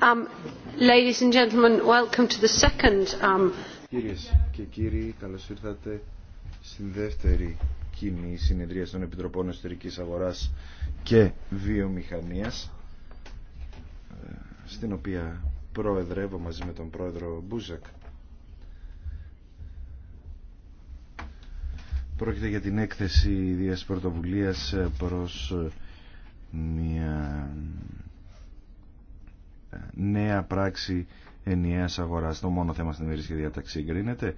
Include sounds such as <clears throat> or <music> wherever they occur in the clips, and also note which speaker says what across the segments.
Speaker 1: Um, um,
Speaker 2: Κυρίε και κύριοι, καλώς ήρθατε στη δεύτερη κοινή συνεδρία των Επιτροπών Εσωτερικής Αγοράς και Βιομηχανίας ε, στην οποία προεδρεύω μαζί με τον πρόεδρο Μπούζακ. Πρόκειται για την έκθεση ιδίας πρωτοβουλίας προς μια νέα πράξη ενιαίας αγοράς. Το μόνο θέμα στην και διάταξη εγκρίνεται.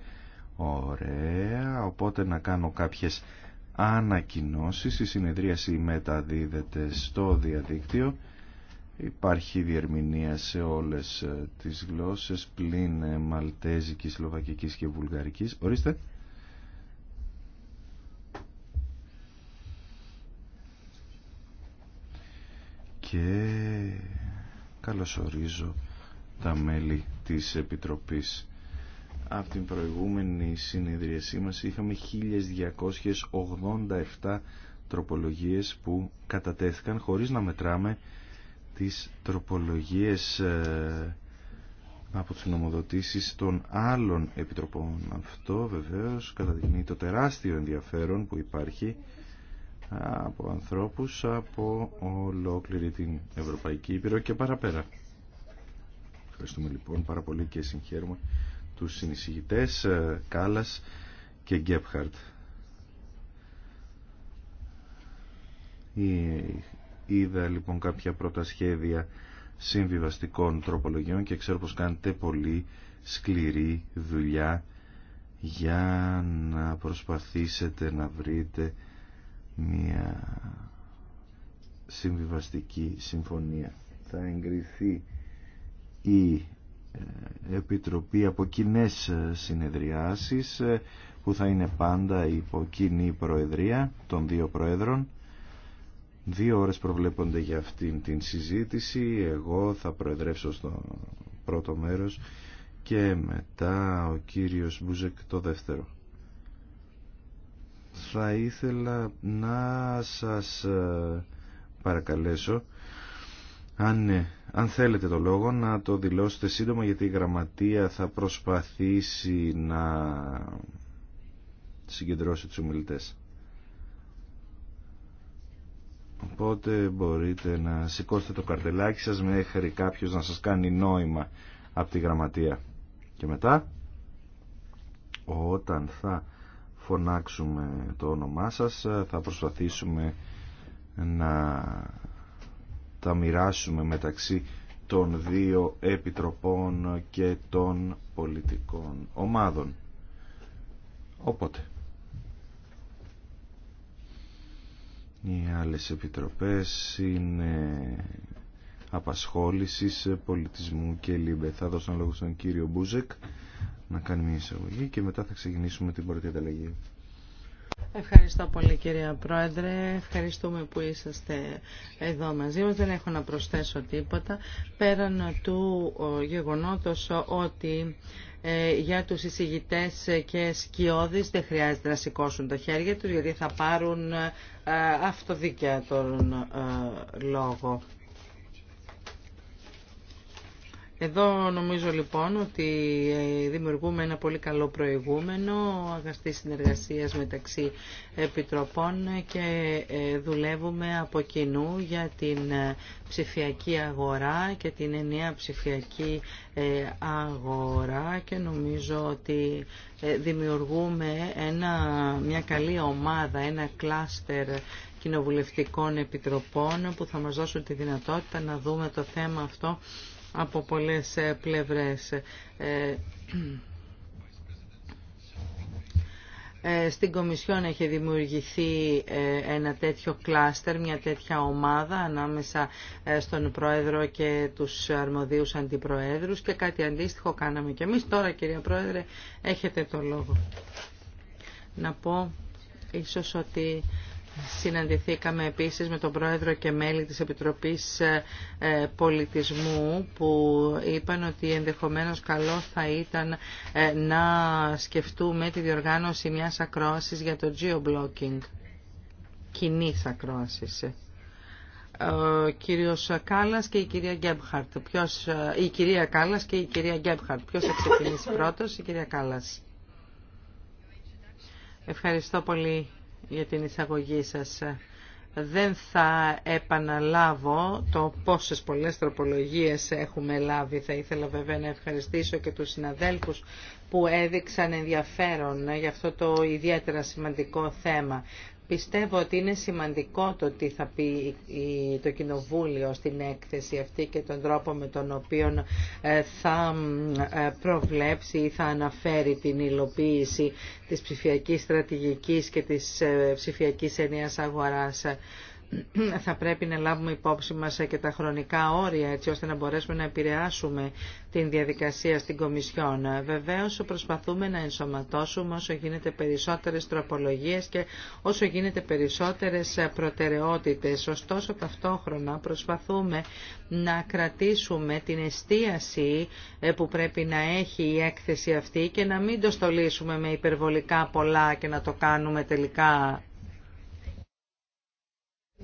Speaker 2: Ωραία, οπότε να κάνω κάποιες ανακοινώσεις. Η συνεδρίαση μεταδίδεται στο διαδίκτυο. Υπάρχει διερμηνία σε όλες ε, τις γλώσσες πλην ε, μαλτέζικη σλοβακική και βουλγαρικής. Ορίστε. Και καλωσορίζω τα μέλη της Επιτροπής. Από την προηγούμενη συνεδρίασή μας είχαμε 1287 τροπολογίες που κατατέθηκαν χωρίς να μετράμε τις τροπολογίες ε, από τις νομοδοτήσεις των άλλων επιτροπών. Αυτό βεβαίως καταδεικνύει το τεράστιο ενδιαφέρον που υπάρχει από ανθρώπους από ολόκληρη την Ευρωπαϊκή Ήπειρο και παραπέρα. Ευχαριστούμε λοιπόν πάρα πολύ και συγχαίρουμε τους συνεισηγητές ε, Κάλας και Γκέπχαρτ. Είδα λοιπόν κάποια πρώτα σχέδια συμβιβαστικών τροπολογιών και ξέρω πως κάνετε πολύ σκληρή δουλειά για να προσπαθήσετε να βρείτε μια συμβιβαστική συμφωνία. Θα εγκριθεί η ε, Επιτροπή από κοινέ ε, συνεδριάσεις ε, που θα είναι πάντα υπό κοινή προεδρία των δύο προέδρων. Δύο ώρες προβλέπονται για αυτήν την συζήτηση. Εγώ θα προεδρεύσω στο πρώτο μέρος και μετά ο κύριος Μπουζεκ το δεύτερο θα ήθελα να σας ε, παρακαλέσω ε, αν, θέλετε το λόγο να το δηλώσετε σύντομα γιατί η γραμματεία θα προσπαθήσει να συγκεντρώσει τους ομιλητές. Οπότε μπορείτε να σηκώσετε το καρτελάκι σας μέχρι κάποιος να σας κάνει νόημα από τη γραμματεία. Και μετά, όταν θα φωνάξουμε το όνομά σας θα προσπαθήσουμε να τα μοιράσουμε μεταξύ των δύο επιτροπών και των πολιτικών ομάδων οπότε οι άλλες επιτροπές είναι απασχόλησης πολιτισμού και λίμπε θα δώσω λόγο στον κύριο Μπούζεκ να κάνει μια εισαγωγή και μετά θα ξεκινήσουμε την πρώτη ανταλλαγή.
Speaker 3: Ευχαριστώ πολύ κυρία Πρόεδρε. Ευχαριστούμε που είσαστε εδώ μαζί μας. Δεν έχω να προσθέσω τίποτα πέραν του γεγονότος ότι ε, για τους εισηγητές και σκιώδεις δεν χρειάζεται να σηκώσουν τα χέρια τους γιατί θα πάρουν ε, αυτοδίκαια τον ε, λόγο. Εδώ νομίζω λοιπόν ότι ε, δημιουργούμε ένα πολύ καλό προηγούμενο αγαστή συνεργασίας μεταξύ επιτροπών και ε, δουλεύουμε από κοινού για την ε, ψηφιακή αγορά και την ενιαία ψηφιακή αγορά και νομίζω ότι δημιουργούμε ένα, μια καλή ομάδα, ένα κλάστερ κοινοβουλευτικών επιτροπών που θα μας δώσουν τη δυνατότητα να δούμε το θέμα αυτό από πολλές ε, πλευρές. Ε, ε, στην Κομισιόν έχει δημιουργηθεί ένα τέτοιο κλάστερ, μια τέτοια ομάδα ανάμεσα στον Πρόεδρο και τους αρμοδίους αντιπροέδρους και κάτι αντίστοιχο κάναμε και εμείς. Τώρα κυρία Πρόεδρε έχετε το λόγο. Να πω ίσως ότι Συναντηθήκαμε επίσης με τον Πρόεδρο και μέλη της Επιτροπής ε, ε, Πολιτισμού που είπαν ότι ενδεχομένως καλό θα ήταν ε, να σκεφτούμε τη διοργάνωση μιας ακρόασης για το geo-blocking, κοινής ακρόασης. Ο κύριος Κάλλας και η κυρία Γκέμπχαρτ. Ποιος, η κυρία Κάλλας και η κυρία Γκέμπχαρτ. Ποιος θα ξεκινήσει <laughs> πρώτος, η κυρία Κάλλας. Ευχαριστώ πολύ για την εισαγωγή σας. Δεν θα επαναλάβω το πόσες πολλές τροπολογίες έχουμε λάβει. Θα ήθελα βέβαια να ευχαριστήσω και τους συναδέλφους που έδειξαν ενδιαφέρον για αυτό το ιδιαίτερα σημαντικό θέμα. Πιστεύω ότι είναι σημαντικό το τι θα πει το Κοινοβούλιο στην έκθεση αυτή και τον τρόπο με τον οποίο ε, θα ε, προβλέψει ή θα αναφέρει την υλοποίηση της ψηφιακής στρατηγικής και της ε, ψηφιακής ενίας αγοράς θα πρέπει να λάβουμε υπόψη μας και τα χρονικά όρια έτσι ώστε να μπορέσουμε να επηρεάσουμε την διαδικασία στην Κομισιόν. Βεβαίως προσπαθούμε να ενσωματώσουμε όσο γίνεται περισσότερες τροπολογίες και όσο γίνεται περισσότερες προτεραιότητες. Ωστόσο ταυτόχρονα προσπαθούμε να κρατήσουμε την εστίαση ε, που πρέπει να έχει η έκθεση αυτή και να μην το στολίσουμε με υπερβολικά πολλά και να το κάνουμε τελικά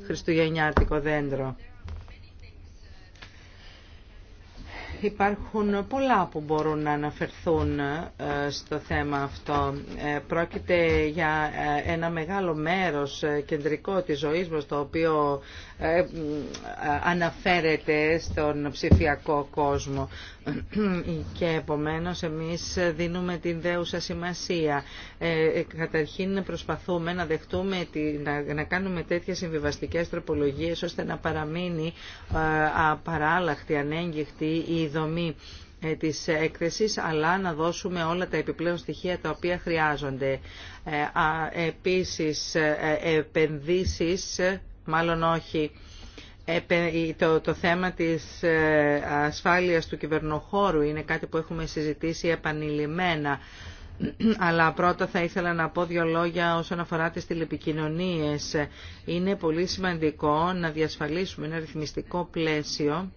Speaker 3: χριστουγεννιάτικο δέντρο. Υπάρχουν πολλά που μπορούν να αναφερθούν ε, στο θέμα αυτό. Ε, πρόκειται για ε, ένα μεγάλο μέρος κεντρικό της ζωής μας το οποίο αναφέρεται στον ψηφιακό κόσμο <clears throat> και επομένως εμείς δίνουμε την δέουσα σημασία. Καταρχήν προσπαθούμε να δεχτούμε, να κάνουμε τέτοιες συμβιβαστικές τροπολογίες ώστε να παραμείνει απαράλλαχτη, ανέγγιχτη η δομή ε, της έκθεσης αλλά να δώσουμε όλα τα επιπλέον στοιχεία τα οποία χρειάζονται. Ε, επίσης ε, επενδύσεις, μάλλον όχι, το, το θέμα της ασφάλειας του κυβερνοχώρου είναι κάτι που έχουμε συζητήσει επανειλημμένα. <clears throat> Αλλά πρώτα θα ήθελα να πω δύο λόγια όσον αφορά τις τηλεπικοινωνίες. Είναι πολύ σημαντικό να διασφαλίσουμε ένα ρυθμιστικό πλαίσιο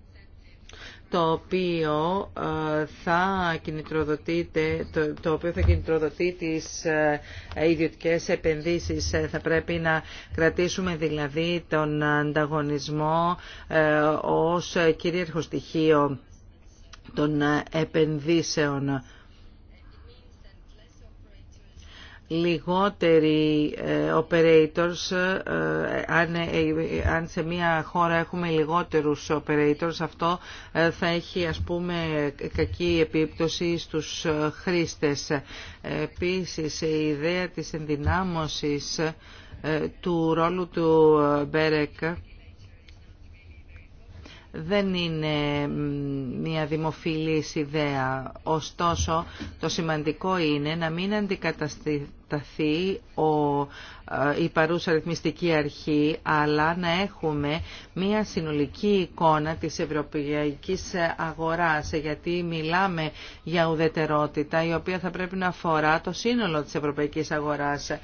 Speaker 3: το οποίο ε, θα το, οποίο θα κινητροδοτεί τις ε, ιδιωτικές επενδύσεις. Ε, θα πρέπει να κρατήσουμε δηλαδή τον ανταγωνισμό ως κυρίαρχο στοιχείο των επενδύσεων λιγότεροι ε, operators, ε, ε, αν σε μια χώρα έχουμε λιγότερους operators, αυτό θα έχει ας πούμε κακή επίπτωση στους χρήστες. Επίσης, η ιδέα της ενδυνάμωσης του ρόλου του Μπέρεκ δεν είναι μια δημοφιλής ιδέα. Ωστόσο, το σημαντικό είναι να μην καταστή ο, ε, η παρούσα ρυθμιστική αρχή, αλλά να έχουμε μια συνολική εικόνα της ευρωπαϊκής αγοράς, γιατί μιλάμε για ουδετερότητα, η οποία θα πρέπει να αφορά το σύνολο της ευρωπαϊκής αγοράς. Ε,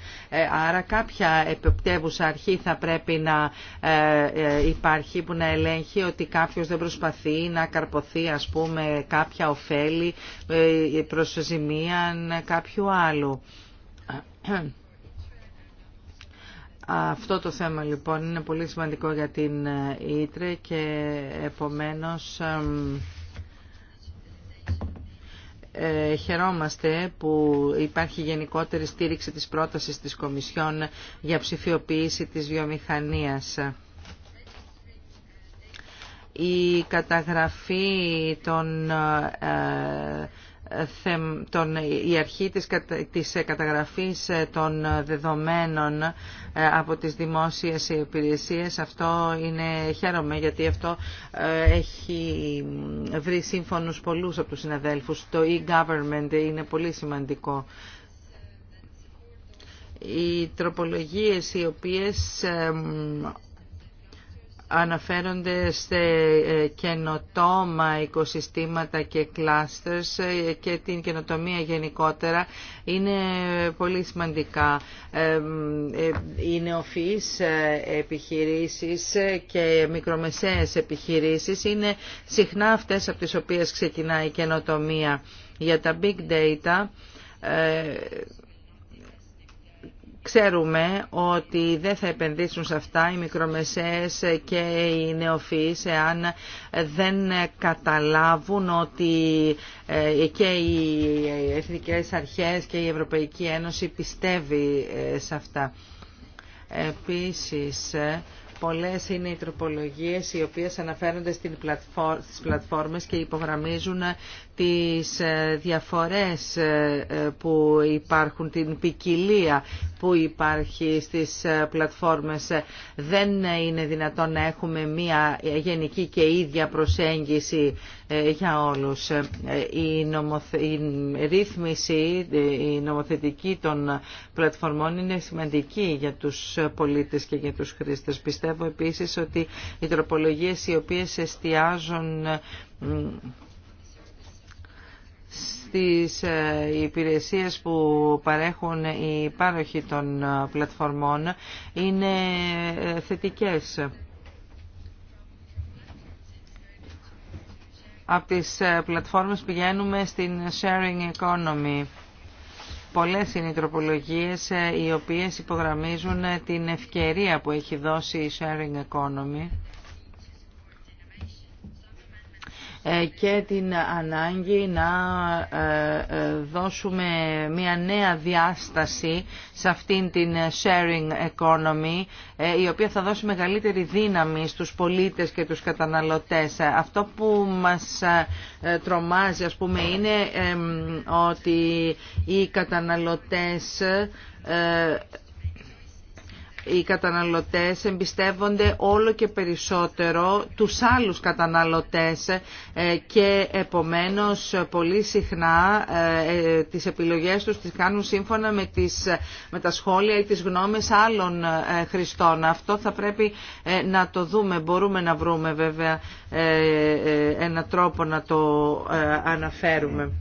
Speaker 3: άρα κάποια επιπτεύουσα αρχή θα πρέπει να ε, υπάρχει που να ελέγχει ότι κάποιος δεν προσπαθεί να καρποθεί, ας πούμε, κάποια ωφέλη προς ζημία κάποιου άλλου. Αυτό το θέμα λοιπόν είναι πολύ σημαντικό για την ε, Ήτρε και επομένως ε, χαιρόμαστε που υπάρχει γενικότερη στήριξη της πρότασης της Κομισιόν για ψηφιοποίηση της βιομηχανίας. Η καταγραφή των ε, η αρχή της, της καταγραφής ε, των δεδομένων ε, από τις δημόσιες υπηρεσίες. Αυτό είναι χαίρομαι γιατί αυτό ε, έχει βρει σύμφωνους πολλούς από τους συναδέλφους. Το e-government είναι πολύ σημαντικό οι τροπολογίες οι οποίες αναφέρονται σε ε, καινοτόμα οικοσυστήματα και κλάστερς ε, και την καινοτομία γενικότερα είναι πολύ σημαντικά. Οι ε, νεοφυείς επιχειρήσεις και μικρομεσαίες επιχειρήσεις είναι συχνά αυτές από τις οποίες ξεκινάει η καινοτομία. Για τα big data Ξέρουμε ότι δεν θα επενδύσουν σε αυτά οι μικρομεσαίες και οι νεοφυείς εάν δεν καταλάβουν ότι ε, και οι εθνικές αρχές και η Ευρωπαϊκή Ένωση πιστεύει ε, σε αυτά. Επίσης, ε, πολλές είναι οι τροπολογίες οι οποίες αναφέρονται στις πλατφόρμες και υπογραμμίζουν τις ε, διαφορές ε, ε, που υπάρχουν, την ποικιλία που υπάρχει στις πλατφόρμες. Δεν είναι δυνατόν να έχουμε μία γενική και ίδια προσέγγιση για όλους. Η, ρύθμιση, η νομοθετική των πλατφορμών είναι σημαντική για τους πολίτες και για τους χρήστες. Πιστεύω επίσης ότι οι τροπολογίες οι οποίες εστιάζουν τις ε, υπηρεσίες που παρέχουν οι πάροχοι των ε, πλατφορμών είναι ε, θετικές. Από τις πλατφόρμες πηγαίνουμε στην sharing economy. Πολλές είναι οι τροπολογίες οι οποίες υπογραμμίζουν την ευκαιρία που έχει δώσει η sharing economy Ε, και την ανάγκη να ε, ε, δώσουμε μια νέα διάσταση σε αυτήν την sharing economy η οποία θα δώσει μεγαλύτερη δύναμη στους πολίτες και τους καταναλωτές. Αυτό που μας τρομάζει ας πούμε είναι ότι οι καταναλωτές οι καταναλωτές εμπιστεύονται όλο και περισσότερο τους άλλους καταναλωτές ε, και επομένως πολύ συχνά ε, ε, τις επιλογές τους τις κάνουν σύμφωνα με, τις, με τα σχόλια ή τις γνώμες άλλων χρηστών. Αυτό θα πρέπει να το δούμε. Μπορούμε να βρούμε βέβαια ένα τρόπο να το αναφέρουμε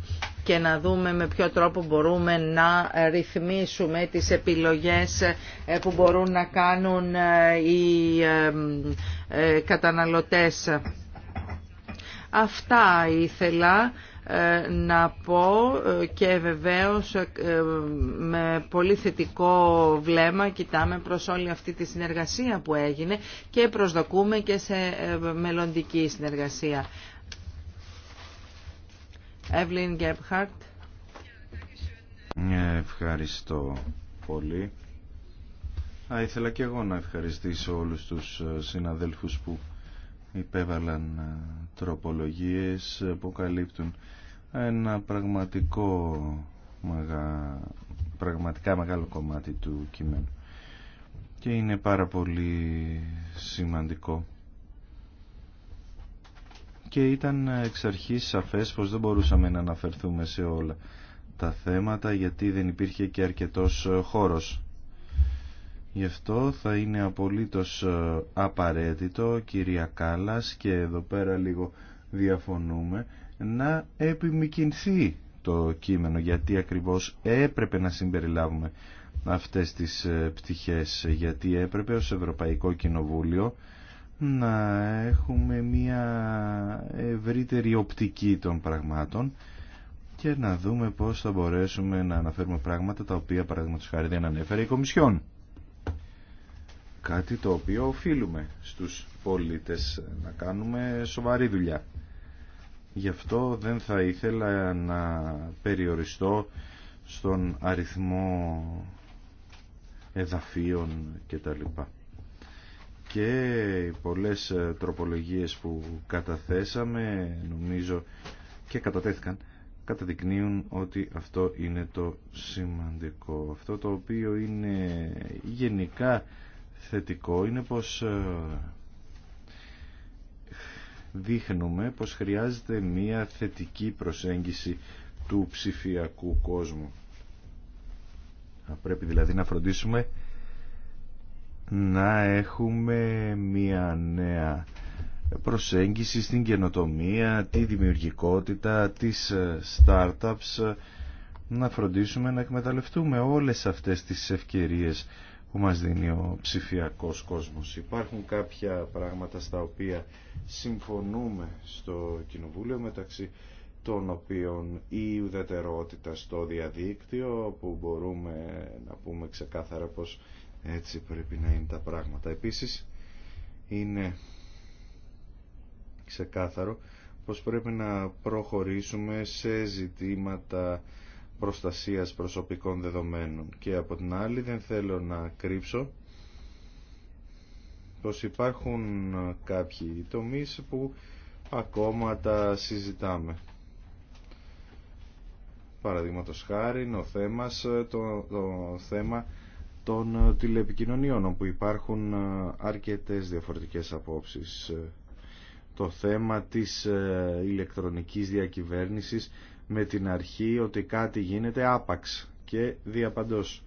Speaker 3: και να δούμε με ποιο τρόπο μπορούμε να ρυθμίσουμε τις επιλογές ε, που μπορούν να κάνουν ε, οι ε, καταναλωτές. Αυτά ήθελα να πω και βεβαίως με πολύ θετικό βλέμμα κοιτάμε προς όλη αυτή τη συνεργασία που έγινε και προσδοκούμε και σε μελλοντική συνεργασία. Ευλίν
Speaker 2: Ευχαριστώ πολύ. Θα ήθελα και εγώ να ευχαριστήσω όλους τους ε, συναδέλφους που υπέβαλαν ε, τροπολογίες ε, που καλύπτουν ένα πραγματικό πραγματικά μεγάλο κομμάτι του κειμένου και είναι πάρα πολύ σημαντικό και ήταν εξ αρχής σαφές πως δεν μπορούσαμε να αναφερθούμε σε όλα τα θέματα γιατί δεν υπήρχε και αρκετός χώρος. Γι' αυτό θα είναι απολύτως ε, απαραίτητο, κυρία Κάλλας, και εδώ πέρα λίγο διαφωνούμε, να επιμηκυνθεί το κείμενο, γιατί ακριβώς έπρεπε να συμπεριλάβουμε αυτές τις ε, πτυχές, γιατί έπρεπε ως Ευρωπαϊκό Κοινοβούλιο να έχουμε μια ευρύτερη οπτική των πραγμάτων και να δούμε πώς θα μπορέσουμε να αναφέρουμε πράγματα τα οποία παραδείγματος χάρη δεν ανέφερε η Κομισιόν. Κάτι το οποίο οφείλουμε στους πολίτες να κάνουμε σοβαρή δουλειά. Γι' αυτό δεν θα ήθελα να περιοριστώ στον αριθμό εδαφίων κτλ και πολλές ε, τροπολογίες που καταθέσαμε νομίζω και κατατέθηκαν καταδεικνύουν ότι αυτό είναι το σημαντικό. Αυτό το οποίο είναι γενικά θετικό είναι πως ε, δείχνουμε πως χρειάζεται μία θετική προσέγγιση του ψηφιακού κόσμου. Πρέπει δηλαδή να φροντίσουμε να έχουμε μια νέα προσέγγιση στην καινοτομία, τη δημιουργικότητα, τις ε, startups, να φροντίσουμε να εκμεταλλευτούμε όλες αυτές τις ευκαιρίες που μας δίνει ο ψηφιακός κόσμος. Υπάρχουν κάποια πράγματα στα οποία συμφωνούμε στο Κοινοβούλιο μεταξύ των οποίων η ουδετερότητα στο διαδίκτυο που μπορούμε να πούμε ξεκάθαρα πως έτσι πρέπει να είναι τα πράγματα. Επίσης είναι ξεκάθαρο πως πρέπει να προχωρήσουμε σε ζητήματα προστασίας προσωπικών δεδομένων. Και από την άλλη δεν θέλω να κρύψω πως υπάρχουν κάποιοι τομείς που ακόμα τα συζητάμε. παραδείγματος χάρη, το θέμα, το, το θέμα των ε, τηλεπικοινωνιών όπου υπάρχουν ε, αρκετές διαφορετικές απόψεις ε, το θέμα της ηλεκτρονικής διακυβέρνησης με την αρχή ότι κάτι γίνεται άπαξ και διαπαντός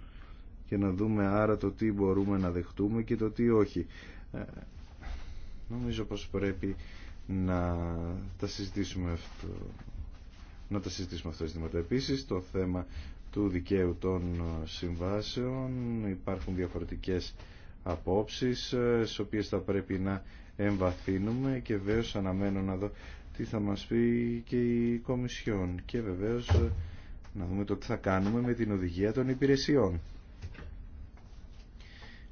Speaker 2: και να δούμε άρα το τι μπορούμε να δεχτούμε και το τι όχι νομίζω πως πρέπει να τα συζητήσουμε αυτό να τα συζητήσουμε αυτό το ζήτημα. επίσης το θέμα του δικαίου των ε, συμβάσεων. Υπάρχουν διαφορετικές απόψεις, ε, στις οποίες θα πρέπει να εμβαθύνουμε και βέβαια αναμένω να δω τι θα μας πει και η Κομισιόν και βεβαίως ε, να δούμε το τι θα κάνουμε με την οδηγία των υπηρεσιών.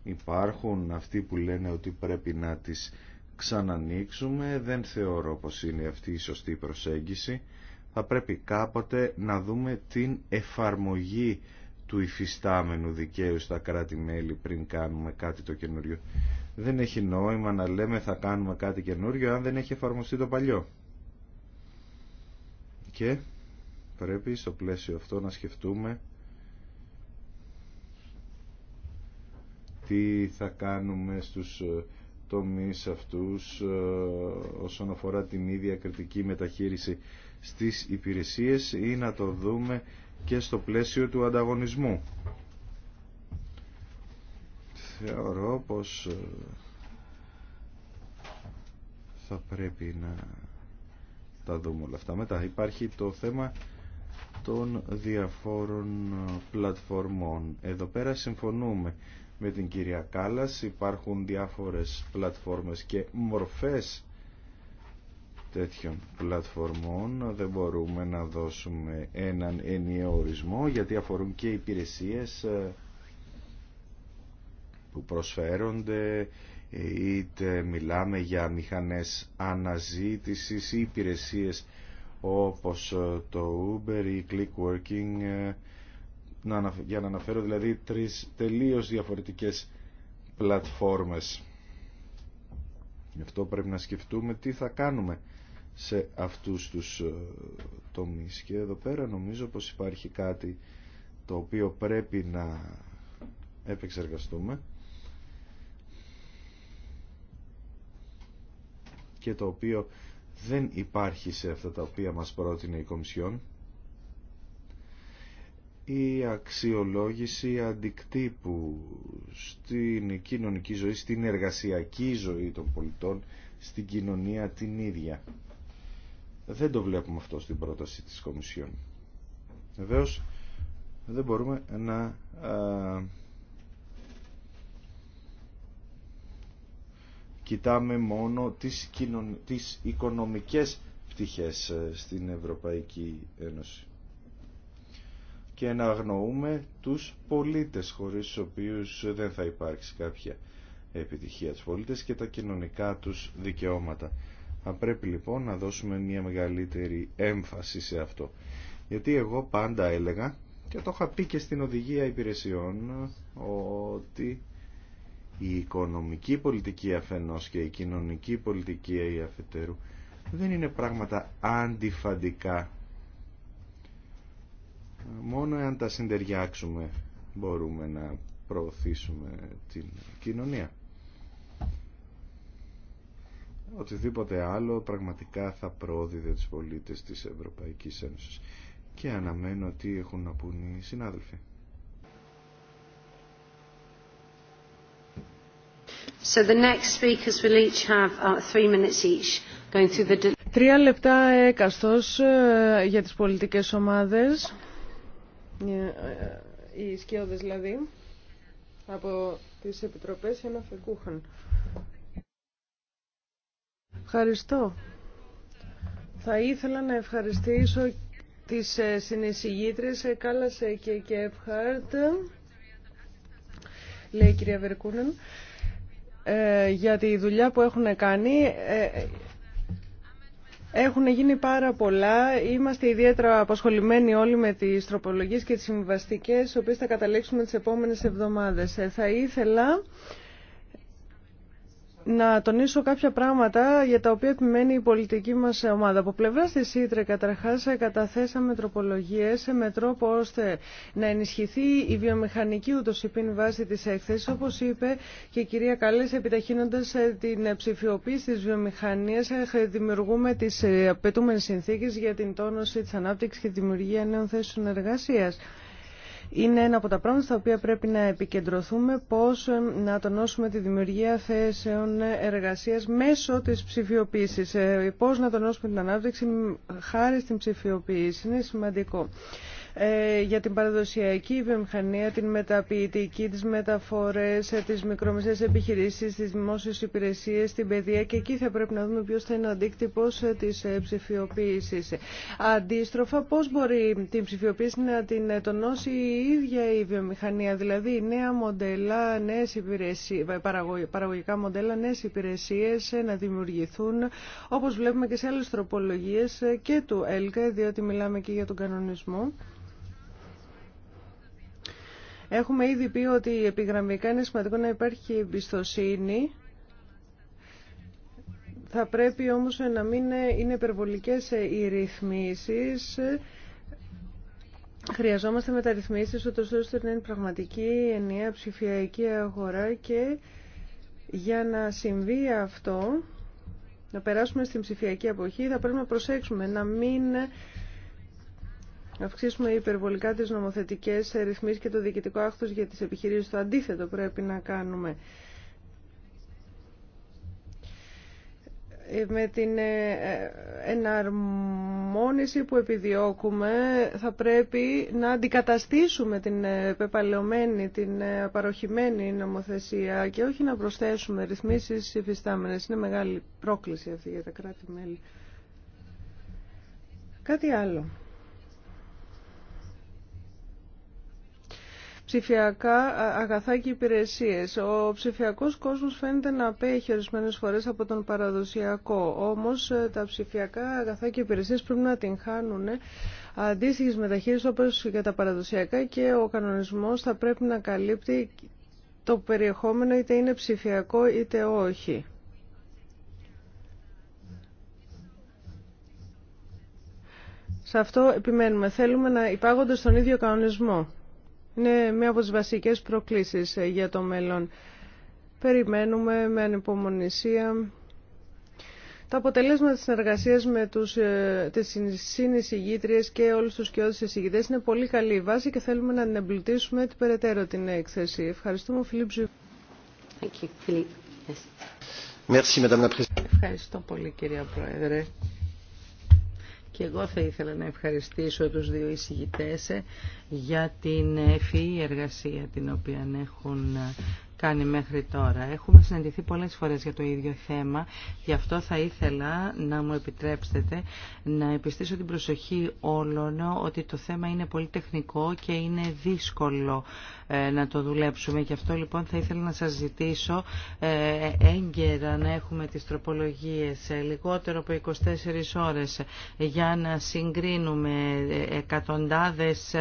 Speaker 2: Υπάρχουν αυτοί που λένε ότι πρέπει να τις ξανανοίξουμε, δεν θεωρώ πως είναι αυτή η σωστή προσέγγιση θα πρέπει κάποτε να δούμε την εφαρμογή του υφιστάμενου δικαίου στα κράτη-μέλη πριν κάνουμε κάτι το καινούριο. Δεν έχει νόημα να λέμε θα κάνουμε κάτι καινούριο αν δεν έχει εφαρμοστεί το παλιό. Και πρέπει στο πλαίσιο αυτό να σκεφτούμε τι θα κάνουμε στους ε, τομείς αυτούς ε, όσον αφορά την ίδια κριτική μεταχείριση στις υπηρεσίες ή να το δούμε και στο πλαίσιο του ανταγωνισμού. Θεωρώ πως ε, θα πρέπει να τα δούμε όλα αυτά. Μετά υπάρχει το θέμα των διαφόρων ε, πλατφορμών. Εδώ πέρα συμφωνούμε με την κυρία Κάλλας. Υπάρχουν διάφορες πλατφόρμες και μορφές τέτοιων πλατφορμών δεν μπορούμε να δώσουμε έναν ενιαίο ορισμό γιατί αφορούν και υπηρεσίες ε, που προσφέρονται ε, είτε μιλάμε για μηχανές αναζήτησης ή υπηρεσίες όπως ε, το Uber ή Clickworking για να αναφέρω δηλαδή τρεις τελείως διαφορετικές πλατφόρμες γι' αυτό πρέπει να σκεφτούμε τι θα κάνουμε σε αυτούς τους ε, τομείς και εδώ πέρα νομίζω πως υπάρχει κάτι το οποίο πρέπει να επεξεργαστούμε και το οποίο δεν υπάρχει σε αυτά τα οποία μας πρότεινε η Κομισιόν η αξιολόγηση αντικτύπου στην κοινωνική ζωή, στην εργασιακή ζωή των πολιτών, στην κοινωνία την ίδια. Δεν το βλέπουμε αυτό στην πρόταση της Κομισιόν. Βεβαίω δεν μπορούμε να κοιτάμε μόνο τις, κοινων... τις οικονομικές πτυχές ε, στην Ευρωπαϊκή Ένωση και να αγνοούμε τους πολίτες χωρίς τους οποίους δεν θα υπάρξει κάποια επιτυχία τους πολίτες και τα κοινωνικά τους δικαιώματα. Θα πρέπει λοιπόν να δώσουμε μια μεγαλύτερη έμφαση σε αυτό. Γιατί εγώ πάντα έλεγα και το είχα πει και στην οδηγία υπηρεσιών ότι η οικονομική πολιτική αφενός και η κοινωνική πολιτική η αφετέρου δεν είναι πράγματα αντιφαντικά. Μόνο εάν τα συντεριάξουμε μπορούμε να προωθήσουμε την κοινωνία οτιδήποτε άλλο πραγματικά θα πρόδιδε τους πολίτες της Ευρωπαϊκής Ένωσης και αναμένω τι έχουν να πούν οι συνάδελφοι. So the next speakers will each have uh, minutes each, going through the...
Speaker 1: Τρία λεπτά έκαστος ε, για τις πολιτικές ομάδες, ε, ε, οι σκιώδες δηλαδή, από τις επιτροπές Ένα Φεκούχαν. Ευχαριστώ. Θα ήθελα να ευχαριστήσω τις ε, συνεισηγήτρες ε, Κάλασε και Κέφχαρτ, λέει η κυρία Βερκούνεν, ε, για τη δουλειά που έχουν κάνει. Έχουν γίνει πάρα πολλά. Είμαστε ιδιαίτερα απασχολημένοι όλοι με τις τροπολογίες και τις συμβαστικές, οποίες θα καταλήξουμε τις επόμενες εβδομάδες. Θα ήθελα να τονίσω κάποια πράγματα για τα οποία επιμένει η πολιτική μας ομάδα. Από πλευρά τη ΣΥΤΡΕ καταρχάς καταθέσαμε τροπολογίες με τρόπο ώστε να ενισχυθεί η βιομηχανική ούτως υπήν βάση της έκθεσης, όπως είπε και η κυρία Καλές, επιταχύνοντας την ψηφιοποίηση της βιομηχανίας, δημιουργούμε τις απαιτούμενες συνθήκες για την τόνωση της ανάπτυξης και τη δημιουργία νέων θέσεων εργασίας είναι ένα από τα πράγματα στα οποία πρέπει να επικεντρωθούμε πώς ε, να τονώσουμε τη δημιουργία θέσεων εργασίας μέσω της ψηφιοποίησης. Ε, πώς να τονώσουμε την ανάπτυξη χάρη στην ψηφιοποίηση. Είναι σημαντικό. Ε, για την παραδοσιακή βιομηχανία, την μεταποιητική, τις μεταφορές, ε, τις μικρομεσαίες επιχειρήσεις, τις δημόσιες υπηρεσίες, την παιδεία και εκεί θα πρέπει να δούμε ποιος θα είναι ο αντίκτυπος ε, της ψηφιοποίησης. Αντίστροφα, πώς μπορεί την ψηφιοποίηση να την τονώσει η ίδια η βιομηχανία, δηλαδή νέα μοντέλα, νέες υπηρεσίες, παραγωγικά μοντέλα, νέες υπηρεσίες να δημιουργηθούν, όπως βλέπουμε και σε άλλες τροπολογίες και του ΕΛΚΑ, διότι μιλάμε και για τον κανονισμό. Έχουμε ήδη πει ότι επιγραμμικά είναι σημαντικό να υπάρχει εμπιστοσύνη. Θα πρέπει όμως να μην είναι υπερβολικές οι ρυθμίσεις. Χρειαζόμαστε μεταρρυθμίσεις, ούτως ώστε να είναι πραγματική ενιαία ψηφιακή αγορά και για να συμβεί αυτό, να περάσουμε στην ψηφιακή εποχή, θα πρέπει να προσέξουμε να μην να αυξήσουμε υπερβολικά τις νομοθετικές ρυθμίσεις και το διοικητικό άχθος για τις επιχειρήσεις. Το αντίθετο πρέπει να κάνουμε. Ε, με την ε, ε, εναρμόνιση που επιδιώκουμε θα πρέπει να αντικαταστήσουμε την πεπαλαιωμένη, την παροχημένη νομοθεσία και όχι να προσθέσουμε ρυθμίσεις υφιστάμενες. Είναι μεγάλη πρόκληση αυτή για τα κράτη-μέλη. Κάτι άλλο. ψηφιακά αγαθά και υπηρεσίες. Ο ψηφιακός κόσμος φαίνεται να απέχει ορισμένε φορές από τον παραδοσιακό. Όμως ε, τα ψηφιακά αγαθά και υπηρεσίες πρέπει να την χάνουν ε, αντίστοιχες μεταχείρισης όπως για τα παραδοσιακά και ο κανονισμός θα πρέπει να καλύπτει το περιεχόμενο είτε είναι ψηφιακό είτε όχι. Σε αυτό επιμένουμε. Θέλουμε να υπάγονται στον ίδιο κανονισμό είναι μία από τι βασικές προκλήσεις ε, για το μέλλον. Περιμένουμε με ανυπομονησία τα αποτελέσματα της συνεργασίας με τους, ε, τις συνεισηγήτριες και όλους τους όλους εισηγητές είναι πολύ καλή η βάση και θέλουμε να την εμπλουτίσουμε την περαιτέρω την έκθεση. Ευχαριστούμε, Φιλίπ Ζου. Ευχαριστώ πολύ, κυρία Πρόεδρε.
Speaker 3: Και εγώ θα ήθελα να ευχαριστήσω τους δύο εισηγητές ε, για την ευφυή εργασία την οποία έχουν ε, κάνει μέχρι τώρα. Έχουμε συναντηθεί πολλές φορές για το ίδιο θέμα, γι' αυτό θα ήθελα να μου επιτρέψετε να επιστήσω την προσοχή όλων ότι το θέμα είναι πολύ τεχνικό και είναι δύσκολο ε, να το δουλέψουμε. Γι' αυτό λοιπόν θα ήθελα να σας ζητήσω ε, έγκαιρα να έχουμε τις τροπολογίες ε, λιγότερο από 24 ώρες για να συγκρίνουμε εκατοντάδες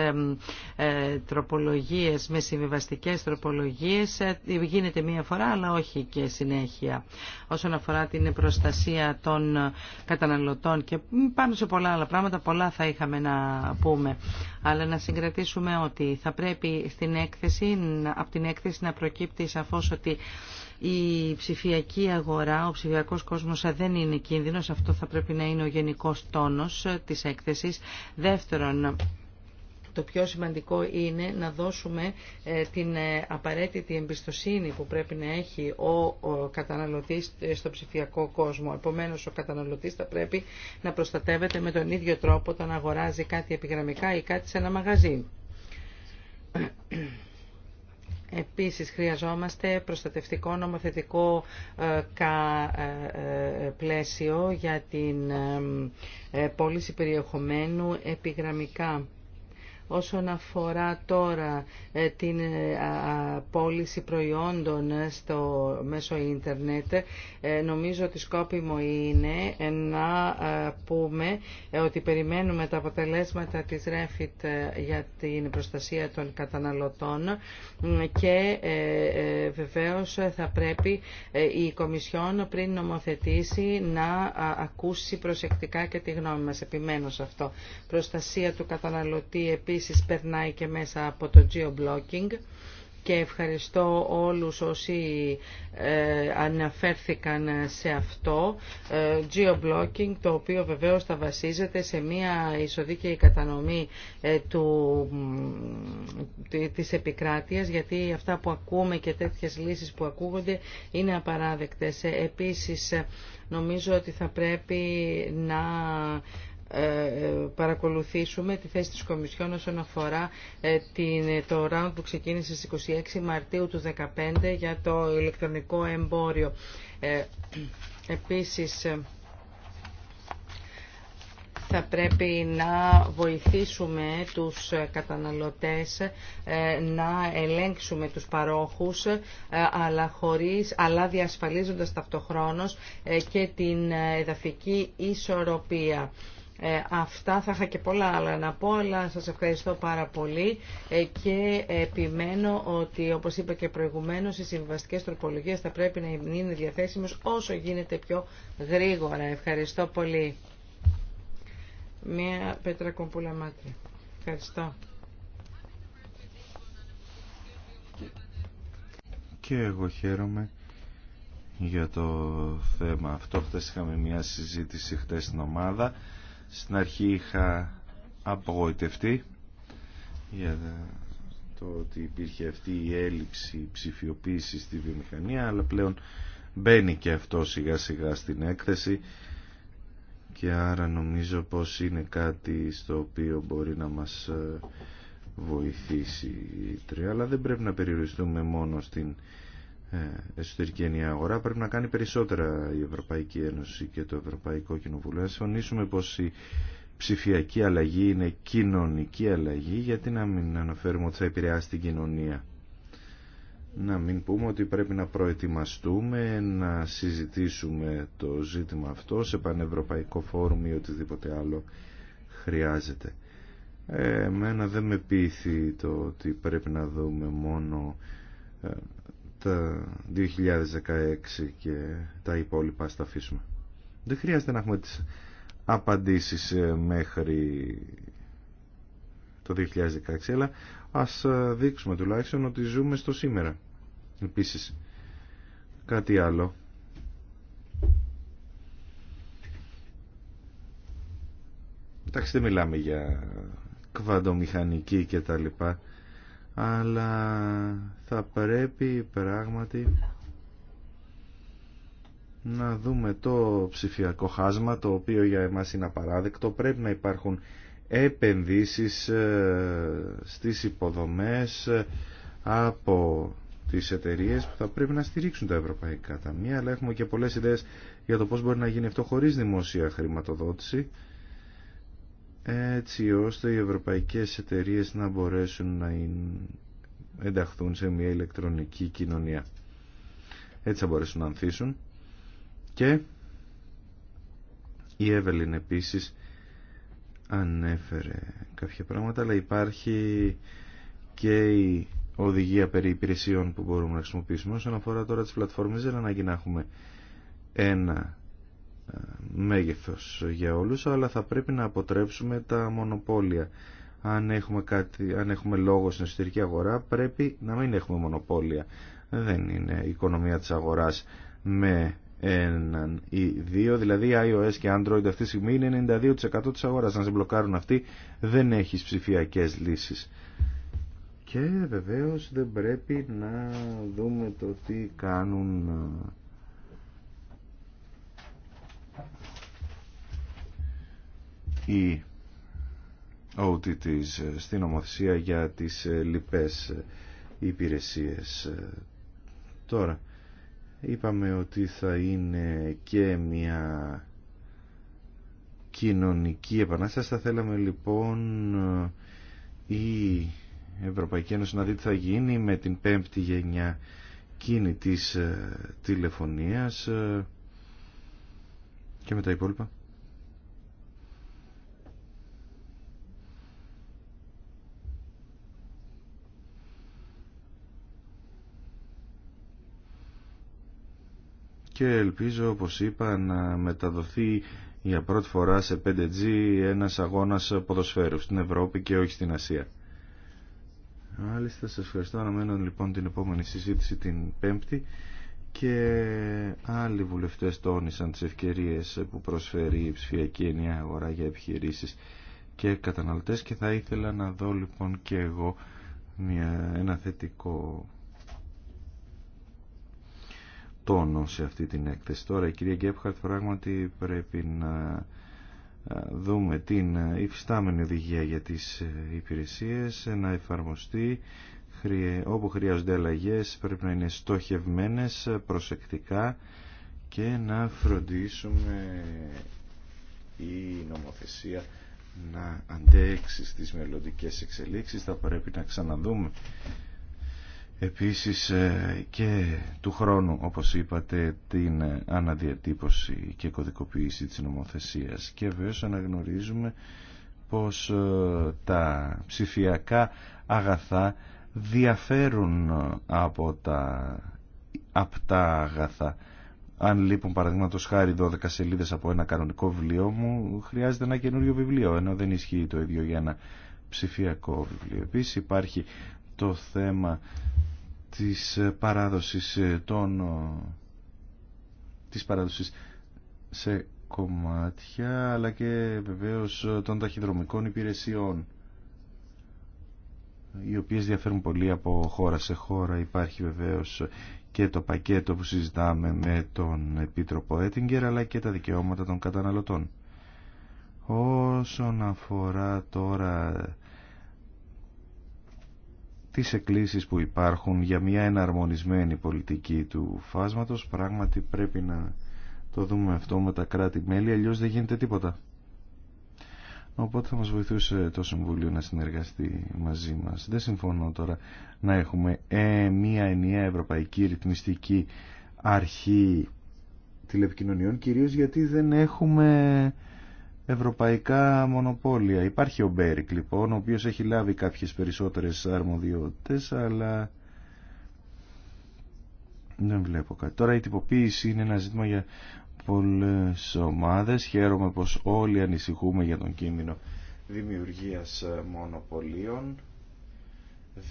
Speaker 3: τροπολογίες με συμβιβαστικές τροπολογίες. Γίνεται μία φορά αλλά όχι και συνέχεια. Όσον αφορά την προστασία των καταναλωτών και πάνω σε πολλά άλλα πράγματα πολλά θα είχαμε να πούμε. Αλλά να συγκρατήσουμε ότι θα πρέπει στην έκθεση έκθεση, από την έκθεση να προκύπτει σαφώ ότι η ψηφιακή αγορά, ο ψηφιακό κόσμος δεν είναι κίνδυνο, αυτό θα πρέπει να είναι ο γενικό τόνο ε, τη έκθεση. Δεύτερον, το πιο σημαντικό είναι να δώσουμε ε, την ε, απαραίτητη εμπιστοσύνη που πρέπει να έχει ο καταναλωτής στο ψηφιακό κόσμο. Επομένως, ο καταναλωτής θα πρέπει να προστατεύεται με τον ίδιο τρόπο όταν αγοράζει κάτι επιγραμμικά ή κάτι σε ένα μαγαζί. Επίσης χρειαζόμαστε προστατευτικό νομοθετικό ε, ε, ε, πλαίσιο για την πώληση περιεχομένου επιγραμμικά. Όσον αφορά τώρα ε, την ε, πώληση προϊόντων ε, στο μέσο ίντερνετ, νομίζω ότι σκόπιμο είναι να πούμε ότι περιμένουμε τα αποτελέσματα της Refit για την προστασία των καταναλωτών και βεβαίως θα πρέπει η Κομισιόν πριν νομοθετήσει να ακούσει προσεκτικά και τη γνώμη μας. Επιμένω σε αυτό. Προστασία του καταναλωτή επίσης επίσης περνάει και μέσα από το geo-blocking και ευχαριστώ όλους όσοι ε, αναφέρθηκαν σε αυτό ε, geo-blocking το οποίο βεβαίως θα βασίζεται σε μια ισοδίκαιη κατανομή ε, του, της επικράτειας γιατί αυτά που ακούμε και τέτοιες λύσεις που ακούγονται είναι απαράδεκτες. Επίσης νομίζω ότι θα πρέπει να ε, ε, παρακολουθήσουμε τη θέση της Κομισιόν όσον αφορά ε, την, το round που ξεκίνησε στις 26 Μαρτίου του 2015 για το ηλεκτρονικό εμπόριο. Επίσης, θα πρέπει να βοηθήσουμε τους καταναλωτές να ελέγξουμε τους παρόχους αλλά, χωρίς, αλλά διασφαλίζοντας ταυτοχρόνως και την εδαφική ισορροπία. Ε, αυτά θα είχα και πολλά άλλα να πω, αλλά σας ευχαριστώ πάρα πολύ ε, και επιμένω ότι όπως είπα και προηγουμένως οι συμβαστικές τροπολογίες θα πρέπει να είναι διαθέσιμες όσο γίνεται πιο γρήγορα. Ευχαριστώ πολύ. Μία πέτρα κομπούλα μάτρη. Ευχαριστώ.
Speaker 2: Και εγώ χαίρομαι για το θέμα αυτό. Χθες είχαμε μια συζήτηση στην ομάδα. Στην αρχή είχα απογοητευτεί για το ότι υπήρχε αυτή η έλλειψη ψηφιοποίηση στη βιομηχανία, αλλά πλέον μπαίνει και αυτό σιγά σιγά στην έκθεση και άρα νομίζω πως είναι κάτι στο οποίο μπορεί να μας ε, βοηθήσει η τρία. αλλά δεν πρέπει να περιοριστούμε μόνο στην ε, εσωτερική ενιαία αγορά πρέπει να κάνει περισσότερα η Ευρωπαϊκή Ένωση και το Ευρωπαϊκό Κοινοβούλιο. Να συμφωνήσουμε πως η ψηφιακή αλλαγή είναι κοινωνική αλλαγή γιατί να μην αναφέρουμε ότι θα επηρεάσει την κοινωνία. Να μην πούμε ότι πρέπει να προετοιμαστούμε, να συζητήσουμε το ζήτημα αυτό σε πανευρωπαϊκό φόρουμ ή οτιδήποτε άλλο χρειάζεται. Ε, εμένα δεν με πείθει το ότι πρέπει να δούμε μόνο ε, τα 2016 και τα υπόλοιπα τα αφήσουμε. Δεν χρειάζεται να έχουμε τις απαντήσεις ε, μέχρι το 2016, αλλά ας ε, δείξουμε τουλάχιστον ότι ζούμε στο σήμερα. Επίσης, κάτι άλλο. Εντάξει, δεν μιλάμε για κβαντομηχανική και τα λοιπά αλλά θα πρέπει πράγματι να δούμε το ψηφιακό χάσμα το οποίο για εμάς είναι απαράδεκτο πρέπει να υπάρχουν επενδύσεις ε, στις υποδομές ε, από τις εταιρείες που θα πρέπει να στηρίξουν τα ευρωπαϊκά ταμεία αλλά έχουμε και πολλές ιδέες για το πώς μπορεί να γίνει αυτό χωρίς δημόσια χρηματοδότηση έτσι ώστε οι ευρωπαϊκές εταιρείες να μπορέσουν να ενταχθούν σε μια ηλεκτρονική κοινωνία. Έτσι θα μπορέσουν να ανθίσουν και η Εύελιν επίσης ανέφερε κάποια πράγματα αλλά υπάρχει και η οδηγία περί υπηρεσιών που μπορούμε να χρησιμοποιήσουμε όσον αφορά τώρα τις πλατφόρμες δεν ανάγκη να έχουμε ένα μέγεθος για όλους, αλλά θα πρέπει να αποτρέψουμε τα μονοπόλια. Αν έχουμε, κάτι, αν έχουμε λόγο στην εσωτερική αγορά, πρέπει να μην έχουμε μονοπόλια. Δεν είναι η οικονομία της αγοράς με έναν ή δύο, δηλαδή iOS και Android αυτή τη στιγμή είναι 92% της αγοράς. Αν σε μπλοκάρουν αυτοί, δεν έχεις ψηφιακές λύσεις. Και βεβαίως δεν πρέπει να δούμε το τι κάνουν η της ε, στην ομοθεσία για τις ε, λοιπές ε, υπηρεσίες. Τώρα, είπαμε ότι θα είναι και μια κοινωνική επανάσταση. Θα θέλαμε λοιπόν η Ευρωπαϊκή Ένωση να δει τι θα γίνει με την πέμπτη γενιά κίνητης τηλεφωνίας και με τα υπόλοιπα. και ελπίζω όπως είπα να μεταδοθεί για πρώτη φορά σε 5G ένας αγώνας ποδοσφαίρου στην Ευρώπη και όχι στην Ασία. Μάλιστα, σας ευχαριστώ. Αναμένω λοιπόν την επόμενη συζήτηση την Πέμπτη και άλλοι βουλευτές τόνισαν τις ευκαιρίες που προσφέρει η ψηφιακή ενιαία αγορά για επιχειρήσεις και καταναλωτές και θα ήθελα να δω λοιπόν και εγώ μια, ένα θετικό τόνο σε αυτή την έκθεση. Τώρα η κυρία Γκέπχαρτ πράγματι πρέπει να δούμε την υφιστάμενη οδηγία για τις ε, υπηρεσίες ε, να εφαρμοστεί όπου χρειάζονται αλλαγέ πρέπει να είναι στοχευμένες ε, προσεκτικά και να φροντίσουμε η νομοθεσία να αντέξει στις μελλοντικές εξελίξεις θα πρέπει να ξαναδούμε Επίσης ε, και του χρόνου, όπως είπατε, την ε, αναδιατύπωση και κωδικοποίηση της νομοθεσίας. Και βέβαια αναγνωρίζουμε πως ε, τα ψηφιακά αγαθά διαφέρουν από τα απτά αγαθά. Αν λείπουν παραδείγματο χάρη 12 σελίδε από ένα κανονικό βιβλίο μου, χρειάζεται ένα καινούριο βιβλίο, ενώ δεν ισχύει το ίδιο για ένα ψηφιακό βιβλίο. Επίση υπάρχει το θέμα της ε, παράδοσης ε, των ε, της παράδοσης σε κομμάτια αλλά και βεβαίως των ταχυδρομικών υπηρεσιών οι οποίες διαφέρουν πολύ από χώρα σε χώρα υπάρχει βεβαίως και το πακέτο που συζητάμε με τον Επίτροπο Έτιγκερ αλλά και τα δικαιώματα των καταναλωτών όσον αφορά τώρα τις εκκλήσεις που υπάρχουν για μια εναρμονισμένη πολιτική του φάσματος πράγματι πρέπει να το δούμε αυτό με τα κράτη-μέλη αλλιώς δεν γίνεται τίποτα οπότε θα μας βοηθούσε το Συμβούλιο να συνεργαστεί μαζί μας δεν συμφωνώ τώρα να έχουμε ε, μια ενιαία ευρωπαϊκή ρυθμιστική αρχή τηλεπικοινωνιών κυρίως γιατί δεν έχουμε ευρωπαϊκά μονοπόλια. Υπάρχει ο Μπέρικ λοιπόν, ο οποίος έχει λάβει κάποιες περισσότερες αρμοδιότητες, αλλά δεν βλέπω κάτι. Τώρα η τυποποίηση είναι ένα ζήτημα για πολλές ομάδες. Χαίρομαι πως όλοι ανησυχούμε για τον κίνδυνο δημιουργίας μονοπωλίων.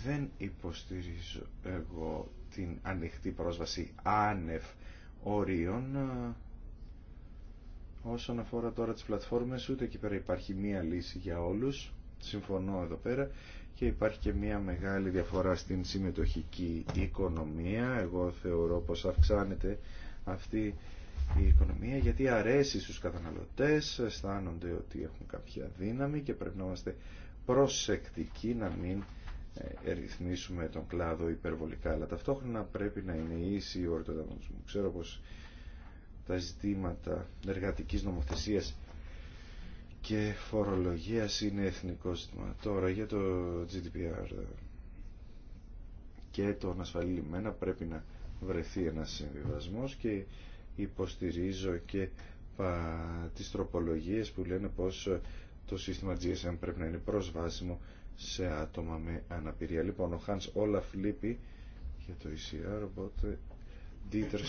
Speaker 2: Δεν υποστηρίζω εγώ την ανοιχτή πρόσβαση άνευ ορίων Όσον αφορά τώρα τις πλατφόρμες, ούτε εκεί πέρα υπάρχει μία λύση για όλους. Συμφωνώ εδώ πέρα και υπάρχει και μία μεγάλη διαφορά στην συμμετοχική οικονομία. Εγώ θεωρώ πως αυξάνεται αυτή η οικονομία γιατί αρέσει στους καταναλωτές, αισθάνονται ότι έχουν κάποια δύναμη και πρέπει να είμαστε προσεκτικοί να μην ε, ρυθμίσουμε τον κλάδο υπερβολικά, αλλά ταυτόχρονα πρέπει να είναι ίση η όρη μου Ξέρω πως τα ζητήματα εργατικής νομοθεσίας και φορολογίας είναι εθνικό ζήτημα. Τώρα για το GDPR και το ασφαλή λιμένα πρέπει να βρεθεί ένας συμβιβασμός και υποστηρίζω και τις τροπολογίες που λένε πως το σύστημα GSM πρέπει να είναι προσβάσιμο σε άτομα με αναπηρία. Λοιπόν, ο Hans όλα λείπει για το ECR, οπότε Dieter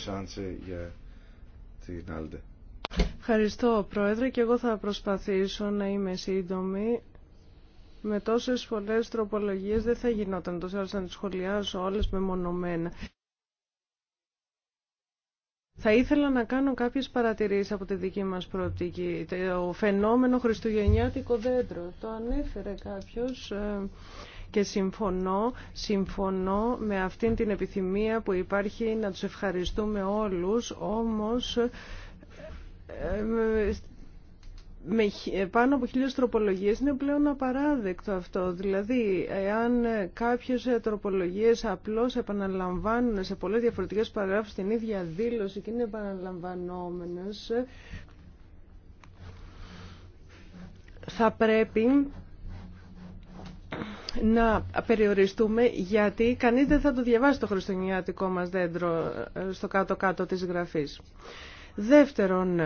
Speaker 2: για
Speaker 1: Ευχαριστώ Πρόεδρε και εγώ θα προσπαθήσω να είμαι σύντομη. Με τόσες πολλές τροπολογίες δεν θα γινόταν τόσο να τις σχολιάσω όλες μεμονωμένα. Θα ήθελα να κάνω κάποιες παρατηρήσεις από τη δική μας προοπτική. Το φαινόμενο χριστουγεννιάτικο δέντρο. Το ανέφερε κάποιος. Ε, και συμφωνώ, συμφωνώ με αυτήν την επιθυμία που υπάρχει να τους ευχαριστούμε όλους, όμως ε, με ε, πάνω από χίλιες τροπολογίες είναι πλέον απαράδεκτο αυτό. Δηλαδή, εάν κάποιες τροπολογίες απλώς επαναλαμβάνουν σε πολλές διαφορετικές παραγράφους την ίδια δήλωση και είναι επαναλαμβανόμενες, θα πρέπει να περιοριστούμε γιατί κανείς δεν θα το διαβάσει το χριστουγεννιάτικό μας δέντρο ε, στο κάτω-κάτω της γραφής. Δεύτερον,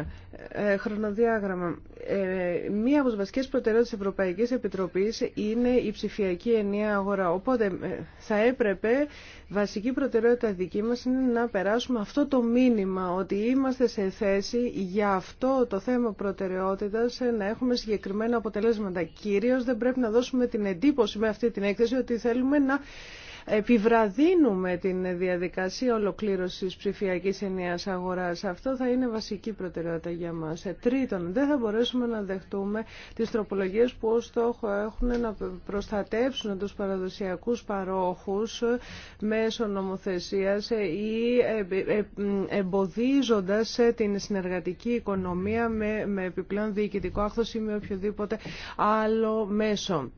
Speaker 1: ε, χρονοδιάγραμμα. Ε, μία από τι βασικέ προτεραιότητε τη Ευρωπαϊκή Επιτροπή είναι η ψηφιακή ενιαία αγορά. Οπότε ε, θα έπρεπε βασική προτεραιότητα δική μα είναι να περάσουμε αυτό το μήνυμα ότι είμαστε σε θέση για αυτό το θέμα προτεραιότητα να έχουμε συγκεκριμένα αποτελέσματα. Κυρίω δεν πρέπει να δώσουμε την εντύπωση με αυτή την έκθεση ότι θέλουμε να επιβραδύνουμε την διαδικασία ολοκλήρωσης ψηφιακής ενιαίας αγοράς. Αυτό θα είναι βασική προτεραιότητα για μας. Ε, τρίτον, δεν θα μπορέσουμε να δεχτούμε τις τροπολογίες που ως στόχο έχουν να προστατεύσουν τους παραδοσιακούς παρόχους μέσω νομοθεσίας ή ε, εμποδίζοντας την συνεργατική οικονομία με, με επιπλέον διοικητικό άκθο ή με οποιοδήποτε άλλο μέσο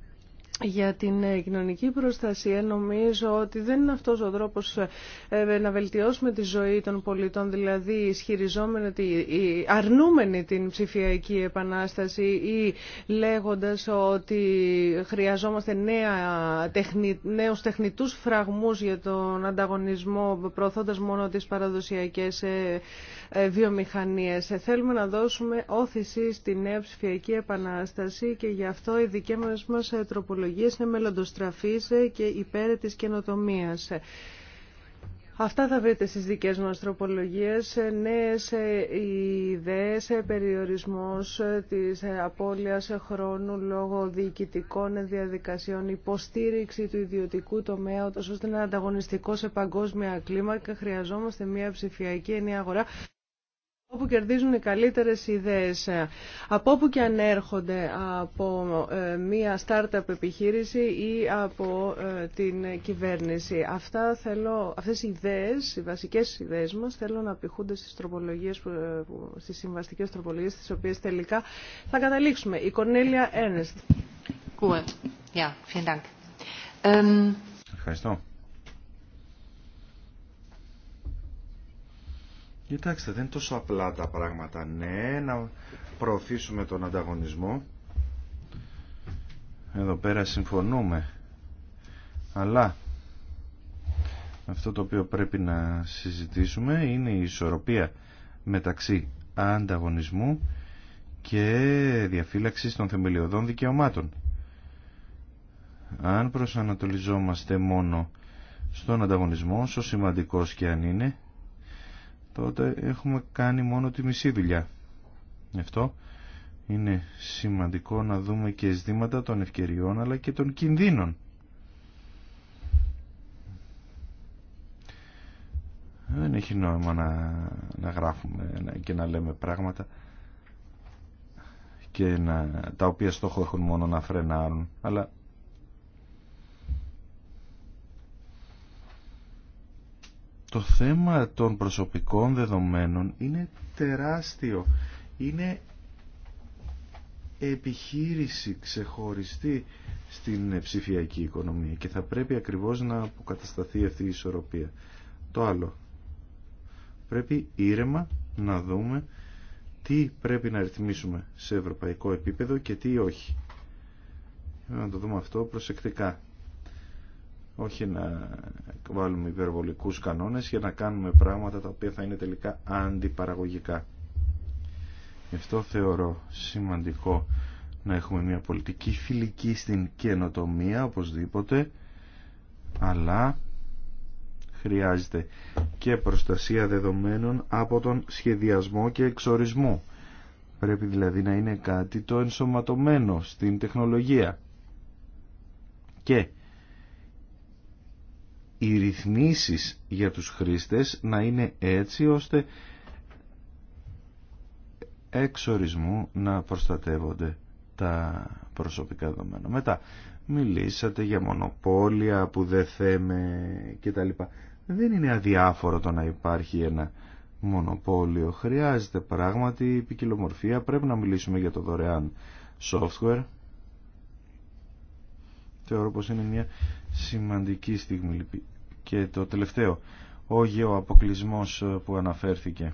Speaker 1: για την ε, κοινωνική προστασία νομίζω ότι δεν είναι αυτός ο τρόπος ε, ε, να βελτιώσουμε τη ζωή των πολιτών, δηλαδή ισχυριζόμενοι, αρνούμενοι την ψηφιακή επανάσταση ή λέγοντας ότι χρειαζόμαστε νέα, τεχνη, νέους τεχνητούς φραγμούς για τον ανταγωνισμό προωθώντας μόνο τις παραδοσιακές βιομηχανίες. Θέλουμε να δώσουμε όθηση στη νέα ψηφιακή επανάσταση και γι' αυτό οι δικές μας τεχνολογίες είναι μελλοντοστραφείς και υπέρ της καινοτομίας. Αυτά θα βρείτε στις δικές μας τροπολογίες, νέες ιδέες, περιορισμός της απώλειας χρόνου λόγω διοικητικών διαδικασιών, υποστήριξη του ιδιωτικού τομέα, ώστε να είναι ανταγωνιστικό σε παγκόσμια κλίμακα. Χρειαζόμαστε μια ψηφιακή ενιαία αγορά όπου κερδίζουν οι καλύτερες ιδέες. Από όπου και αν έρχονται από ε, μία startup επιχείρηση ή από ε, την κυβέρνηση. Αυτά θέλω, αυτές οι ιδέες, οι βασικές ιδέες μας θέλω να πηχούνται στις, τροπολογίες, ε, στις συμβαστικές τροπολογίες τις οποίες τελικά θα καταλήξουμε. Η Κορνέλια Έρνεστ.
Speaker 2: Ευχαριστώ. Κοιτάξτε, δεν είναι τόσο απλά τα πράγματα. Ναι, να προωθήσουμε τον ανταγωνισμό. Εδώ πέρα συμφωνούμε. Αλλά αυτό το οποίο πρέπει να συζητήσουμε είναι η ισορροπία μεταξύ ανταγωνισμού και διαφύλαξης των θεμελιωδών δικαιωμάτων. Αν προσανατολιζόμαστε μόνο στον ανταγωνισμό, όσο σημαντικός και αν είναι, τότε έχουμε κάνει μόνο τη μισή δουλειά. Γι' είναι σημαντικό να δούμε και ζητήματα των ευκαιριών αλλά και των κινδύνων. Δεν έχει νόημα να, γράφουμε και να λέμε πράγματα και να, τα οποία στόχο έχουν μόνο να φρενάρουν αλλά το θέμα των προσωπικών δεδομένων είναι τεράστιο. Είναι επιχείρηση ξεχωριστή στην ψηφιακή οικονομία και θα πρέπει ακριβώς να αποκατασταθεί αυτή η ισορροπία. Το άλλο. Πρέπει ήρεμα να δούμε τι πρέπει να ρυθμίσουμε σε ευρωπαϊκό επίπεδο και τι όχι. Να το δούμε αυτό προσεκτικά όχι να βάλουμε υπερβολικούς κανόνες για να κάνουμε πράγματα τα οποία θα είναι τελικά αντιπαραγωγικά. Γι' αυτό θεωρώ σημαντικό να έχουμε μια πολιτική φιλική στην καινοτομία οπωσδήποτε, αλλά χρειάζεται και προστασία δεδομένων από τον σχεδιασμό και εξορισμό. Πρέπει δηλαδή να είναι κάτι το ενσωματωμένο στην τεχνολογία. Και οι ρυθμίσεις για τους χρήστες να είναι έτσι ώστε εξορισμού να προστατεύονται τα προσωπικά δεδομένα. Μετά μιλήσατε για μονοπόλια που δεν θέμε κτλ. Δεν είναι αδιάφορο το να υπάρχει ένα μονοπόλιο. Χρειάζεται πράγματι ποικιλομορφία. Πρέπει να μιλήσουμε για το δωρεάν software θεωρώ πως είναι μια σημαντική στιγμή. Και το τελευταίο, ο αποκλεισμό ε, που αναφέρθηκε.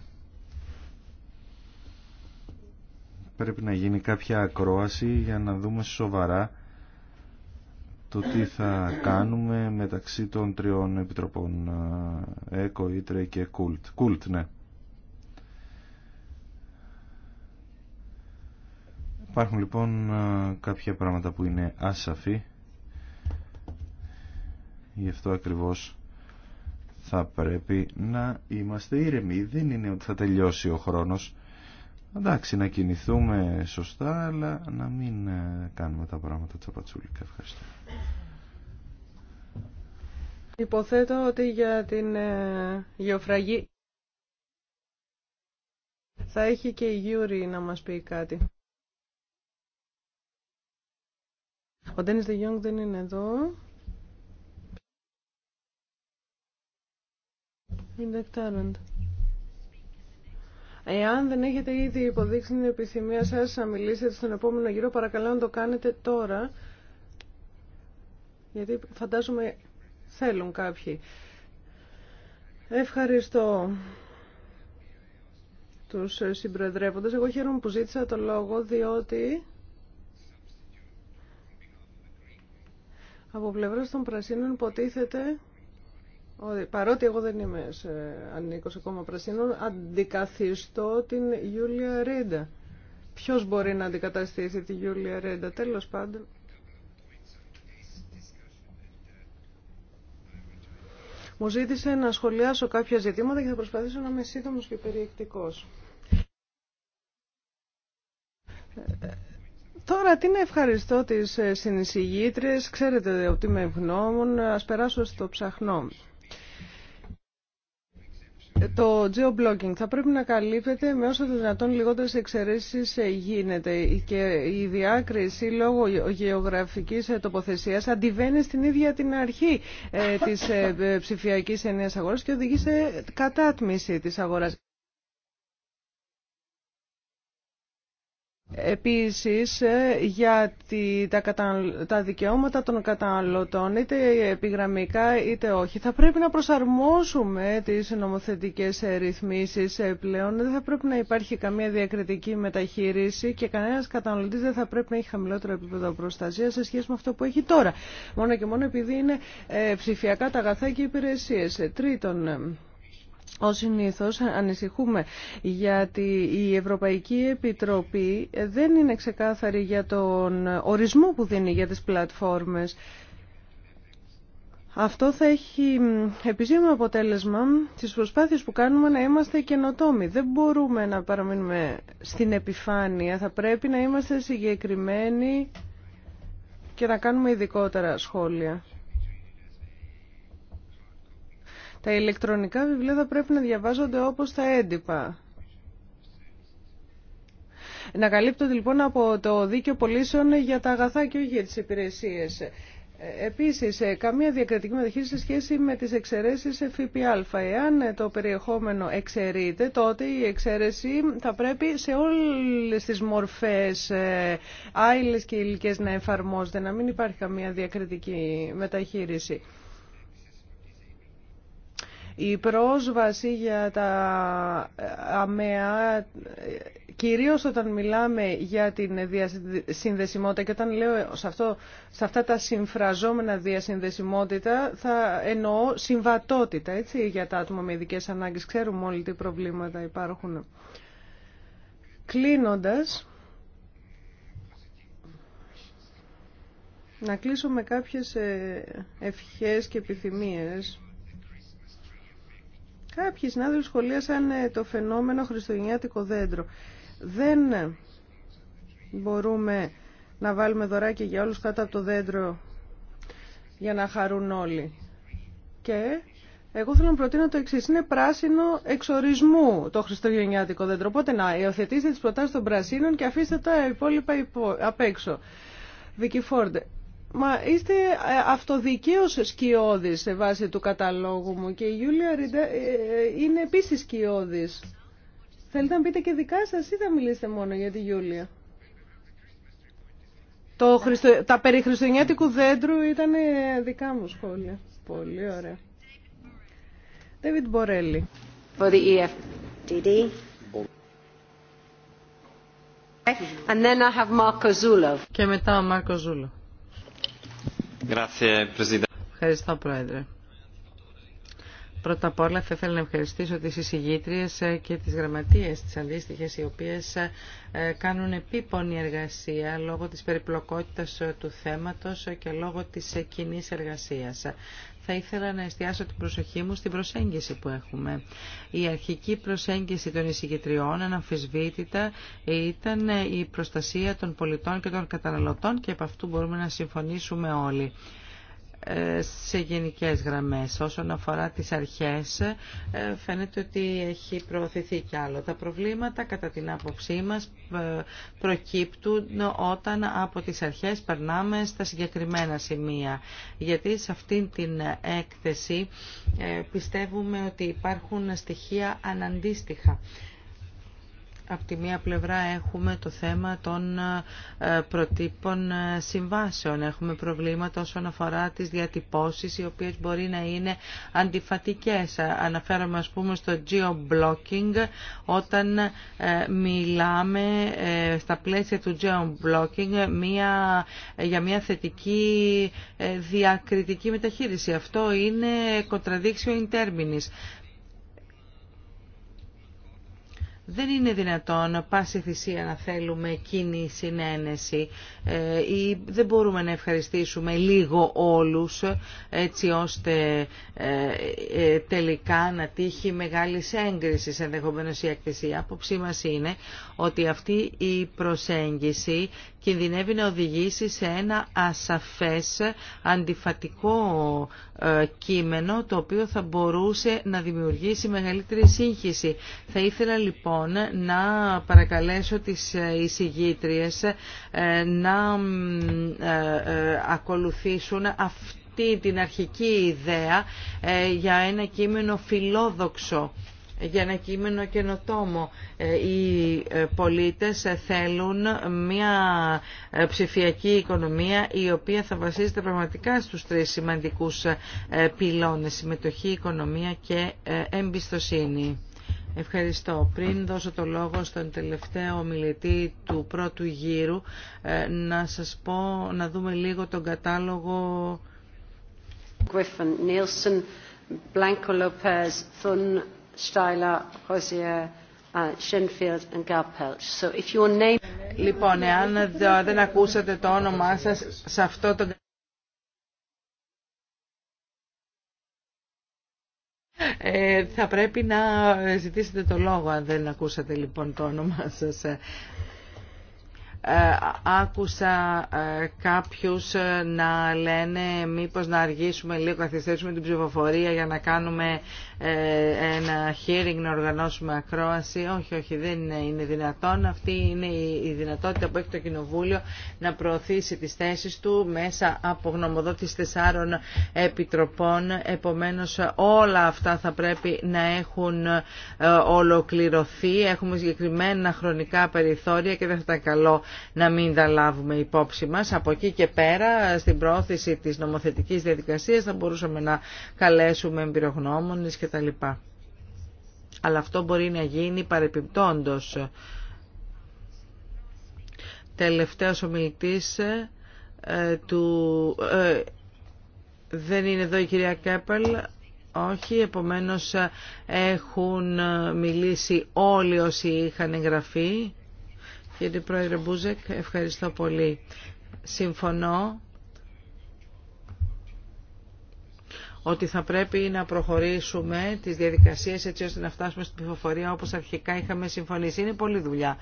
Speaker 2: Πρέπει να γίνει κάποια ακρόαση για να δούμε σοβαρά το τι θα κάνουμε μεταξύ των τριών επιτροπών ε, ΕΚΟ, ΙΤΡΕ και ΚΟΥΛΤ. ΚΟΥΛΤ, ναι. Υπάρχουν λοιπόν ε, κάποια πράγματα που είναι άσαφη Γι' αυτό ακριβώς θα πρέπει να είμαστε ήρεμοι. Δεν είναι ότι θα τελειώσει ο χρόνος. Εντάξει, να κινηθούμε σωστά, αλλά να μην ε, κάνουμε τα πράγματα τσαπατσούλικα. Ευχαριστώ.
Speaker 1: Υποθέτω ότι για την ε, γεωφραγή θα έχει και η Γιούρη να μας πει κάτι. Ο Ντένις Δε δεν είναι εδώ. Εάν δεν έχετε ήδη υποδείξει την επιθυμία σας να μιλήσετε στον επόμενο γύρο, παρακαλώ να το κάνετε τώρα, γιατί φαντάζομαι θέλουν κάποιοι. Ευχαριστώ τους συμπροεδρεύοντες. Εγώ χαίρομαι που ζήτησα το λόγο, διότι από πλευράς των Πρασίνων υποτίθεται παρότι εγώ δεν είμαι σε, ανήκω σε πρασίνων, αντικαθιστώ την Γιούλια Ρέντα. Ποιο μπορεί να αντικαταστήσει τη Γιούλια Ρέντα, τέλος πάντων. Μου ζήτησε να σχολιάσω κάποια ζητήματα και θα προσπαθήσω να είμαι σύντομο και περιεκτικός. Τώρα τι να ευχαριστώ τις ε, συνεισηγήτρες, ξέρετε ότι με ευγνώμων, ας περάσω στο ψαχνό. Το geo-blocking θα πρέπει να καλύπτεται με όσο δυνατόν λιγότερε εξαιρέσει ε, γίνεται και η διάκριση λόγω γεωγραφικής ε, τοποθεσίας αντιβαίνει στην ίδια την αρχή ε, της ψηφιακή ενέργεια αγοράς και οδηγεί σε κατάτμιση της αγοράς. Επίσης, ε, για τα δικαιώματα των καταναλωτών, είτε επιγραμμικά είτε όχι, θα πρέπει να προσαρμόσουμε τις νομοθετικές ρυθμίσεις ε, πλέον. Δεν θα πρέπει να υπάρχει καμία διακριτική μεταχείριση και κανένας καταναλωτής δεν θα πρέπει να έχει χαμηλότερο επίπεδο προστασία σε σχέση με αυτό που έχει τώρα. Μόνο και μόνο επειδή είναι ε, ψηφιακά τα αγαθά και οι υπηρεσίες. Τρίτον, Ω συνήθω ανησυχούμε γιατί η Ευρωπαϊκή Επιτροπή δεν είναι ξεκάθαρη για τον ορισμό που δίνει για τις πλατφόρμες. Αυτό θα έχει επιζήμιο αποτέλεσμα στις προσπάθειες που κάνουμε να είμαστε καινοτόμοι. Δεν μπορούμε να παραμείνουμε στην επιφάνεια, θα πρέπει να είμαστε συγκεκριμένοι και να κάνουμε ειδικότερα σχόλια. Τα ηλεκτρονικά βιβλία θα πρέπει να διαβάζονται όπως τα έντυπα. Να καλύπτονται λοιπόν από το δίκαιο πολίσεων για τα αγαθά και όχι για τις υπηρεσίες. Επίσης, ε, καμία διακριτική μεταχείριση σε σχέση με τις εξαιρέσεις ΦΠΑ. Εάν ε, το περιεχόμενο εξαιρείται, τότε η εξαίρεση θα πρέπει σε όλες τις μορφές ε, άειλες και υλικές να εφαρμόζεται, να μην υπάρχει καμία διακριτική μεταχείριση. Η πρόσβαση για τα αμαία, κυρίως όταν μιλάμε για την διασυνδεσιμότητα και όταν λέω σε, αυτό, σε αυτά τα συμφραζόμενα διασυνδεσιμότητα θα εννοώ συμβατότητα έτσι, για τα άτομα με ειδικέ ανάγκες. Ξέρουμε όλοι τι προβλήματα υπάρχουν. Κλείνοντας, να κλείσω με κάποιες ε, ευχές και επιθυμίες. Κάποιοι συνάδελφοι σχολίασαν ε, το φαινόμενο χριστουγεννιάτικο δέντρο. Δεν μπορούμε να βάλουμε δωράκια για όλους κάτω από το δέντρο για να χαρούν όλοι. Και εγώ θέλω να προτείνω το εξή. Είναι πράσινο εξορισμού το χριστουγεννιάτικο δέντρο. Οπότε να υιοθετήσετε τι προτάσει των πρασίνων και αφήστε τα υπόλοιπα υπό, απ' έξω. Μα είστε ε, αυτοδικαίως σκιώδης σε βάση του καταλόγου μου και η Γιούλια ε, ε, είναι επίσης σκιώδης. Θέλετε να πείτε και δικά σας ή θα μιλήσετε μόνο για τη Γιούλια. Το Τα περί χριστουγεννιάτικου δέντρου ήταν δικά μου σχόλια. Πολύ ωραία. David Μπορέλη. For the e
Speaker 3: And then I have Marco Και μετά ο Μάρκο Ζούλο. Ευχαριστώ, Πρόεδρε. Πρώτα απ' όλα θα ήθελα να ευχαριστήσω τις εισηγήτριες και τις γραμματείες τις αντίστοιχες οι οποίες ε, κάνουν επίπονη εργασία λόγω της περιπλοκότητας ε, του θέματος και λόγω της ε, κοινή εργασίας θα ήθελα να εστιάσω την προσοχή μου στην προσέγγιση που έχουμε. Η αρχική προσέγγιση των εισηγητριών αναμφισβήτητα ήταν η προστασία των πολιτών και των καταναλωτών και από αυτού μπορούμε να συμφωνήσουμε όλοι. Ε, σε γενικές γραμμές. Όσον αφορά τις αρχές, ε, φαίνεται ότι έχει προωθηθεί κι άλλο. Τα προβλήματα, κατά την άποψή μας, ε, προκύπτουν όταν από τις αρχές περνάμε στα συγκεκριμένα σημεία. Γιατί σε αυτήν την έκθεση πιστεύουμε ότι υπάρχουν στοιχεία αναντίστοιχα από τη μία πλευρά έχουμε το θέμα των ε, προτύπων ε, συμβάσεων. Έχουμε προβλήματα όσον αφορά τις διατυπώσεις οι οποίες μπορεί να είναι αντιφατικές. Αναφέρομαι ας πούμε στο geo-blocking όταν ε, μιλάμε στα πλαίσια του geo-blocking μια, για μια θετική διακριτική μεταχείριση. Αυτό είναι contradiction in terminis. Δεν είναι δυνατόν πάση θυσία να θέλουμε κοινή συνένεση ε, ή δεν μπορούμε να ευχαριστήσουμε λίγο όλους έτσι ώστε ε, ε, τελικά να τύχει μεγάλη έγκρισης ενδεχομένως η δεν μπορουμε να ευχαριστησουμε λιγο ολους ετσι ωστε τελικα να τυχει μεγαλη έγκριση ενδεχομενως Η εκκλησια η προσέγγιση κινδυνεύει να οδηγήσει σε ένα ασαφές αντιφατικό ε, κείμενο το οποίο θα μπορούσε να δημιουργήσει μεγαλύτερη σύγχυση. Θα ήθελα λοιπόν να παρακαλέσω τις ε, εισηγήτριες ε, να ακολουθήσουν αυτή την αρχική ιδέα για ένα κείμενο φιλόδοξο για ένα κείμενο καινοτόμο. Ε, οι ε, πολίτες θέλουν μια ε, ψηφιακή οικονομία η οποία θα βασίζεται πραγματικά στους τρεις σημαντικούς πυλώνες, συμμετοχή, οικονομία και εμπιστοσύνη. Ευχαριστώ. Πριν δώσω το λόγο στον τελευταίο ομιλητή του πρώτου γύρου, να σας πω να δούμε λίγο τον κατάλογο. Griffin, Nielsen, Blanco Lopez, Thun, Uh, λοιπόν, εάν δεν ακούσατε το όνομά σας σε αυτό το... Ε, θα πρέπει να ζητήσετε το λόγο αν δεν ακούσατε λοιπόν το όνομά σας. Ε. Ε, άκουσα ε, κάποιους ε, να λένε μήπως να αργήσουμε λίγο, καθυστερήσουμε την ψηφοφορία για να κάνουμε ένα hearing, να οργανώσουμε ακρόαση. Όχι, όχι, δεν είναι δυνατόν. Αυτή είναι η δυνατότητα που έχει το Κοινοβούλιο να προωθήσει τις θέσεις του μέσα από γνωμοδότης τεσσάρων επιτροπών. Επομένως όλα αυτά θα πρέπει να έχουν ολοκληρωθεί. Έχουμε συγκεκριμένα χρονικά περιθώρια και δεν θα ήταν καλό να μην τα λάβουμε υπόψη μας. Από εκεί και πέρα, στην πρόθεση της νομοθετικής διαδικασίας θα μπορούσαμε να καλέσουμε εμπειρογνώμονες κτλ. Αλλά αυτό μπορεί να γίνει παρεπιπτόντος. Τελευταίος ομιλητής ε, του... Ε, δεν είναι εδώ η κυρία Κέπελ, όχι, επομένως ε, έχουν ε, μιλήσει όλοι όσοι είχαν εγγραφεί. Κύριε Πρόεδρε Μπούζεκ, ευχαριστώ πολύ. Συμφωνώ ότι θα πρέπει να προχωρήσουμε τις διαδικασίες έτσι ώστε να φτάσουμε στην πληροφορία όπως αρχικά είχαμε συμφωνήσει. Είναι πολλή δουλειά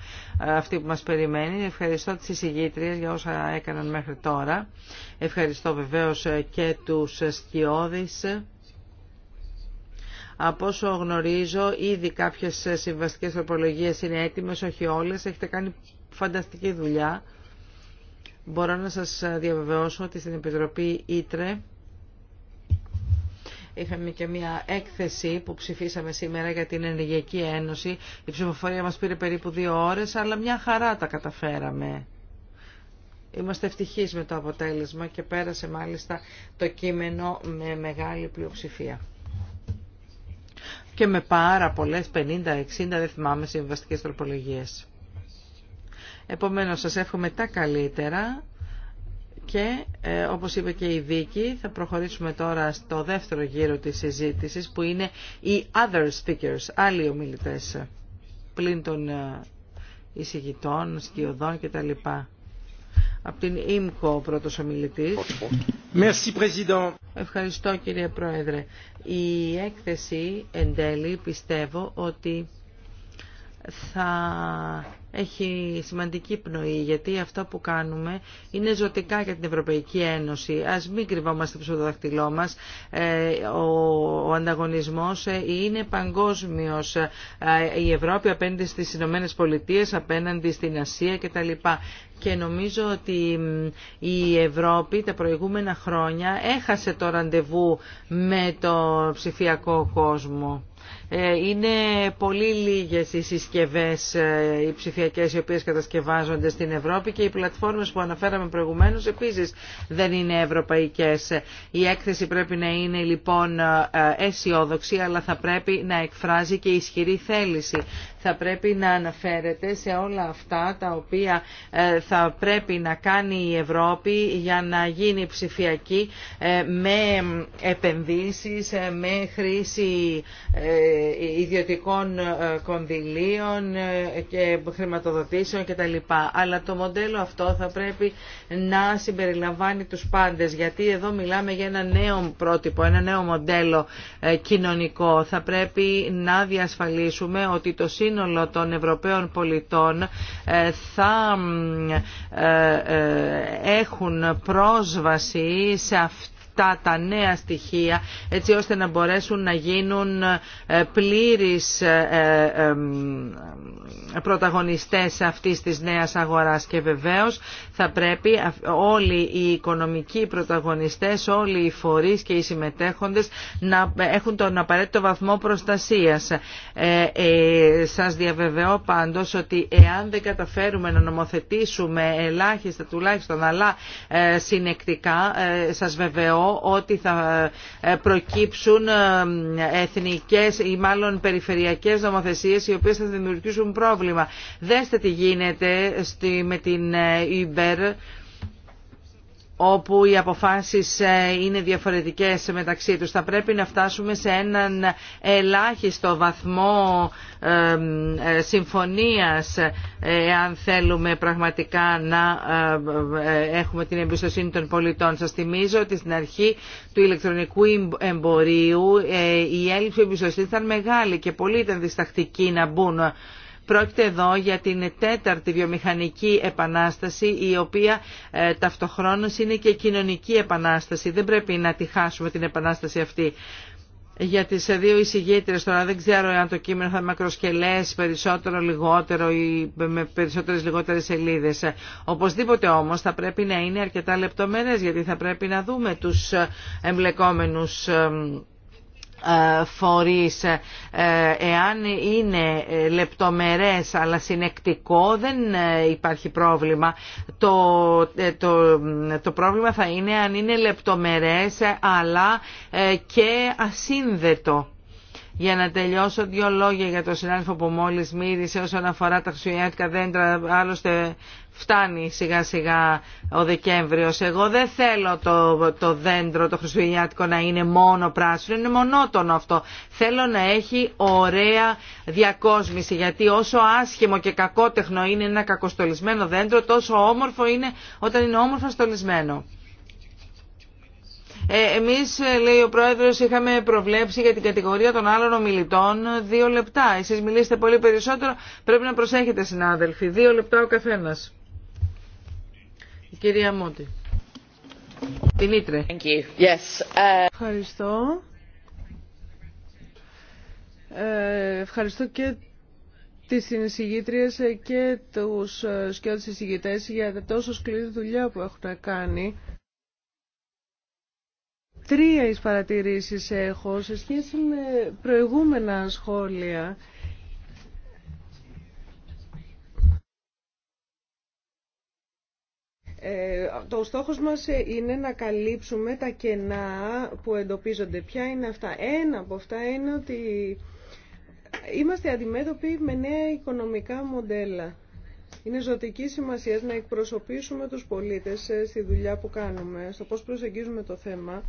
Speaker 3: ε, αυτή που μας περιμένει. Ευχαριστώ τις εισηγήτριες για όσα έκαναν μέχρι τώρα. Ευχαριστώ βεβαίως ε, και τους σκιώδεις. Από όσο γνωρίζω, ήδη κάποιες συμβαστικές τροπολογίες είναι έτοιμες, όχι όλες. Έχετε κάνει φανταστική δουλειά. Μπορώ να σας διαβεβαιώσω ότι στην Επιτροπή Ήτρε είχαμε και μια έκθεση που ψηφίσαμε σήμερα για την Ενεργειακή Ένωση. Η ψηφοφορία μας πήρε περίπου δύο ώρες, αλλά μια χαρά τα καταφέραμε. Είμαστε ευτυχείς με το αποτέλεσμα και πέρασε μάλιστα το κείμενο με μεγάλη πλειοψηφία και με πάρα πολλές 50-60 δεν θυμάμαι συμβαστικές τροπολογίες. Επομένως σας εύχομαι τα καλύτερα και ε, όπως είπε και η Δίκη, θα προχωρήσουμε τώρα στο δεύτερο γύρο της συζήτησης που είναι οι other speakers, άλλοι ομιλητές πλην των ε, εισηγητών, σκιωδών κτλ. Από την ΙΜΚΟ ο πρώτος ομιλητής. Ευχαριστώ κύριε Πρόεδρε. Η έκθεση εν τέλει πιστεύω ότι θα έχει σημαντική πνοή γιατί αυτό που κάνουμε είναι ζωτικά για την Ευρωπαϊκή Ένωση. Ας μην κρυβόμαστε πίσω το δαχτυλό μας. Ε, ο, ανταγωνισμός ε, είναι παγκόσμιος. Ε, η Ευρώπη απέναντι στις Ηνωμένε Πολιτείε, απέναντι στην Ασία κτλ. Και νομίζω ότι η Ευρώπη τα προηγούμενα χρόνια έχασε το ραντεβού με το ψηφιακό κόσμο. Ε, είναι πολύ λίγες οι συσκευές, ε, οι ψηφιακές οι οποίες κατασκευάζονται στην Ευρώπη και οι πλατφόρμες που αναφέραμε προηγουμένως επίσης δεν είναι ευρωπαϊκές. Η έκθεση πρέπει να είναι λοιπόν ε, αισιόδοξη αλλά θα πρέπει να εκφράζει και ισχυρή θέληση θα πρέπει να αναφέρεται σε όλα αυτά τα οποία ε, θα πρέπει να κάνει η Ευρώπη για να γίνει ψηφιακή ε, με επενδύσεις, ε, με χρήση ιδιωτικών κονδυλίων και χρηματοδοτήσεων κτλ. Αλλά το μοντέλο αυτό θα πρέπει να συμπεριλαμβάνει τους πάντες γιατί εδώ μιλάμε για ένα νέο πρότυπο, ένα νέο μοντέλο κοινωνικό. Θα πρέπει να διασφαλίσουμε ότι το σύνολο σύνολο των Ευρωπαίων πολιτών ε, θα ε, ε, έχουν πρόσβαση σε αυτή αυτά τα νέα στοιχεία έτσι ώστε να μπορέσουν να γίνουν ε, πλήρεις ε, ε, πρωταγωνιστές αυτής της νέας αγοράς και βεβαίως θα πρέπει όλοι οι οικονομικοί πρωταγωνιστές, όλοι οι φορείς και οι συμμετέχοντες να έχουν τον απαραίτητο βαθμό προστασίας. Ε, σας διαβεβαιώ πάντως ότι εάν δεν καταφέρουμε να νομοθετήσουμε ελάχιστα τουλάχιστον αλλά συνεκτικά, σας βεβαιώ ότι θα ε, προκύψουν ε, εθνικές ή μάλλον περιφερειακές νομοθεσίες οι οποίες θα δημιουργήσουν πρόβλημα. Δέστε τι γίνεται με την ε, Uber όπου οι αποφάσεις ε, είναι διαφορετικές μεταξύ τους. Θα πρέπει να φτάσουμε σε έναν ελάχιστο βαθμό ε, συμφωνίας αν ε, θέλουμε πραγματικά να έχουμε την εμπιστοσύνη των πολιτών. Σας θυμίζω ότι στην αρχή του ηλεκτρονικού εμπορίου η έλλειψη εμπιστοσύνη ήταν μεγάλη και πολλοί ήταν διστακτικοί να μπουν Πρόκειται εδώ για την τέταρτη βιομηχανική επανάσταση η οποία ε, ταυτοχρόνως είναι και κοινωνική επανάσταση. Δεν πρέπει να τη χάσουμε την επανάσταση αυτή για τις δύο εισηγήτρες τώρα δεν ξέρω αν το κείμενο θα είναι μακροσκελές περισσότερο, λιγότερο ή με περισσότερες λιγότερες σελίδες οπωσδήποτε όμως θα πρέπει να είναι αρκετά λεπτομερέ, γιατί θα πρέπει να δούμε τους ε, εμπλεκόμενους ε, ε, φορείς ε, εάν είναι λεπτομερές αλλά συνεκτικό δεν ε, υπάρχει πρόβλημα το, το, το πρόβλημα θα είναι αν είναι λεπτομερές αλλά και ασύνδετο για να τελειώσω δύο λόγια για το συνάδελφο που μόλις μίλησε όσον αφορά τα χρυσοιατικά δέντρα. Άλλωστε φτάνει σιγά σιγά ο Δεκέμβριος. Εγώ δεν θέλω το, το δέντρο το χριστουγεννιάτικο να είναι μόνο πράσινο, είναι μονότονο αυτό. Θέλω να έχει ωραία διακόσμηση γιατί όσο άσχημο και κακότεχνο είναι ένα κακοστολισμένο δέντρο τόσο όμορφο είναι όταν είναι όμορφα στολισμένο. Ε, εμείς, ε, λέει ο Πρόεδρος, είχαμε προβλέψει για την κατηγορία των άλλων ομιλητών δύο λεπτά. Εσείς μιλήσετε πολύ περισσότερο, πρέπει να προσέχετε συνάδελφοι. Δύο λεπτά ο καθένας. Κυρία Μόντι.
Speaker 1: Την Ήτρε. Uh, ευχαριστώ. Ε, ευχαριστώ και τις συνεισηγήτριες και τους ε, σκιώτες εισηγητές για τόσο σκληρή δουλειά που έχουν κάνει. Τρία εις παρατηρήσεις έχω σε σχέση με προηγούμενα σχόλια. Ε, το στόχος μας ε, είναι να καλύψουμε τα κενά που εντοπίζονται. Ποια είναι αυτά. Ένα από αυτά είναι ότι είμαστε αντιμέτωποι με νέα οικονομικά μοντέλα. Είναι ζωτική σημασία να εκπροσωπήσουμε τους πολίτες ε, στη δουλειά που κάνουμε, στο πώς προσεγγίζουμε το θέμα.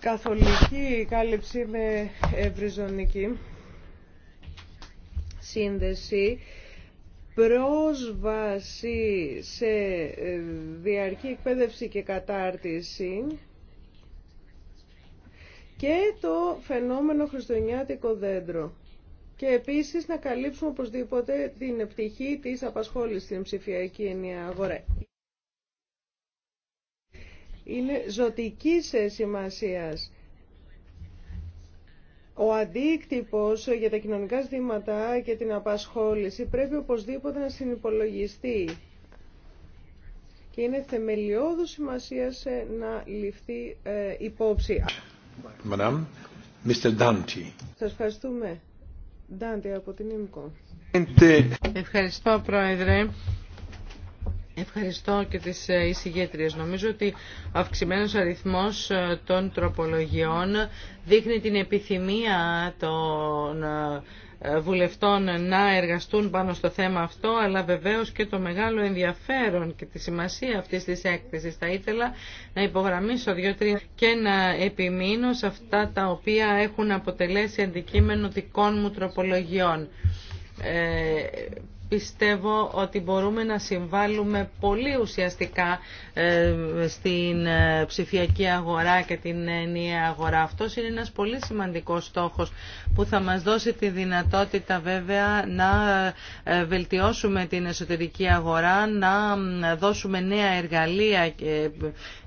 Speaker 1: Καθολική κάλυψη με ευρυζωνική σύνδεση πρόσβαση σε ε, διαρκή εκπαίδευση και κατάρτιση και το φαινόμενο χριστουγεννιάτικο δέντρο. Και επίσης να καλύψουμε οπωσδήποτε την πτυχή της απασχόλησης στην ψηφιακή ενιαία αγορά. Είναι ζωτικής ε, σημασίας ο αντίκτυπος για τα κοινωνικά ζητήματα και την απασχόληση πρέπει οπωσδήποτε να συνυπολογιστεί και είναι θεμελιώδου σημασία να ληφθεί ε, υπόψη. Madam, Σας ευχαριστούμε. από την
Speaker 3: Ευχαριστώ, Πρόεδρε. Ευχαριστώ και τις ε, εισηγήτριες. Νομίζω ότι ο αυξημένος αριθμός ε, των τροπολογιών δείχνει την επιθυμία των ε, βουλευτών να εργαστούν πάνω στο θέμα αυτό, αλλά βεβαίως και το μεγάλο ενδιαφέρον και τη σημασία αυτής της έκθεσης. Θα ήθελα να υπογραμμίσω δύο-τρία και να επιμείνω σε αυτά τα οποία έχουν αποτελέσει αντικείμενο δικών μου τροπολογιών πιστεύω ότι μπορούμε να συμβάλλουμε πολύ ουσιαστικά ε, στην ε, ψηφιακή αγορά και την ενιαία αγορά. Αυτός είναι ένας πολύ σημαντικός στόχος που θα μας δώσει τη δυνατότητα βέβαια να ε, βελτιώσουμε την εσωτερική αγορά, να δώσουμε νέα εργαλεία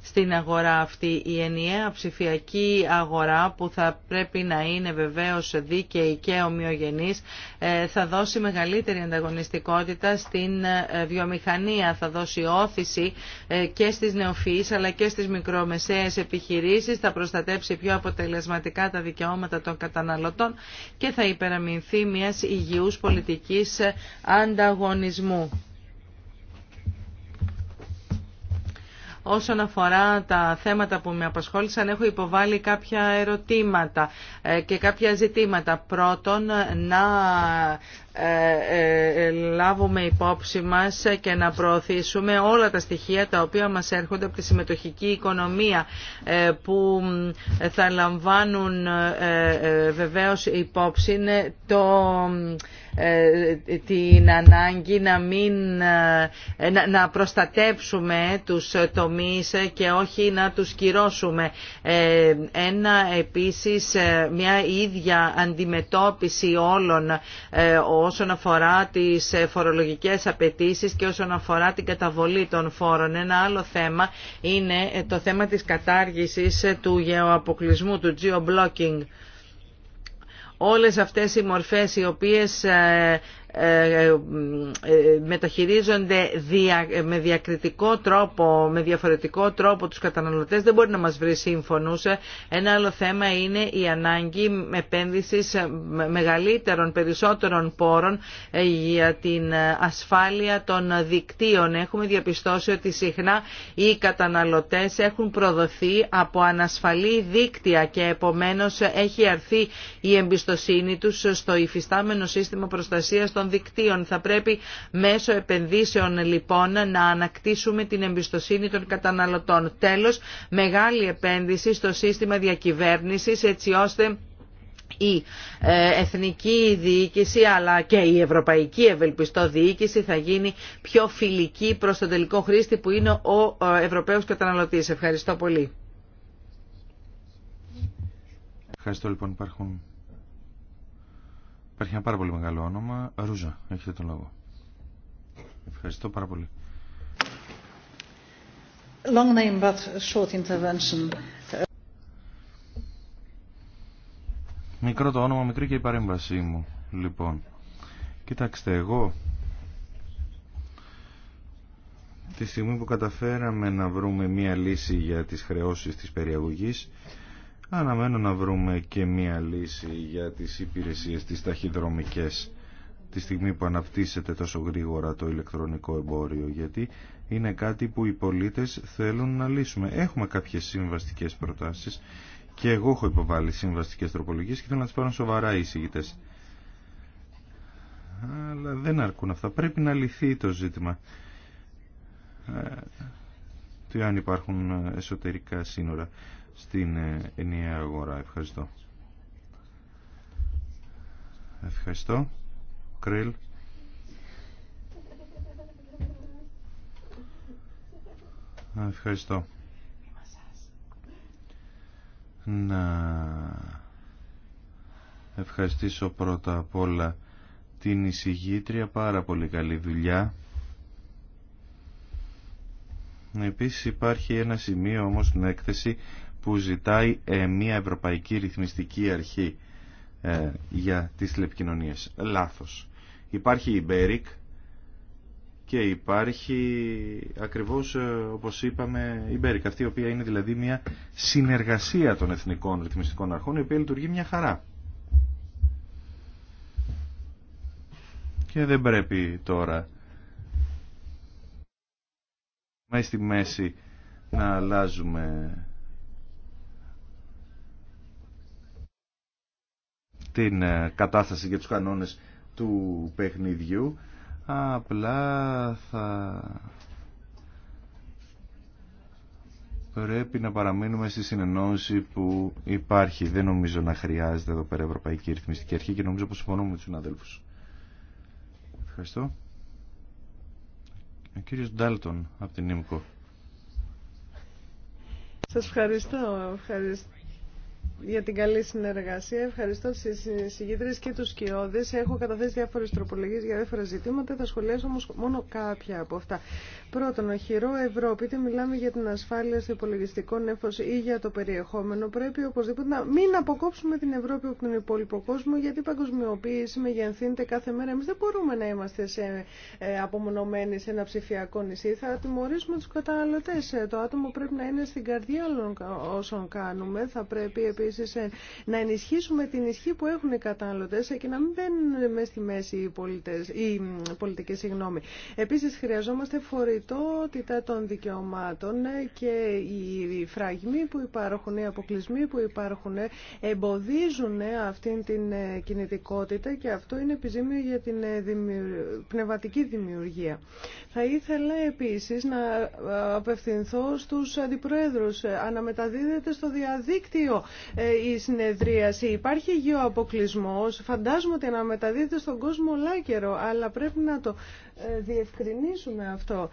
Speaker 3: στην αγορά αυτή. Η ενιαία ψηφιακή αγορά που θα πρέπει να είναι βεβαίως δίκαιη και ομοιογενής ε, θα δώσει μεγαλύτερη ανταγωνιστικότητα στην ε, βιομηχανία, θα δώσει όθηση ε, και στις νεοφυείς αλλά και στις μικρομεσαίες επιχειρήσεις, θα προστατέψει πιο αποτελεσματικά τα δικαιώματα των καταναλωτών και θα υπεραμεινθεί μιας υγιούς πολιτικής ανταγωνισμού. Όσον αφορά τα θέματα που με απασχόλησαν, έχω υποβάλει κάποια ερωτήματα ε, και κάποια ζητήματα. Πρώτον, να ε, ε, ε, λάβουμε υπόψη μας και να προωθήσουμε όλα τα στοιχεία τα οποία μας έρχονται από τη συμμετοχική οικονομία που θα λαμβάνουν βεβαίως υπόψη το, την ανάγκη να, μην, να προστατέψουμε τους τομείς και όχι να τους κυρώσουμε. Ένα επίσης μια ίδια αντιμετώπιση όλων όσον αφορά τις ε, φορολογικές απαιτήσει και όσον αφορά την καταβολή των φόρων. Ένα άλλο θέμα είναι ε, το θέμα της κατάργησης ε, του γεωαποκλεισμού, του geo-blocking όλες αυτές οι μορφές οι οποίες ε, ε, ε, μεταχειρίζονται με διακριτικό τρόπο, με διαφορετικό τρόπο τους καταναλωτές δεν μπορεί να μας βρει σύμφωνους. Ένα άλλο θέμα είναι η ανάγκη επένδυσης μεγαλύτερων, περισσότερων πόρων για την ασφάλεια των δικτύων. Έχουμε διαπιστώσει ότι συχνά οι καταναλωτές έχουν προδοθεί από ανασφαλή δίκτυα και επομένως έχει αρθεί η εμπιστοσύνη τους στο υφιστάμενο σύστημα προστασίας των των δικτύων. Θα πρέπει μέσω επενδύσεων λοιπόν να ανακτήσουμε την εμπιστοσύνη των καταναλωτών. Τέλος, μεγάλη επένδυση στο σύστημα διακυβέρνησης έτσι ώστε η ε, εθνική διοίκηση αλλά και η ευρωπαϊκή ευελπιστό διοίκηση θα γίνει πιο φιλική προς τον τελικό χρήστη που είναι ο ε, Ευρωπαίος καταναλωτής. Ευχαριστώ πολύ.
Speaker 2: Ευχαριστώ λοιπόν. Υπάρχει ένα πάρα πολύ μεγάλο όνομα. Ρούζα, έχετε τον λόγο. Ευχαριστώ πάρα πολύ.
Speaker 1: Long name, but short intervention.
Speaker 2: Μικρό το όνομα, μικρή και η παρέμβασή μου, λοιπόν. Κοιτάξτε, εγώ τη στιγμή που καταφέραμε να βρούμε μία λύση για τις χρεώσεις της περιαγωγής Αναμένω να βρούμε και μία λύση για τις υπηρεσίες τις ταχυδρομικές τη στιγμή που αναπτύσσεται τόσο γρήγορα το ηλεκτρονικό εμπόριο γιατί είναι κάτι που οι πολίτες θέλουν να λύσουμε. Έχουμε κάποιες συμβαστικές προτάσεις και εγώ έχω υποβάλει συμβαστικές τροπολογίες και θέλω να τις πάρουν σοβαρά οι εισηγητές. Αλλά δεν αρκούν αυτά. Πρέπει να λυθεί το ζήτημα. Ε, τι αν υπάρχουν εσωτερικά σύνορα στην ε, ενιαία αγορά. Ευχαριστώ. Ευχαριστώ. Κρίλ. Ευχαριστώ. Να ευχαριστήσω πρώτα απ' όλα την εισηγήτρια. Πάρα πολύ καλή δουλειά. Επίσης υπάρχει ένα σημείο όμως στην έκθεση που ζητάει ε, μια Ευρωπαϊκή Ρυθμιστική Αρχή ε, για τις τηλεπικοινωνίες. Λάθος. Υπάρχει η BERIC και υπάρχει ακριβώς ε, όπως είπαμε η BERIC, αυτή η οποία είναι δηλαδή μια συνεργασία των εθνικών ρυθμιστικών αρχών η οποία λειτουργεί μια χαρά. Και δεν πρέπει τώρα μέσα στη μέση να αλλάζουμε την ε, κατάσταση για τους κανόνες του παιχνιδιού απλά θα πρέπει να παραμείνουμε στη συνεννόηση που υπάρχει δεν νομίζω να χρειάζεται εδώ πέρα Ευρωπαϊκή Ρυθμιστική Αρχή και νομίζω πως συμφωνούμε με τους συναδέλφους Ευχαριστώ Ο κύριος Ντάλτον από την ΕΜΚΟ
Speaker 1: Σας ευχαριστώ, ευχαριστώ για την καλή συνεργασία. Ευχαριστώ τι συγκίτρε και του κοιόδε. Έχω καταθέσει διάφορε τροπολογίε για διάφορα ζητήματα. Θα σχολιάσω όμω μόνο κάποια από αυτά. Πρώτον, ο χειρό Ευρώπη, είτε μιλάμε για την ασφάλεια στο υπολογιστικό νεφο ή για το περιεχόμενο, πρέπει οπωσδήποτε να μην αποκόψουμε την Ευρώπη από τον υπόλοιπο κόσμο, γιατί η παγκοσμιοποίηση μεγενθύνεται κάθε μέρα. Εμεί δεν μπορούμε να είμαστε σε, ε, απομονωμένοι σε ένα ψηφιακό νησί. Θα τιμωρήσουμε του καταναλωτέ. Ε, το άτομο πρέπει να είναι στην καρδιά όλων όσων κάνουμε. Θα πρέπει επίση ε, να ενισχύσουμε την ισχύ που έχουν οι καταναλωτές και να μην μπαίνουν μέσα στη μέση οι, πολιτές, οι πολιτικές. Συγγνώμη. Επίσης χρειαζόμαστε φορητότητα των δικαιωμάτων ε, και οι φραγμοί που υπάρχουν, οι αποκλεισμοί που υπάρχουν ε, εμποδίζουν αυτήν την κινητικότητα και αυτό είναι επιζήμιο για την πνευματική δημιουργία. Θα ήθελα επίσης να απευθυνθώ στους αντιπρόεδρους. Αναμεταδίδεται στο διαδίκτυο ε, η συνεδρίαση. Υπάρχει γεωαποκλεισμό. Φαντάζομαι ότι αναμεταδίδεται στον κόσμο όλα αλλά πρέπει να το ε, διευκρινίσουμε αυτό.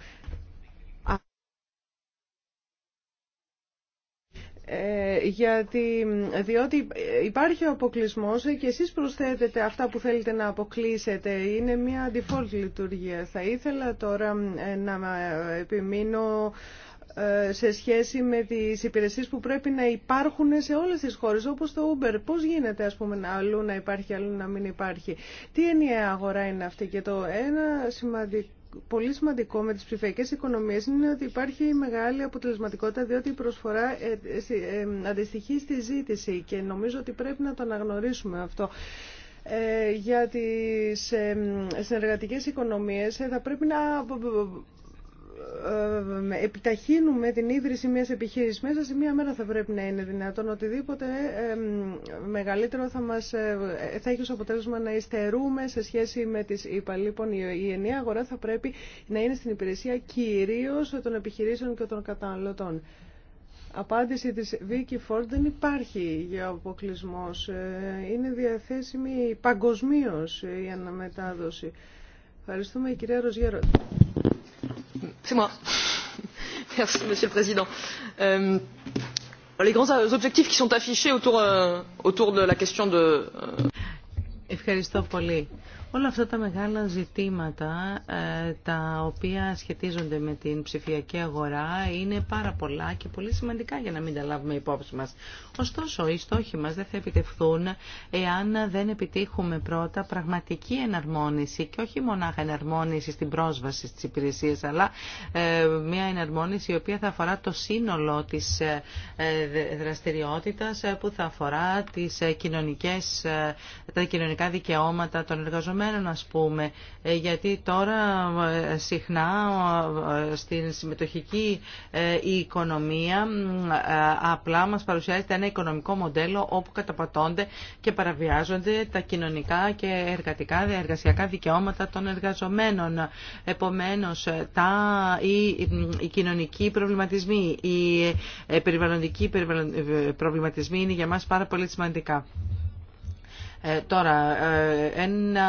Speaker 1: Ε, γιατί, διότι υπάρχει ο αποκλεισμό και εσείς προσθέτετε αυτά που θέλετε να αποκλείσετε. Είναι μια default λειτουργία. Θα ήθελα τώρα να επιμείνω ε, σε σχέση με τις υπηρεσίες που πρέπει να υπάρχουν σε όλες τις χώρες, όπως το Uber. Πώς γίνεται, ας πούμε, αλλού να υπάρχει, αλλού να μην υπάρχει. Τι ενιαία αγορά είναι αυτή και το ένα πολύ σημαντικό με τις ψηφιακές οικονομίες είναι ότι υπάρχει μεγάλη αποτελεσματικότητα διότι η προσφορά ε, ε, αντιστοιχεί στη ζήτηση και νομίζω ότι πρέπει να το αναγνωρίσουμε αυτό. για τις συνεργατικές οικονομίες θα πρέπει να ε, ε, επιταχύνουμε την ίδρυση μιας επιχείρησης μέσα σε μία μέρα θα πρέπει να είναι δυνατόν οτιδήποτε ε, μεγαλύτερο θα, μας, θα έχει ως αποτέλεσμα να υστερούμε σε σχέση με τις ΙΠΑ. Λοιπόν, η ενιαία αγορά θα πρέπει να είναι στην υπηρεσία κυρίως των επιχειρήσεων και των καταναλωτών. Απάντηση της Βίκη Φόρντ δεν υπάρχει για αποκλεισμό. Είναι διαθέσιμη παγκοσμίω η αναμετάδοση. Ευχαριστούμε κυρία Ροζιέρο.
Speaker 3: C'est moi. Monsieur le Président. Les grands objectifs qui sont affichés autour de la question de. Ευχαριστώ Όλα αυτά τα μεγάλα ζητήματα ε, τα οποία σχετίζονται με την ψηφιακή αγορά είναι πάρα πολλά και πολύ σημαντικά για να μην τα λάβουμε υπόψη μας. Ωστόσο, οι στόχοι μας δεν θα επιτευχθούν εάν δεν επιτύχουμε πρώτα πραγματική εναρμόνιση και όχι μονάχα εναρμόνιση στην πρόσβαση στις υπηρεσίες, αλλά ε, μια εναρμόνιση η οποία θα αφορά το σύνολο της ε, δραστηριότητας που θα αφορά τις τα κοινωνικά δικαιώματα των εργαζομένων πούμε ε, γιατί τώρα ε, συχνά ε, στην συμμετοχική οικονομία απλά μας παρουσιάζεται ένα οικονομικό μοντέλο όπου καταπατώνται και παραβιάζονται τα κοινωνικά και εργατικά εργασιακά δικαιώματα των εργαζομένων. Επομένως τα, οι, οι κοινωνικοί προβληματισμοί, οι περιβαλλοντικοί προβληματισμοί είναι για μας πάρα πολύ σημαντικά. Ε, τώρα, ε, ένα,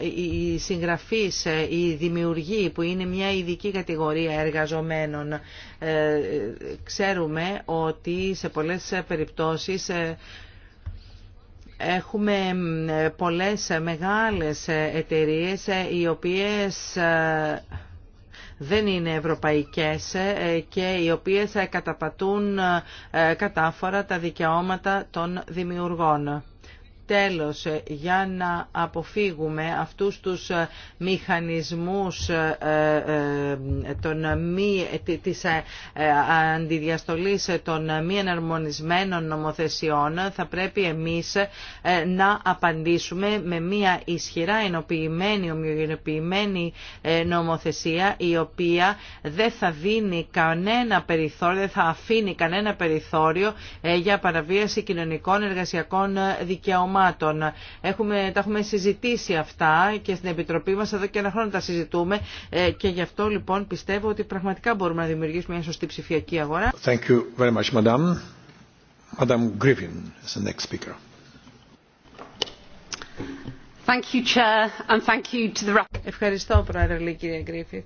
Speaker 3: οι συγγραφείς, οι ε, δημιουργοί που είναι μια ειδική κατηγορία εργαζομένων, ξέρουμε ότι σε πολλές περιπτώσεις έχουμε πολλές μεγάλες εταιρείες οι οποίες δεν είναι ευρωπαϊκές και οι οποίες καταπατούν κατάφορα τα δικαιώματα των δημιουργών. Τέλος, για να αποφύγουμε αυτούς τους ε, μηχανισμούς ε, ε, των μη, της αντιδιαστολής των μη εναρμονισμένων νομοθεσιών, θα πρέπει εμείς να απαντήσουμε με μια ισχυρά ενοποιημένη, ομοιογενοποιημένη νομοθεσία, η οποία δεν θα δίνει κανένα περιθώριο, δεν θα αφήνει κανένα περιθώριο για παραβίαση κοινωνικών εργασιακών δικαιωμάτων δικαιωμάτων. Έχουμε, τα έχουμε συζητήσει αυτά και στην Επιτροπή μας εδώ και ένα χρόνο τα συζητούμε ε, και γι' αυτό λοιπόν πιστεύω ότι πραγματικά μπορούμε να δημιουργήσουμε μια σωστή ψηφιακή αγορά.
Speaker 2: Thank you very much, Madame. Madame Griffin is the next speaker.
Speaker 3: Thank you, Chair, and thank you to the... Ευχαριστώ, Πρόεδρε, κύριε Γκρίφη.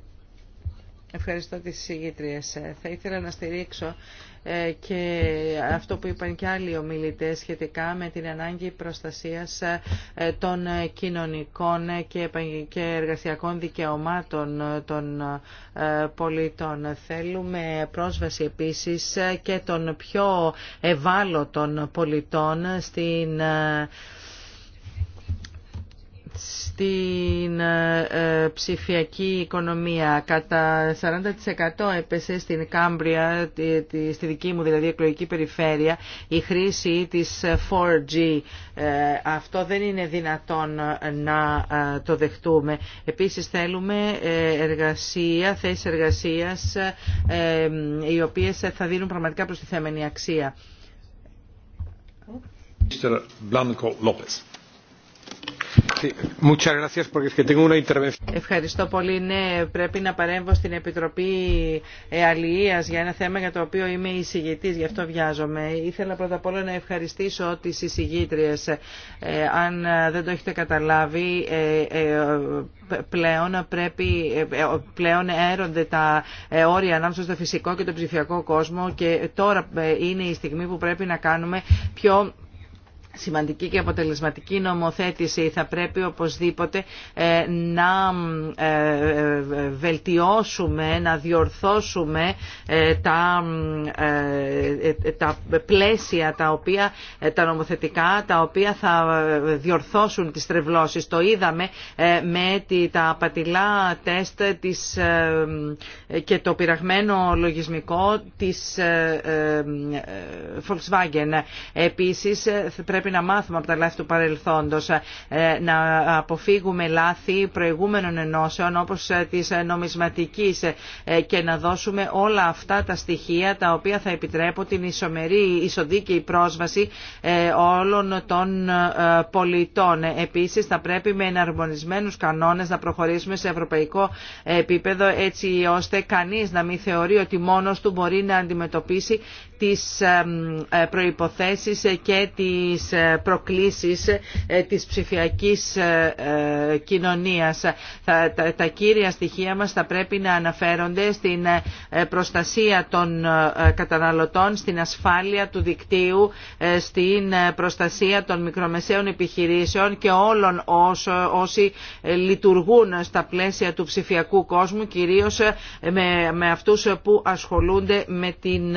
Speaker 3: Ευχαριστώ τις συγγήτριες. Ε, θα ήθελα να στηρίξω ε, και αυτό που είπαν και άλλοι ομιλητέ σχετικά με την ανάγκη προστασίας ε, των κοινωνικών και εργασιακών δικαιωμάτων ε, των πολιτών. Θέλουμε πρόσβαση επίσης και των πιο ευάλωτων πολιτών στην την ε, ε, ψηφιακή οικονομία. Κατά 40% έπεσε στην Κάμπρια, στη δική μου δηλαδή εκλογική περιφέρεια, η χρήση της 4G. Ε, αυτό δεν είναι δυνατόν να το δεχτούμε. Επίσης θέλουμε εργασία, θέσεις εργασίας, οι οποίες θα δίνουν πραγματικά προστιθέμενη αξία.
Speaker 2: Mr. Blanco
Speaker 3: Ευχαριστώ πολύ. Ναι, πρέπει να παρέμβω στην Επιτροπή ε, Αλληλείας για ένα θέμα για το οποίο είμαι εισηγητής, γι' αυτό βιάζομαι. Ήθελα πρώτα απ' όλα να ευχαριστήσω τις εισηγήτριες. Ε, αν δεν το έχετε καταλάβει, ε, πλέον πρέπει, πλέον έρονται τα όρια ανάμεσα στο φυσικό και το ψηφιακό κόσμο και τώρα είναι η στιγμή που πρέπει να κάνουμε πιο σημαντική και αποτελεσματική νομοθέτηση θα πρέπει οπωσδήποτε ε, να ε, βελτιώσουμε, να διορθώσουμε ε, τα, τα πλαίσια τα οποία τα νομοθετικά τα οποία θα διορθώσουν τις τρευλώσεις. Το είδαμε με τα απατηλά τεστ της, και το πειραγμένο λογισμικό της Volkswagen. Επίσης πρέπει να μάθουμε από τα λάθη του παρελθόντος, ε, να αποφύγουμε λάθη προηγούμενων ενώσεων όπως ε, της νομισματικής ε, και να δώσουμε όλα αυτά τα στοιχεία τα οποία θα επιτρέπουν την ισομερή, ισοδίκαιη πρόσβαση όλων των πολιτών. Επίσης θα πρέπει με εναρμονισμένους κανόνες να προχωρήσουμε σε ευρωπαϊκό επίπεδο έτσι ώστε κανείς να μην θεωρεί ότι μόνος του μπορεί να αντιμετωπίσει τις προϋποθέσεις και τις ε, προκλήσεις ε, της ψηφιακής ε, κοινωνίας. Τα κύρια στοιχεία μας θα πρέπει να αναφέρονται στην προστασία των καταναλωτών, στην ασφάλεια του δικτύου, στην προστασία των μικρομεσαίων επιχειρήσεων και όλων όσοι λειτουργούν στα πλαίσια του ψηφιακού κόσμου, κυρίως με αυτούς που ασχολούνται με την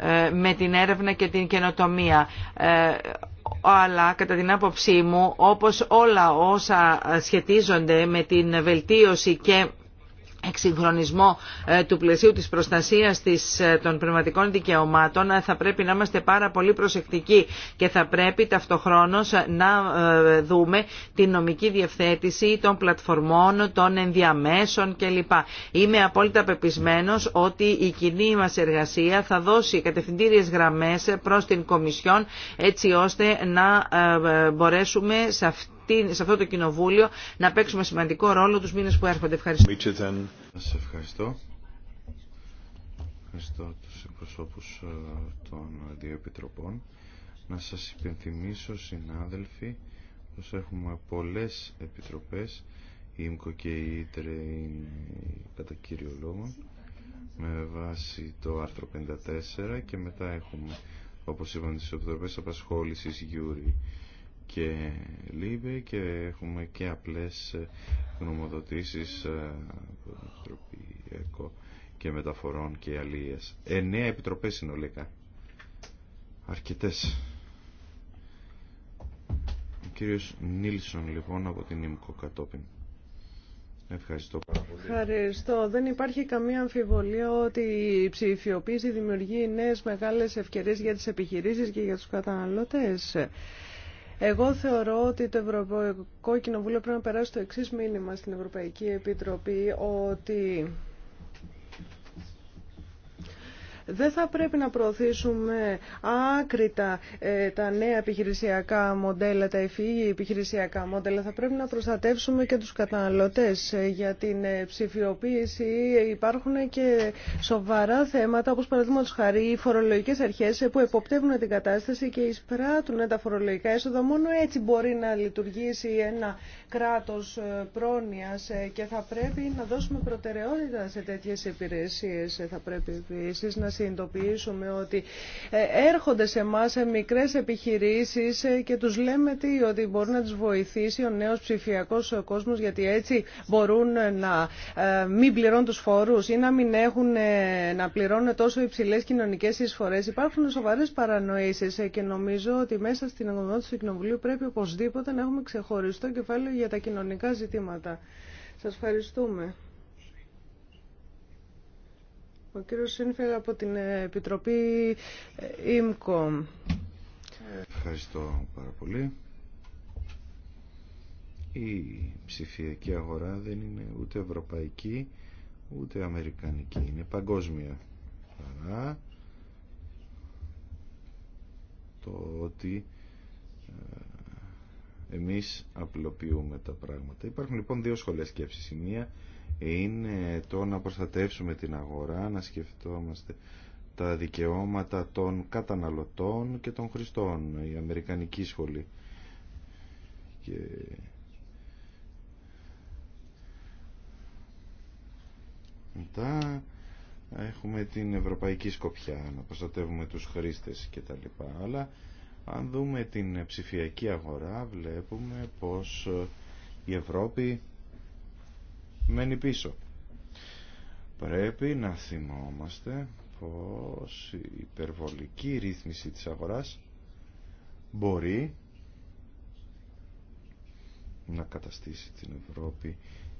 Speaker 3: ε, με την έρευνα και την καινοτομία ε, αλλά κατά την άποψή μου όπως όλα όσα σχετίζονται με την βελτίωση και εξυγχρονισμό ε, του πλαισίου της προστασίας της, ε, των πνευματικών δικαιωμάτων ε, θα πρέπει να είμαστε πάρα πολύ προσεκτικοί και θα πρέπει ταυτοχρόνως να δούμε την νομική διευθέτηση των πλατφορμών, των ενδιαμέσων κλπ. Είμαι απόλυτα πεπισμένος ότι η κοινή μας εργασία θα δώσει κατευθυντήριες γραμμές προς την Κομισιόν έτσι ώστε να μπορέσουμε σε αυτή σε αυτό το κοινοβούλιο να παίξουμε σημαντικό ρόλο τους μήνες που έρχονται. Ευχαριστώ.
Speaker 2: Σας ευχαριστώ. Ευχαριστώ τους εκπροσώπους ε, των δύο επιτροπών. Να σας υπενθυμίσω, συνάδελφοι, πως έχουμε πολλές επιτροπές. Η ΙΜΚΟ και η ΙΤΡΕ είναι κατά κύριο λόγο με βάση το άρθρο 54 και μετά έχουμε όπως είπαμε τις επιτροπές απασχόλησης Γιούρι και ΛΥΜΠΕ και έχουμε και απλές γνωμοδοτήσεις ε, Επιτροπή ΕΚΟ και Μεταφορών και Αλίες. Εννέα επιτροπές συνολικά. Αρκετές. Ο κύριος Νίλσον λοιπόν από την ΙΜΚΟ κατόπιν. Ευχαριστώ πάρα πολύ.
Speaker 1: Ευχαριστώ. Δεν υπάρχει καμία αμφιβολία ότι η ψηφιοποίηση δημιουργεί νέες μεγάλες ευκαιρίες για τις επιχειρήσεις και για τους καταναλωτές. Εγώ θεωρώ ότι το Ευρωπαϊκό Κοινοβούλιο πρέπει να περάσει το εξή μήνυμα στην Ευρωπαϊκή Επιτροπή ότι δεν θα πρέπει να προωθήσουμε άκρητα ε, τα νέα επιχειρησιακά μοντέλα, τα ευφυή επιχειρησιακά μοντέλα. Θα πρέπει να προστατεύσουμε και τους καταναλωτές ε, για την ε, ψηφιοποίηση. Υπάρχουν και σοβαρά θέματα, όπως παραδείγματος χαρή, οι φορολογικές αρχές που εποπτεύουν την κατάσταση και εισπράττουν τα φορολογικά έσοδα. Μόνο έτσι μπορεί να λειτουργήσει ένα κράτος πρόνοιας και θα πρέπει να δώσουμε προτεραιότητα σε τέτοιες υπηρεσίες. Θα πρέπει επίσης συνειδητοποιήσουμε ότι ε, έρχονται σε εμά ε, μικρές επιχειρήσεις ε, και τους λέμε τι, ότι μπορεί να τους βοηθήσει ο νέος ψηφιακός κόσμος γιατί έτσι μπορούν να μην πληρώνουν του φόρου ή να μην έχουν να πληρώνουν τόσο υψηλές κοινωνικέ εισφορές. Υπάρχουν σοβαρές παρανοήσεις και νομίζω ότι μέσα στην εγγονότηση του Κοινοβουλίου πρέπει οπωσδήποτε να έχουμε ξεχωριστό κεφάλαιο για τα κοινωνικά ζητήματα. Σας ευχαριστούμε. Ο κύριος Σύνφελ από την ε, Επιτροπή ε, ΙΜΚΟΜ.
Speaker 2: Ευχαριστώ πάρα πολύ. Η ψηφιακή αγορά δεν είναι ούτε ευρωπαϊκή ούτε αμερικανική. Είναι παγκόσμια παρά το ότι ε, εμείς απλοποιούμε τα πράγματα. Υπάρχουν λοιπόν δύο σχολές σκέψης. Η μία είναι το να προστατεύσουμε την αγορά, να σκεφτόμαστε τα δικαιώματα των καταναλωτών και των χρηστών, η Αμερικανική σχολή. Και... Μετά έχουμε την ευρωπαϊκή σκοπιά, να προστατεύουμε τους χρήστες και τα λοιπά. Αλλά αν δούμε την ψηφιακή αγορά βλέπουμε πως η Ευρώπη μένει πίσω. Πρέπει να θυμόμαστε πως η υπερβολική ρύθμιση της αγοράς μπορεί να καταστήσει την Ευρώπη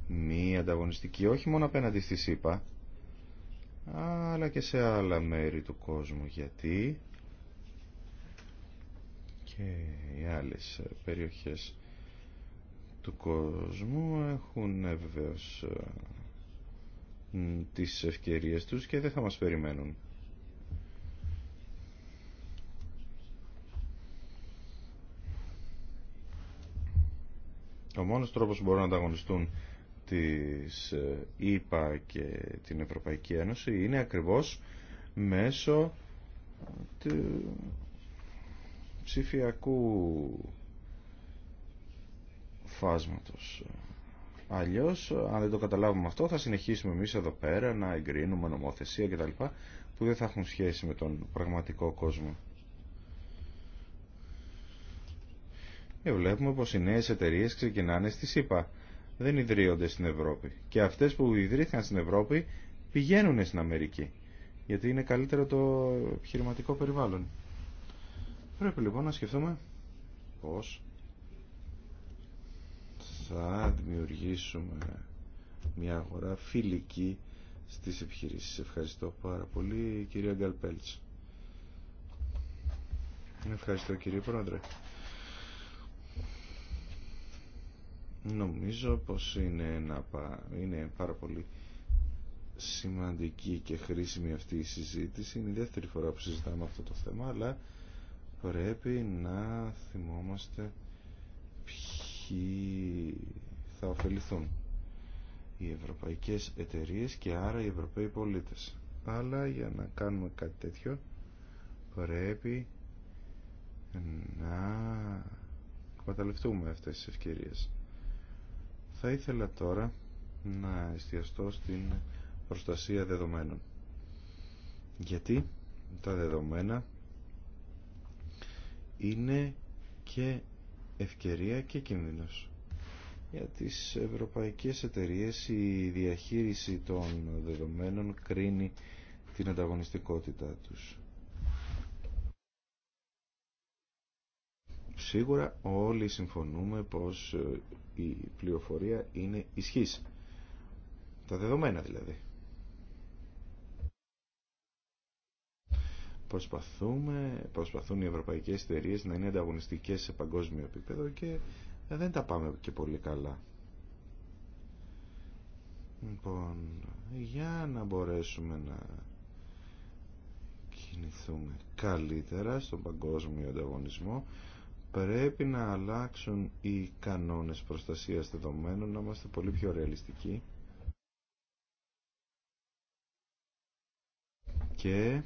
Speaker 2: μη ανταγωνιστική όχι μόνο απέναντι στη ΣΥΠΑ αλλά και σε άλλα μέρη του κόσμου γιατί και οι άλλες περιοχές του κόσμου έχουν βεβαίω ε, τις ευκαιρίες τους και δεν θα μας περιμένουν. Ο μόνος τρόπος που μπορούν να ανταγωνιστούν τις ΕΠΑ και την Ευρωπαϊκή Ένωση είναι ακριβώς μέσω του ψηφιακού φάσματος. Αλλιώς, αν δεν το καταλάβουμε αυτό, θα συνεχίσουμε εμείς εδώ πέρα να εγκρίνουμε νομοθεσία κτλ. που δεν θα έχουν σχέση με τον πραγματικό κόσμο. Και ε, βλέπουμε πως οι νέες εταιρείες ξεκινάνε στη ΣΥΠΑ. Δεν ιδρύονται στην Ευρώπη. Και αυτές που ιδρύθηκαν στην Ευρώπη πηγαίνουν στην Αμερική. Γιατί είναι καλύτερο το επιχειρηματικό περιβάλλον. Πρέπει λοιπόν να σκεφτούμε πώς θα δημιουργήσουμε μια αγορά φιλική στις επιχειρήσεις. Ευχαριστώ πάρα πολύ κυρία Γκαλπέλτς. Ευχαριστώ κύριε Πρόεδρε. Νομίζω πως είναι, ένα, είναι πάρα πολύ σημαντική και χρήσιμη αυτή η συζήτηση. Είναι η δεύτερη φορά που συζητάμε αυτό το θέμα, αλλά πρέπει να θυμόμαστε ποιοι θα ωφεληθούν οι ευρωπαϊκές εταιρείες και άρα οι ευρωπαίοι πολίτες αλλά για να κάνουμε κάτι τέτοιο πρέπει να εκμεταλλευτούμε αυτές τις ευκαιρίες θα ήθελα τώρα να εστιαστώ στην προστασία δεδομένων γιατί τα δεδομένα είναι και ευκαιρία και κίνδυνος. Για τις ευρωπαϊκές εταιρείες η διαχείριση των δεδομένων κρίνει την ανταγωνιστικότητά τους. Σίγουρα όλοι συμφωνούμε πως η πληροφορία είναι ισχύς. Τα δεδομένα δηλαδή. Προσπαθούμε, προσπαθούν οι ευρωπαϊκές εταιρείε να είναι ανταγωνιστικές σε παγκόσμιο επίπεδο και δεν τα πάμε και πολύ καλά. Λοιπόν, για να μπορέσουμε να κινηθούμε καλύτερα στον παγκόσμιο ανταγωνισμό, πρέπει να αλλάξουν οι κανόνες προστασίας δεδομένων, να είμαστε πολύ πιο ρεαλιστικοί. Και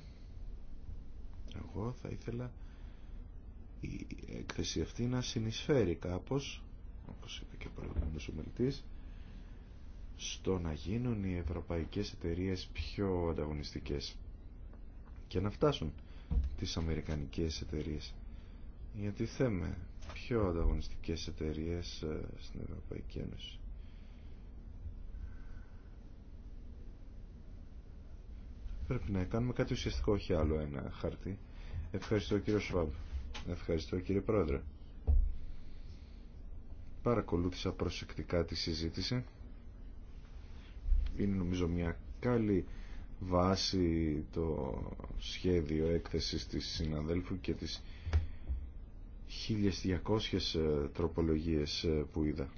Speaker 2: εγώ θα ήθελα η έκθεση αυτή να συνεισφέρει κάπως όπως είπε και ο προηγούμενος ομιλητής στο να γίνουν οι ευρωπαϊκές εταιρείες πιο ανταγωνιστικές και να φτάσουν τις αμερικανικές εταιρείες γιατί θέμε πιο ανταγωνιστικές εταιρείες ε, στην Ευρωπαϊκή Ένωση πρέπει να κάνουμε κάτι ουσιαστικό όχι άλλο ένα χαρτί Ευχαριστώ κύριο Σουάμπ. Ευχαριστώ κύριε Πρόεδρε. Παρακολούθησα προσεκτικά τη συζήτηση. Είναι νομίζω μια καλή βάση το σχέδιο έκθεσης της συναδέλφου και τις 1200 ε, τροπολογίες ε, που είδα.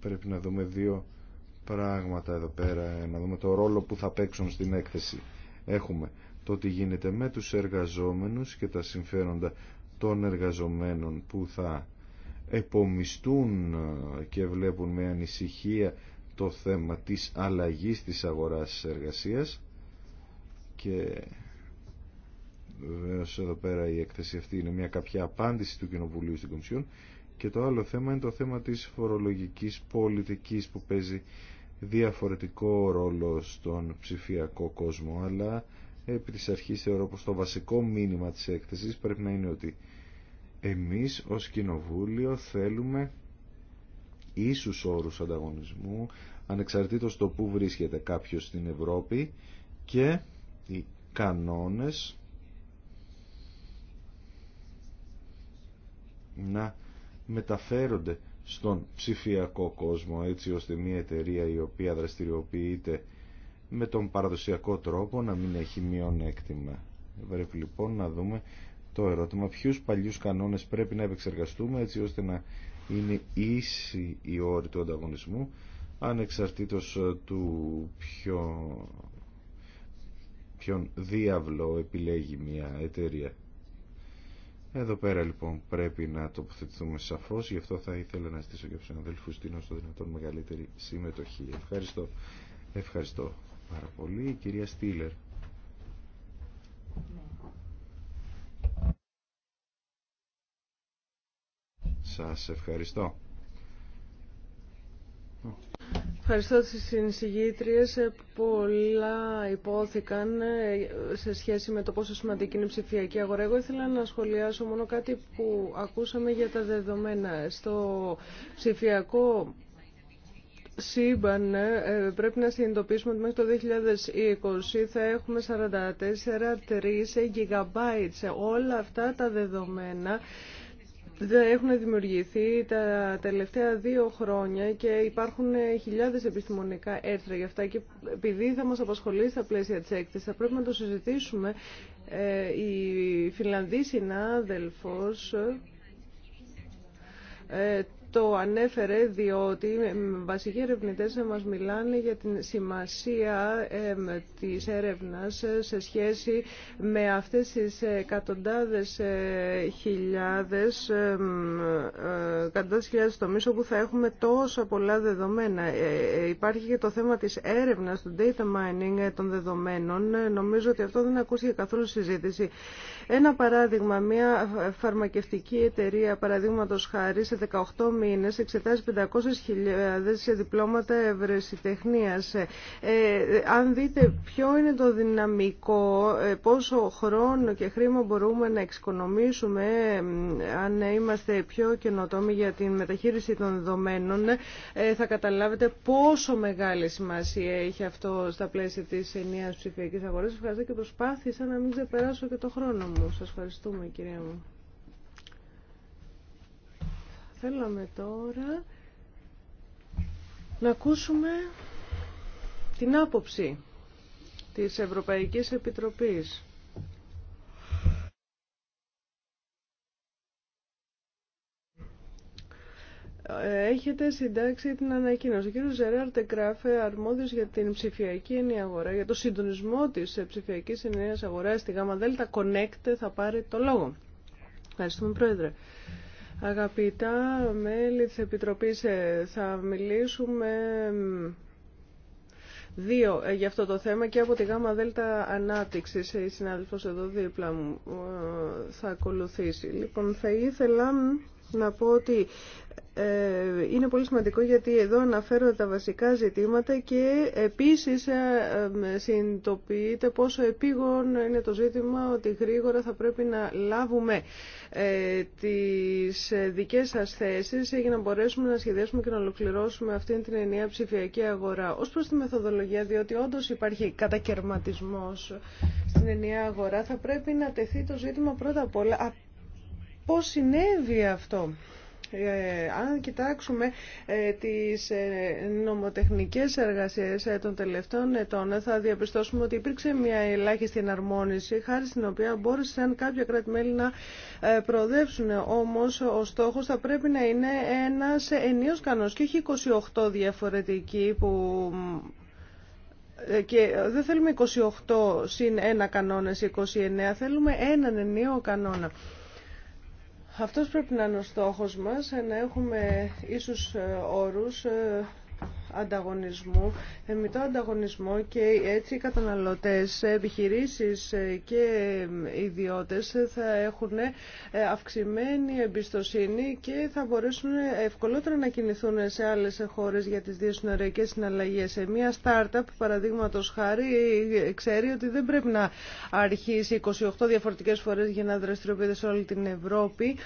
Speaker 2: Πρέπει να δούμε δύο πράγματα εδώ πέρα, να δούμε το ρόλο που θα παίξουν στην έκθεση. Έχουμε το τι γίνεται με τους εργαζόμενους και τα συμφέροντα των εργαζομένων που θα επομιστούν ε, και βλέπουν με ανησυχία το θέμα της αλλαγής της αγοράς εργασίας και βεβαίω εδώ πέρα η έκθεση αυτή είναι μια κάποια απάντηση του Κοινοβουλίου στην Κομισιόν και το άλλο θέμα είναι το θέμα της φορολογικής πολιτικής που παίζει διαφορετικό ρόλο στον ψηφιακό κόσμο, αλλά επί της αρχής θεωρώ πως το βασικό μήνυμα της έκθεσης πρέπει να είναι ότι εμείς ως Κοινοβούλιο θέλουμε ίσους όρους ανταγωνισμού ανεξαρτήτως το που βρίσκεται κάποιος στην Ευρώπη και οι κανόνες να μεταφέρονται στον ψηφιακό κόσμο έτσι ώστε μια εταιρεία η οποία δραστηριοποιείται με τον παραδοσιακό τρόπο να μην έχει μειονέκτημα. Πρέπει λοιπόν να δούμε το ερώτημα ποιους παλιούς κανόνες πρέπει να επεξεργαστούμε έτσι ώστε να είναι ίση η όρη του ανταγωνισμού ανεξαρτήτως ε, του πιο ποιον διάβλο επιλέγει μια εταιρεία. Εδώ πέρα λοιπόν πρέπει να τοποθετηθούμε σαφώς, γι' αυτό θα ήθελα να ζητήσω και του αδελφού την όσο δυνατόν μεγαλύτερη συμμετοχή. Ευχαριστώ. Ευχαριστώ πάρα πολύ. Η κυρία Στήλερ. Ναι. Σας ευχαριστώ.
Speaker 1: Ευχαριστώ τις συνεισηγήτριες. Ε, πολλά υπόθηκαν ε, σε σχέση με το πόσο σημαντική είναι η ψηφιακή αγορά. Εγώ ήθελα να σχολιάσω μόνο κάτι που ακούσαμε για τα δεδομένα. Στο ψηφιακό σύμπαν ε, πρέπει να συνειδητοποιήσουμε ότι μέχρι το 2020 θα έχουμε 44-3 σε όλα αυτά τα δεδομένα έχουν δημιουργηθεί τα τελευταία δύο χρόνια και υπάρχουν ε, χιλιάδες επιστημονικά έρθρα για αυτά και επειδή θα μας απασχολεί στα πλαίσια της έκθεσης θα πρέπει να το συζητήσουμε. Ε, η Φιλανδή συνάδελφος ε, το ανέφερε διότι βασικοί ερευνητές μας μιλάνε για την σημασία της έρευνας σε σχέση με αυτές τις εκατοντάδες ε, χιλιάδες, ε, εκατοντάδες χιλιάδες τομείς όπου θα έχουμε τόσο πολλά δεδομένα. Ε, υπάρχει και το θέμα της έρευνας, του data mining των δεδομένων. Νομίζω ότι αυτό δεν ακούστηκε καθόλου συζήτηση. Ένα παράδειγμα, μια φαρμακευτική εταιρεία, παραδείγματο χάρη, σε 18 μήνε εξετάζει 500.000 σε διπλώματα ευρεσιτεχνία. Ε, αν δείτε ποιο είναι το δυναμικό, ε, πόσο χρόνο και χρήμα μπορούμε να εξοικονομήσουμε αν είμαστε πιο καινοτόμοι για την μεταχείριση των δεδομένων, ε, θα καταλάβετε πόσο μεγάλη σημασία έχει αυτό στα πλαίσια τη ενιαίας ψηφιακή αγορά, Ευχαριστώ και προσπάθησα να μην ξεπεράσω και το χρόνο μου μου. Σας ευχαριστούμε κυρία μου. Θέλαμε τώρα να ακούσουμε την άποψη της Ευρωπαϊκής Επιτροπής. έχετε συντάξει την ανακοίνωση. Ο κ. Ζεράρτε γράφει αρμόδιος για την ψηφιακή ενιαία αγορά, για το συντονισμό της ψηφιακή ενιαίας αγοράς στη ΔΕΛΤΑ κονέκτε, θα πάρει το λόγο. Ευχαριστούμε, Πρόεδρε. Αγαπητά μέλη της Επιτροπής, ε, θα μιλήσουμε δύο ε, για αυτό το θέμα και από τη ΓΑΜΑ ΔΕΛΤΑ ε, η συνάδελφος εδώ δίπλα μου θα ακολουθήσει. Λοιπόν, θα ήθελα να πω ότι ε, είναι πολύ σημαντικό γιατί εδώ αναφέρω τα βασικά ζητήματα και επίσης ε, συνειδητοποιείται πόσο επίγον είναι το ζήτημα ότι γρήγορα θα πρέπει να λάβουμε ε, τις δικές σας θέσεις για να μπορέσουμε να σχεδιάσουμε και να ολοκληρώσουμε αυτή την ενιαία ψηφιακή αγορά. Ως προς τη μεθοδολογία, διότι όντω υπάρχει κατακαιρματισμός στην ενιαία αγορά, θα πρέπει να τεθεί το ζήτημα πρώτα απ' όλα Πώς συνέβη αυτό. Ε, αν κοιτάξουμε ε, τις ε, νομοτεχνικές εργασίες ε, των τελευταίων ετών θα διαπιστώσουμε ότι υπήρξε μια ελάχιστη εναρμόνιση χάρη στην οποία μπόρεσαν κάποια κράτη-μέλη να ε, προοδεύσουν. Όμως ο στόχος θα πρέπει να είναι ένας ενίος κανός και όχι 28 διαφορετικοί που ε, και δεν θέλουμε 28 συν ένα κανόνα, 29, θέλουμε έναν ενίο κανόνα. Αυτός πρέπει να είναι ο στόχος μας, να έχουμε ίσους ε, όρους ε, ανταγωνισμού, το ανταγωνισμό και έτσι οι καταναλωτές, επιχειρήσεις και ιδιώτες θα έχουν αυξημένη εμπιστοσύνη και θα μπορέσουν ευκολότερα να κινηθούν σε άλλες χώρες για τις δύο συνοριακές συναλλαγές. Μια startup, παραδείγματο χάρη, ξέρει ότι δεν πρέπει να αρχίσει 28 διαφορετικές φορές για να δραστηριοποιείται σε όλη την Ευρώπη.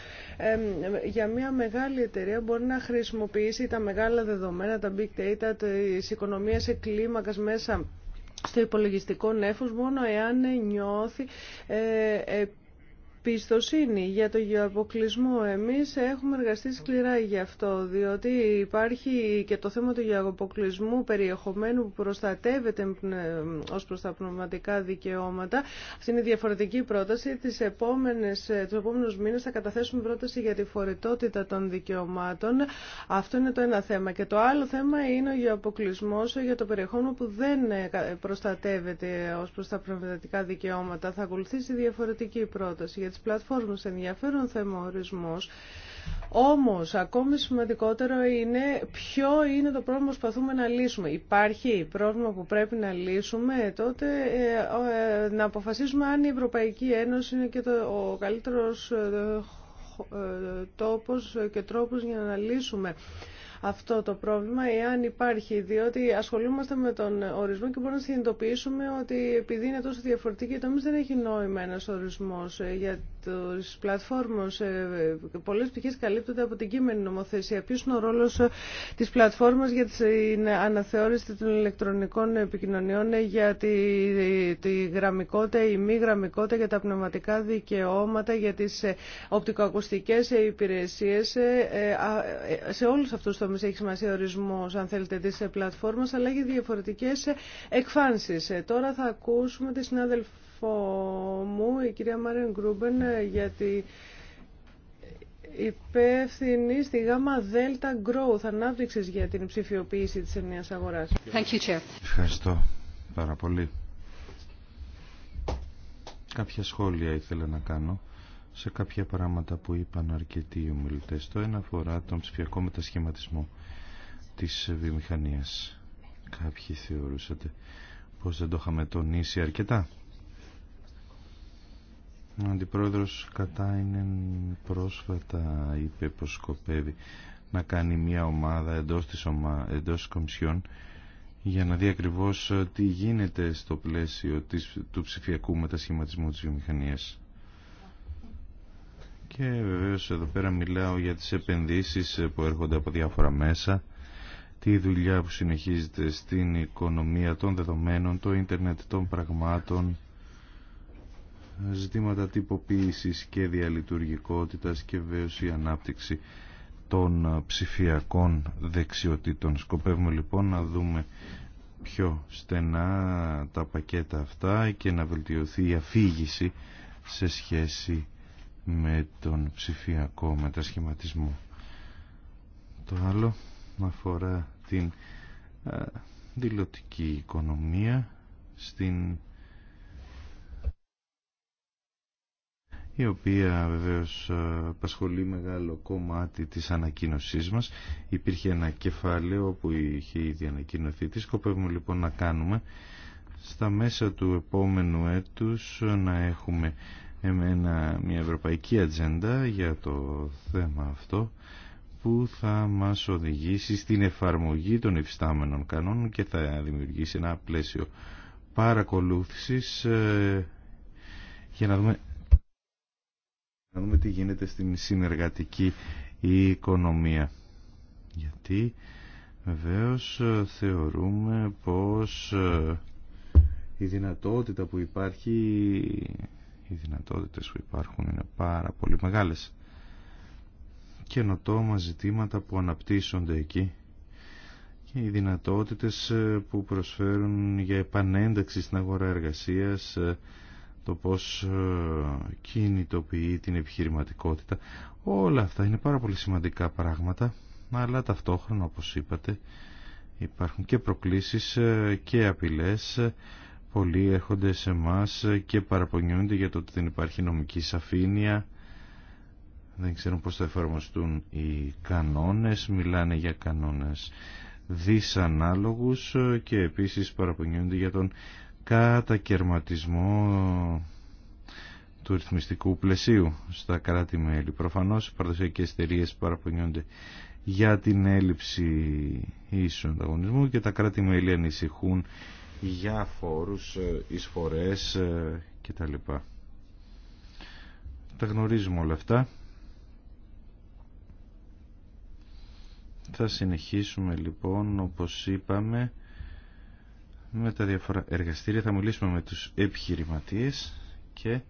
Speaker 1: για μια μεγάλη εταιρεία μπορεί να χρησιμοποιήσει τα μεγάλα δεδομένα, τα big data, Τη της οικονομίας σε κλίμακας μέσα στο υπολογιστικό νέφος μόνο εάν νιώθει ε, Πιστοσύνη για το γεωαποκλεισμό. Εμείς έχουμε εργαστεί σκληρά γι' αυτό, διότι υπάρχει και το θέμα του γεωαποκλεισμού περιεχομένου που προστατεύεται ε, ως προς τα πνευματικά δικαιώματα. Αυτή είναι η διαφορετική πρόταση. Τις επόμενες, ε, τους επόμενους μήνες θα καταθέσουμε πρόταση για τη φορητότητα των δικαιωμάτων. Αυτό είναι το ένα θέμα. Και το άλλο θέμα είναι ο γεωαποκλεισμός για το περιεχόμενο που δεν ε, προστατεύεται ως προς τα πνευματικά δικαιώματα. Θα ακολουθήσει διαφορετική πρόταση για της πλατφόρμας. Ενδιαφέρον θέμα Όμως, ακόμη σημαντικότερο είναι ποιο είναι το πρόβλημα που προσπαθούμε να λύσουμε. Υπάρχει πρόβλημα που πρέπει να λύσουμε, τότε ε, ε, να αποφασίσουμε αν η Ευρωπαϊκή Ένωση είναι και το, ο καλύτερος ε, τόπος και τρόπος για να λύσουμε αυτό το πρόβλημα, εάν υπάρχει, διότι ασχολούμαστε με τον ορισμό και μπορούμε να συνειδητοποιήσουμε ότι επειδή είναι τόσο διαφορετική, το δεν έχει νόημα ένα ορισμό ε, για τι πλατφόρμε. Ε, ε, Πολλέ πτυχέ καλύπτονται από την κείμενη νομοθεσία. Ποιο είναι ο ρόλο τη πλατφόρμα για την αναθεώρηση των ηλεκτρονικών επικοινωνιών για τη, τη γραμμικότητα, η μη γραμμικότητα, για τα πνευματικά δικαιώματα, για τις οπτικοακουστικές υπηρεσίε, Σε αυτού του Όμω έχει σημασία ορισμός, αν θέλετε, τη πλατφόρμα, αλλά έχει διαφορετικές εκφάνσεις. Ε, τώρα θα ακούσουμε τη συνάδελφό μου, η κυρία Μάρεν Γκρούμπεν, ε, γιατί υπεύθυνη στη γάμα Δέλτα Growth ανάπτυξη για την ψηφιοποίηση της ενιαίας αγοράς.
Speaker 2: Ευχαριστώ πάρα πολύ. Κάποια σχόλια ήθελα να κάνω σε κάποια πράγματα που είπαν αρκετοί ομιλητέ. Το ένα αφορά τον ψηφιακό μετασχηματισμό της βιομηχανία. Κάποιοι θεωρούσατε πως δεν το είχαμε τονίσει αρκετά. Ο Αντιπρόεδρος Κατάινεν πρόσφατα είπε πως σκοπεύει να κάνει μια ομάδα εντός της, ομα... εντός Κομισιόν για να δει ακριβώς ε, τι γίνεται στο πλαίσιο του ψηφιακού μετασχηματισμού της βιομηχανίας. Και βεβαίως εδώ πέρα μιλάω για τις επενδύσεις που έρχονται από διάφορα μέσα, τη δουλειά που συνεχίζεται στην οικονομία των δεδομένων, το ίντερνετ των πραγμάτων, ζητήματα τυποποίησης και διαλειτουργικότητας και βεβαίως η ανάπτυξη των ψηφιακών δεξιοτήτων. Σκοπεύουμε λοιπόν να δούμε πιο στενά τα πακέτα αυτά και να βελτιωθεί η αφήγηση σε σχέση με τον ψηφιακό μετασχηματισμό. Το άλλο αφορά την δηλωτική οικονομία στην η οποία βεβαίως απασχολεί μεγάλο κομμάτι της ανακοίνωσής μας. Υπήρχε ένα κεφάλαιο που είχε ήδη ανακοινωθεί. Τι σκοπεύουμε λοιπόν να κάνουμε στα μέσα του επόμενου έτους να έχουμε εμένα μια ευρωπαϊκή ατζέντα για το θέμα αυτό που θα μας οδηγήσει στην εφαρμογή των υφιστάμενων κανόνων και θα δημιουργήσει ένα πλαίσιο παρακολούθησης ε, για να δούμε, να δούμε τι γίνεται στην συνεργατική οικονομία. Γιατί βεβαίως θεωρούμε πως ε, η δυνατότητα που υπάρχει οι δυνατότητες που υπάρχουν είναι πάρα πολύ μεγάλες καινοτόμα ζητήματα που αναπτύσσονται εκεί και οι δυνατότητες ε, που προσφέρουν για επανένταξη στην αγορά εργασίας ε, το πώς ε, κινητοποιεί την επιχειρηματικότητα όλα αυτά είναι πάρα πολύ σημαντικά πράγματα αλλά ταυτόχρονα όπως είπατε υπάρχουν και προκλήσεις και απειλές πολλοί έρχονται σε εμά και παραπονιούνται για το ότι δεν υπάρχει νομική σαφήνεια δεν ξέρουν πώς θα εφαρμοστούν οι κανόνες μιλάνε για κανόνες δυσανάλογους και επίσης παραπονιούνται για τον κατακερματισμό του ρυθμιστικού πλαισίου στα κράτη-μέλη. Προφανώς οι παραδοσιακές εταιρείε παραπονιούνται για την έλλειψη ίσου ανταγωνισμού και τα κράτη-μέλη ανησυχούν για φόρους, ε, εισφορές ε, κτλ. Τα γνωρίζουμε όλα αυτά. Θα συνεχίσουμε λοιπόν όπως είπαμε με τα διαφορά εργαστήρια. Θα μιλήσουμε με τους επιχειρηματίες και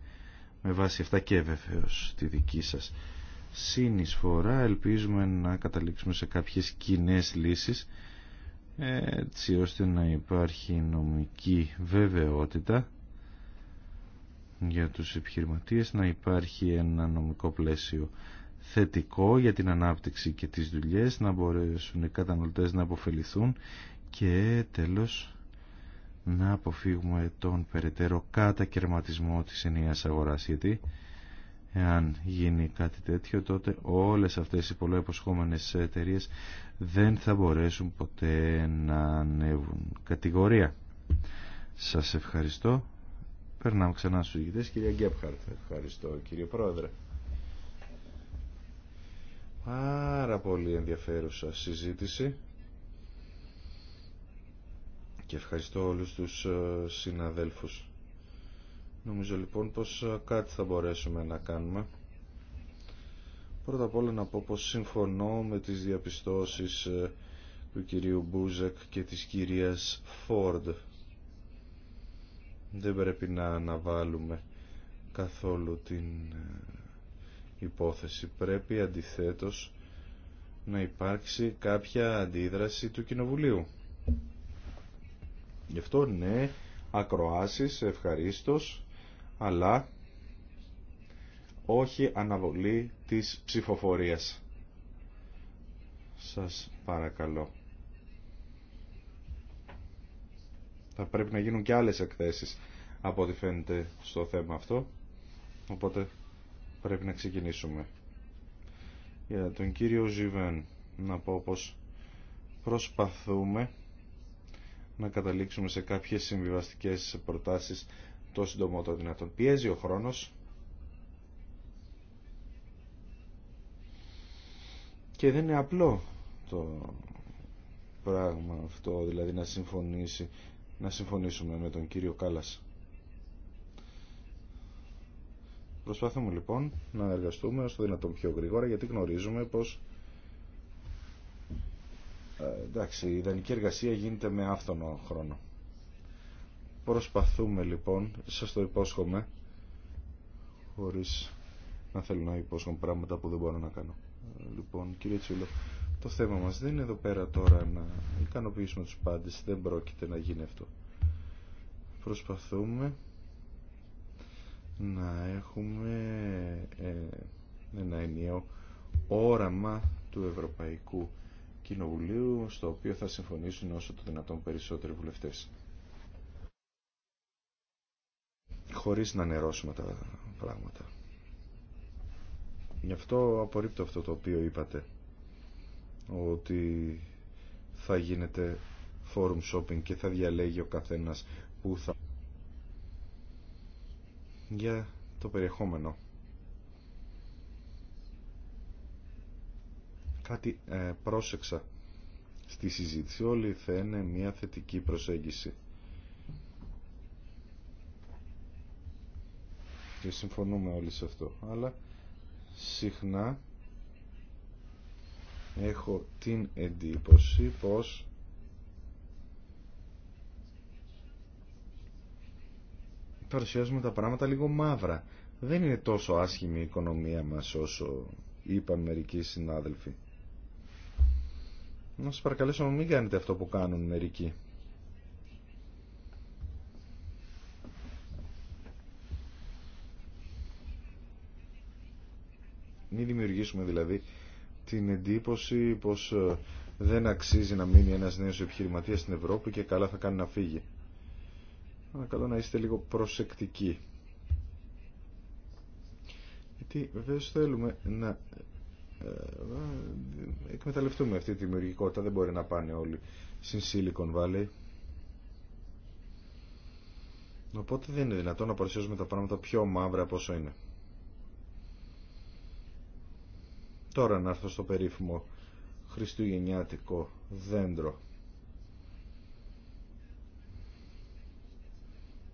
Speaker 2: με βάση αυτά και βεβαίω τη δική σας συνεισφορά ελπίζουμε να καταλήξουμε σε κάποιες κοινέ λύσεις έτσι ώστε να υπάρχει νομική βεβαιότητα για τους επιχειρηματίες να υπάρχει ένα νομικό πλαίσιο θετικό για την ανάπτυξη και τις δουλειές να μπορέσουν οι κατανολτές να αποφεληθούν και τέλος να αποφύγουμε τον περαιτέρω κατακαιρματισμό της ενιαίας αγοράς γιατί εάν γίνει κάτι τέτοιο τότε όλες αυτές οι πολλοεποσχόμενες εταιρείε δεν θα μπορέσουν ποτέ να ανέβουν κατηγορία σας ευχαριστώ περνάμε ξανά στους ηγητές κυρία Γκέπχαρτ ευχαριστώ κύριε πρόεδρε πάρα πολύ ενδιαφέρουσα συζήτηση και ευχαριστώ όλους τους ε, συναδέλφους Νομίζω λοιπόν πως ε, κάτι θα μπορέσουμε να κάνουμε. Πρώτα απ' όλα να πω πως συμφωνώ με τις διαπιστώσεις ε, του κυρίου Μπούζεκ και της κυρίας Φόρντ. Δεν πρέπει να αναβάλουμε καθόλου την ε, υπόθεση. Πρέπει αντιθέτως να υπάρξει κάποια αντίδραση του Κοινοβουλίου. Γι' αυτό ναι, ακροάσεις ευχαρίστως αλλά όχι αναβολή της ψηφοφορίας. Σας παρακαλώ. Θα πρέπει να γίνουν και άλλες εκθέσεις από ό,τι φαίνεται στο θέμα αυτό. Οπότε πρέπει να ξεκινήσουμε. Για τον κύριο Ζιβέν να πω πως προσπαθούμε να καταλήξουμε σε κάποιες συμβιβαστικές προτάσεις το συντομότερο δυνατόν. Πιέζει ο χρόνος και δεν είναι απλό το πράγμα αυτό, δηλαδή να συμφωνήσει, να συμφωνήσουμε με τον κύριο Κάλλας. Προσπαθούμε λοιπόν να εργαστούμε όσο δυνατόν πιο γρήγορα γιατί γνωρίζουμε πως ε, εντάξει, η ιδανική εργασία γίνεται με άφθονο χρόνο. Προσπαθούμε λοιπόν, σας το υπόσχομαι, χωρίς να θέλω να υπόσχομαι πράγματα που δεν μπορώ να κάνω. Λοιπόν, κύριε Τσούλο, το θέμα μας δεν είναι εδώ πέρα τώρα να ικανοποιήσουμε τους πάντες, δεν πρόκειται να γίνει αυτό. Προσπαθούμε να έχουμε ε, ένα ενιαίο όραμα του Ευρωπαϊκού Κοινοβουλίου, στο οποίο θα συμφωνήσουν όσο το δυνατόν περισσότεροι βουλευτές χωρίς να νερώσουμε τα πράγματα. Γι' αυτό απορρίπτω αυτό το οποίο είπατε ότι θα γίνεται forum shopping και θα διαλέγει ο καθένας που θα για το περιεχόμενο. Κάτι ε, πρόσεξα στη συζήτηση. Όλοι θα είναι μια θετική προσέγγιση. και συμφωνούμε όλοι σε αυτό αλλά συχνά έχω την εντύπωση πως παρουσιάζουμε τα πράγματα λίγο μαύρα δεν είναι τόσο άσχημη η οικονομία μας όσο είπαν μερικοί συνάδελφοι να σας παρακαλέσω να μην κάνετε αυτό που κάνουν μερικοί Μην δημιουργήσουμε δηλαδή την εντύπωση πως ε, δεν αξίζει να μείνει ένας νέος επιχειρηματίας στην Ευρώπη και καλά θα κάνει να φύγει. καλό να είστε λίγο προσεκτικοί. Γιατί βεβαίω θέλουμε να ε, ε, εκμεταλλευτούμε αυτή τη δημιουργικότητα. Δεν μπορεί να πάνε όλοι στην Silicon Valley. Οπότε δεν είναι δυνατόν να παρουσιάζουμε τα πράγματα πιο μαύρα από όσο είναι. Τώρα να έρθω στο περίφημο χριστουγεννιάτικο δέντρο.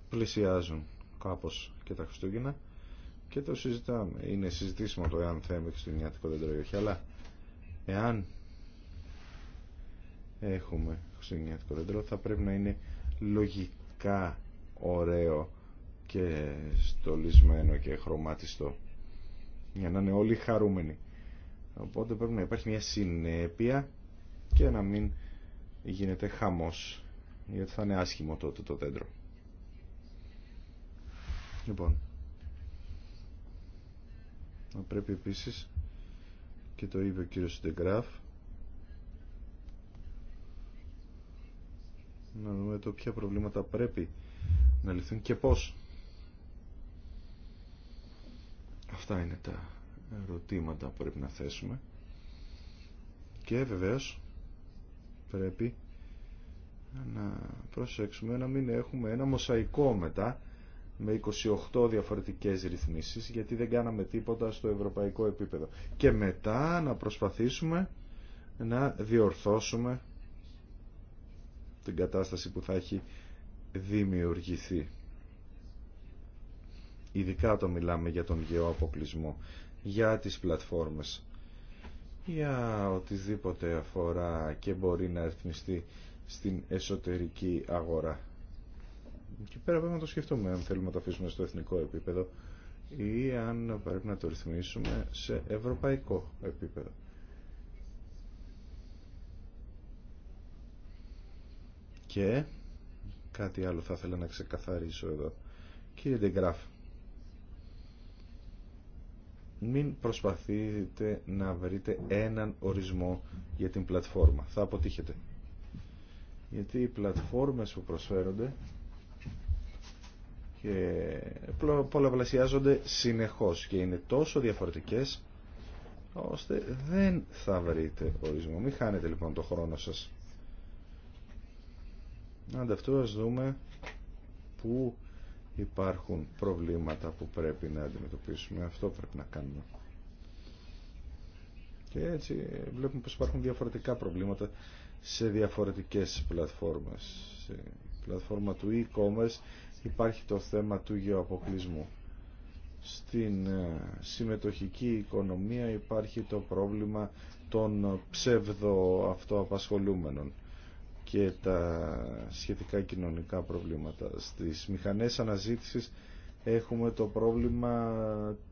Speaker 2: Πλησιάζουν κάπως και τα Χριστούγεννα και το συζητάμε. Είναι συζητήσιμο το εάν το χριστουγεννιάτικο δέντρο ή όχι, αλλά εάν έχουμε χριστουγεννιάτικο δέντρο θα πρέπει να είναι λογικά ωραίο και στολισμένο και χρωμάτιστο για να είναι όλοι χαρούμενοι Οπότε πρέπει να υπάρχει μια συνέπεια και να μην γίνεται χαμός γιατί θα είναι άσχημο τότε το δέντρο. Λοιπόν, να πρέπει επίσης και το είπε ο κύριος Ντεγκράφ να δούμε το ποια προβλήματα πρέπει να λυθούν και πώς. Αυτά είναι τα ερωτήματα πρέπει να θέσουμε και βεβαίως πρέπει να προσέξουμε να μην έχουμε ένα μοσαϊκό μετά με 28 διαφορετικές ρυθμίσεις γιατί δεν κάναμε τίποτα στο ευρωπαϊκό επίπεδο και μετά να προσπαθήσουμε να διορθώσουμε την κατάσταση που θα έχει δημιουργηθεί ειδικά το μιλάμε για τον γεωαποκλεισμό για τις πλατφόρμες για οτιδήποτε αφορά και μπορεί να ρυθμιστεί στην εσωτερική αγορά. Και πέρα πρέπει να το σκεφτούμε αν θέλουμε να το αφήσουμε στο εθνικό επίπεδο ή αν πρέπει να το ρυθμίσουμε σε ευρωπαϊκό επίπεδο. Και κάτι άλλο θα ήθελα να ξεκαθαρίσω εδώ. Κύριε Ντεγκράφ, μην προσπαθείτε να βρείτε έναν ορισμό για την πλατφόρμα. Θα αποτύχετε. Γιατί οι πλατφόρμες που προσφέρονται και πολλαπλασιάζονται συνεχώς και είναι τόσο διαφορετικές ώστε δεν θα βρείτε ορισμό. Μην χάνετε λοιπόν το χρόνο σας. Άντε δούμε που υπάρχουν προβλήματα που πρέπει να αντιμετωπίσουμε. Αυτό πρέπει να κάνουμε. Και έτσι βλέπουμε πως υπάρχουν διαφορετικά προβλήματα σε διαφορετικές πλατφόρμες. Σε πλατφόρμα του e-commerce υπάρχει το θέμα του γεωαποκλεισμού. Στην ε, συμμετοχική οικονομία υπάρχει το πρόβλημα των ψευδοαυτοαπασχολούμενων και τα σχετικά κοινωνικά προβλήματα. Στις μηχανές αναζήτησης έχουμε το πρόβλημα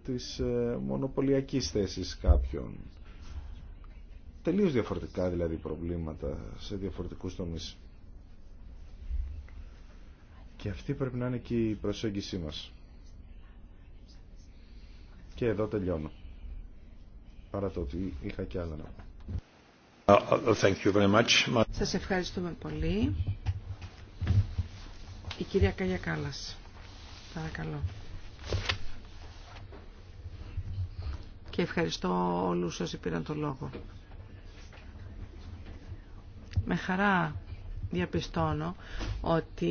Speaker 2: της ε, μονοπωλιακής θέσης κάποιων. Τελείως διαφορετικά δηλαδή προβλήματα σε διαφορετικούς τομείς. Και αυτή πρέπει να είναι και η προσέγγιση μας. Και εδώ τελειώνω. Παρά το ότι είχα και άλλα να πω. Uh, thank Σας
Speaker 3: ευχαριστούμε πολύ. Η κυρία Καλιάκάλα. Παρακαλώ. Και ευχαριστώ όλους όσοι πήραν το λόγο. Με χαρά διαπιστώνω ότι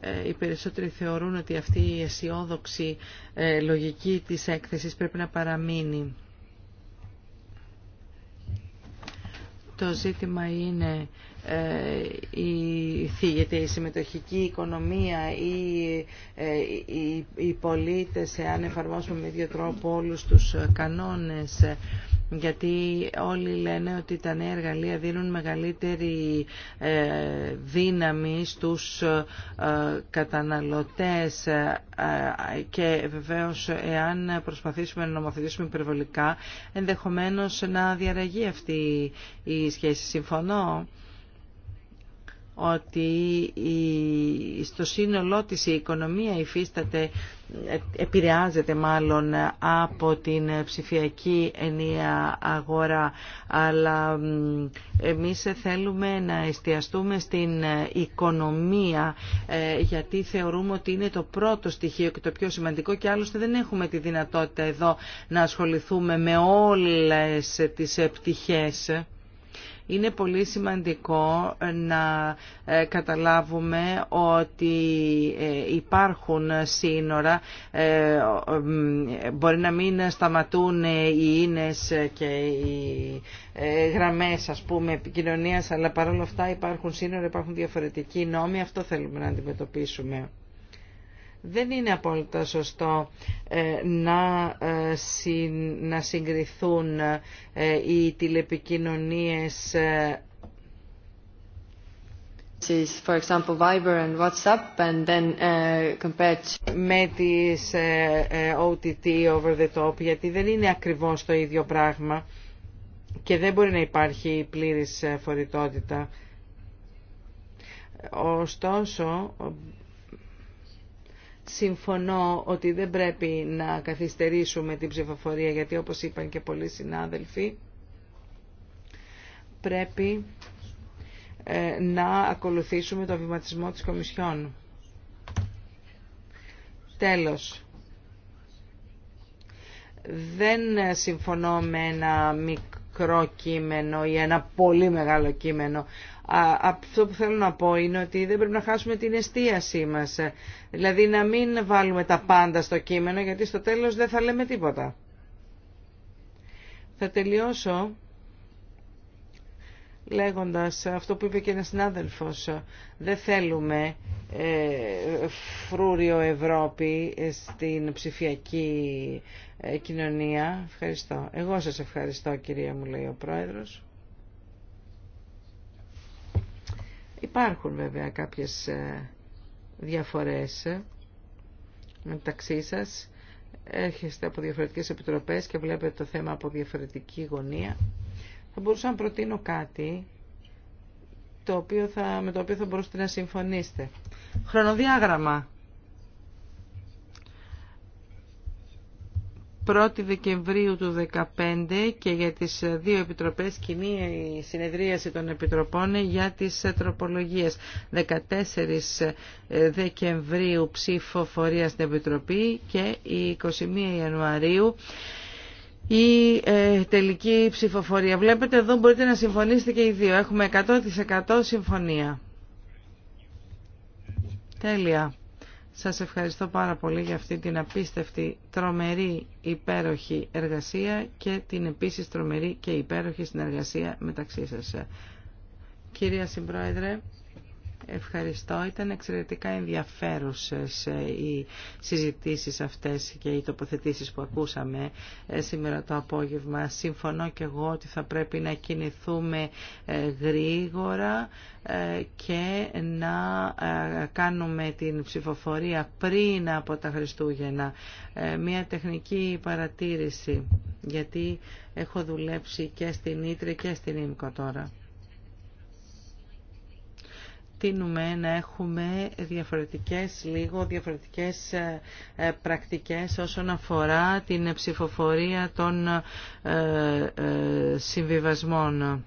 Speaker 3: ε, οι περισσότεροι θεωρούν ότι αυτή η αισιόδοξη ε, λογική της έκθεσης πρέπει να παραμείνει. Το ζήτημα είναι ε, η, η συμμετοχική οικονομία ή ε, οι, οι πολίτες εάν εφαρμόσουμε με ίδιο τρόπο όλους τους κανόνες γιατί όλοι λένε ότι τα νέα εργαλεία δίνουν μεγαλύτερη ε, δύναμη στους καταναλωτές και βεβαίως εάν προσπαθήσουμε να νομοθετήσουμε υπερβολικά ενδεχομένως να διαραγεί αυτή η σχέση. Συμφωνώ ότι στο σύνολό της η οικονομία υφίσταται, ε, επηρεάζεται μάλλον από την ψηφιακή ενία αγορά, αλλά εμείς θέλουμε να εστιαστούμε στην οικονομία ε, γιατί θεωρούμε ότι είναι το πρώτο στοιχείο και το πιο σημαντικό και άλλωστε δεν έχουμε τη δυνατότητα εδώ να ασχοληθούμε με όλες τις πτυχές. Είναι πολύ σημαντικό να ε, καταλάβουμε ότι ε, υπάρχουν σύνορα, ε, μπορεί να μην σταματούν οι ίνες και οι γραμμές ας πούμε επικοινωνίας, αλλά παρόλα αυτά υπάρχουν σύνορα, υπάρχουν διαφορετικοί νόμοι, αυτό θέλουμε να αντιμετωπίσουμε δεν είναι απόλυτα σωστό ε, ε, να συγκριθούν ε, οι τηλεπικοινωνίες for example Viber and WhatsApp uh, με τις OTT over the top γιατί δεν είναι ακριβώς το ίδιο πράγμα και δεν μπορεί να υπάρχει πλήρης φορητότητα. Ωστόσο, συμφωνώ ότι δεν πρέπει να καθυστερήσουμε την ψηφοφορία γιατί όπως είπαν και πολλοί συνάδελφοι πρέπει ε, να ακολουθήσουμε το βηματισμό της Κομισιόν. Τέλος. Δεν συμφωνώ με ένα μικρό κείμενο ή ένα πολύ μεγάλο κείμενο αυτό που θέλω να πω είναι ότι δεν πρέπει να χάσουμε την εστίασή μας. Δηλαδή να μην βάλουμε τα πάντα στο κείμενο γιατί στο τέλος δεν θα λέμε τίποτα. Θα τελειώσω λέγοντας αυτό που είπε και ένας συνάδελφος. Δεν θέλουμε ε, φρούριο Ευρώπη ε, στην ψηφιακή ε, κοινωνία. Ευχαριστώ. Εγώ σας ευχαριστώ κυρία μου λέει ο Πρόεδρος. Υπάρχουν βέβαια κάποιες ε, διαφορές ε, μεταξύ σας. Έρχεστε από διαφορετικές επιτροπές και βλέπετε το θέμα από διαφορετική γωνία. Θα μπορούσα να προτείνω κάτι το οποίο θα, με το οποίο θα μπορούσατε να συμφωνήσετε. Χρονοδιάγραμμα. 1η Δεκεμβρίου του 2015 και για τις δύο επιτροπές κοινή συνεδρίαση των επιτροπών για τις τροπολογίες. 14 Δεκεμβρίου ψηφοφορία στην Επιτροπή και η 21 Ιανουαρίου η ε, τελική ψηφοφορία. Βλέπετε εδώ μπορείτε να συμφωνήσετε και οι δύο. Έχουμε 100% συμφωνία. Τέλεια. Σας ευχαριστώ πάρα πολύ για αυτή την απίστευτη, τρομερή, υπέροχη εργασία και την επίσης τρομερή και υπέροχη συνεργασία μεταξύ σας. Κυρία Συμπρόεδρε, Ευχαριστώ. Ήταν εξαιρετικά ενδιαφέρουσες ε, οι συζητήσεις αυτές και οι τοποθετήσεις που ακούσαμε ε, σήμερα το απόγευμα. Συμφωνώ και εγώ ότι θα πρέπει να κινηθούμε ε, γρήγορα και να κάνουμε την ψηφοφορία πριν από τα Χριστούγεννα. Μία τεχνική παρατήρηση, γιατί έχω δουλέψει και στην Ήτρε και στην Ήμκο τώρα τίνουμε να έχουμε διαφορετικές, λίγο διαφορετικές ε, ε, πρακτικές όσον αφορά την ψηφοφορία των ε, συμβιβασμών.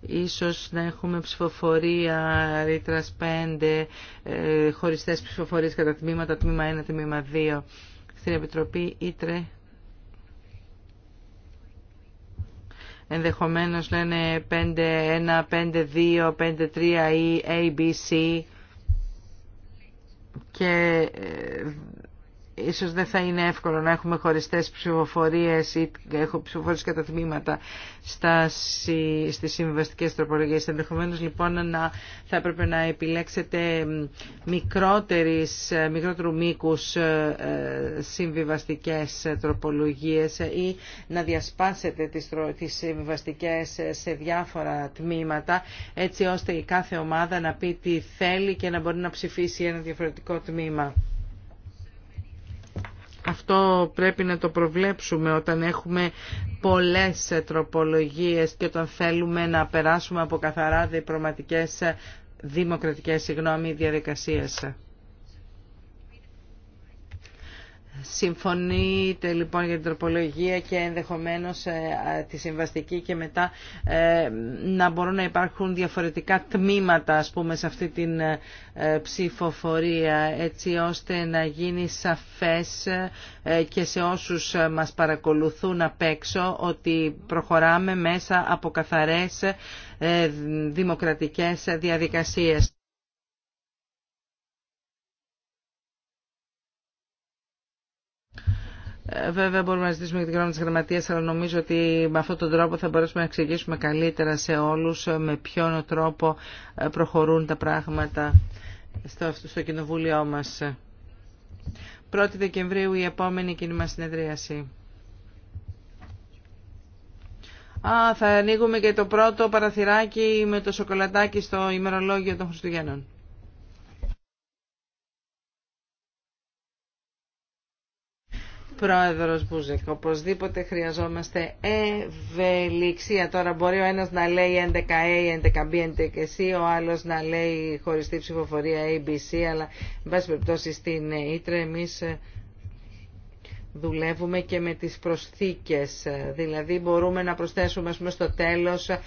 Speaker 3: Ίσως να έχουμε ψηφοφορία ρήτρας 5, χωριστές ψηφοφορίες κατά τμήματα, τμήμα 1, τμήμα 2. Στην Επιτροπή Ήτρε ενδεχομένως λένε 5-1, 5-2, 5-3 ή ABC και ε, ίσως δεν θα είναι εύκολο να έχουμε χωριστές ψηφοφορίες ή έχω ψηφοφορίες κατά τμήματα στα, στις συμβαστικές τροπολογίες. Ενδεχομένω λοιπόν να, θα έπρεπε να επιλέξετε μικρότερης, μικρότερου να διασπάσετε τι συμβιβαστικές τροπολογίες ή να διασπάσετε τις, τις συμβιβαστικές σε διάφορα τμήματα έτσι ώστε η κάθε ομάδα να πει τι θέλει και να μπορεί να ψηφίσει ένα διαφορετικό τμήμα. Αυτό πρέπει να το προβλέψουμε όταν έχουμε πολλές τροπολογίες και όταν θέλουμε να περάσουμε από καθαρά διπρωματικές δημοκρατικές συγγνώμη διαδικασίες. Συμφωνείτε λοιπόν για την τροπολογία και ενδεχομένως ε, τη συμβαστική και μετά ε, να μπορούν να υπάρχουν διαφορετικά τμήματα ας πούμε σε αυτή την ε, ψηφοφορία έτσι ώστε να γίνει σαφές και σε όσους μας παρακολουθούν απ' έξω ότι προχωράμε μέσα από καθαρές δημοκρατικές διαδικασίες. Ε, βέβαια μπορούμε να ζητήσουμε και την γνώμη της γραμματείας, αλλά νομίζω ότι με αυτόν τον τρόπο θα μπορέσουμε να εξηγήσουμε καλύτερα σε όλους ε, με ποιον τρόπο ε, προχωρούν τα πράγματα στο, στο κοινοβούλιο μας. 1η Δεκεμβρίου η επόμενη κοινή μας συνεδρίαση. Α, θα ανοίγουμε και το πρώτο παραθυράκι με το σοκολατάκι στο ημερολόγιο των Χριστουγέννων. Πρόεδρος Μπούζεκ, οπωσδήποτε χρειαζόμαστε ευελιξία. Τώρα μπορεί ο ένας να λέει 11A, 11B, 11C, ο άλλος να λέει χωριστή ψηφοφορία ABC, αλλά με πάση περιπτώσει στην ε, Ήτρε εμείς ε, δουλεύουμε και με τις προσθήκες. Δηλαδή μπορούμε να προσθέσουμε στο τέλος ε,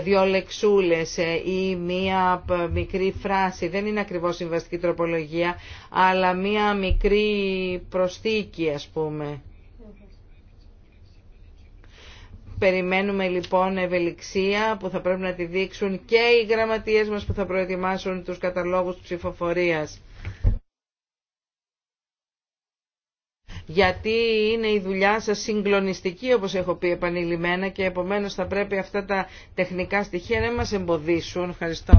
Speaker 3: δύο λεξούλες ε, ή μία ε, μικρή φράση. Δεν είναι ακριβώς συμβαστική τροπολογία, αλλά μία μικρή προσθήκη ας πούμε. Περιμένουμε λοιπόν ευελιξία που θα πρέπει να τη δείξουν και οι γραμματείες μας που θα προετοιμάσουν τους καταλόγους ψηφοφορίας. γιατί είναι η δουλειά σας συγκλονιστική όπως έχω πει επανειλημμένα και επομένως θα πρέπει αυτά τα τεχνικά στοιχεία να μας εμποδίσουν. Ευχαριστώ.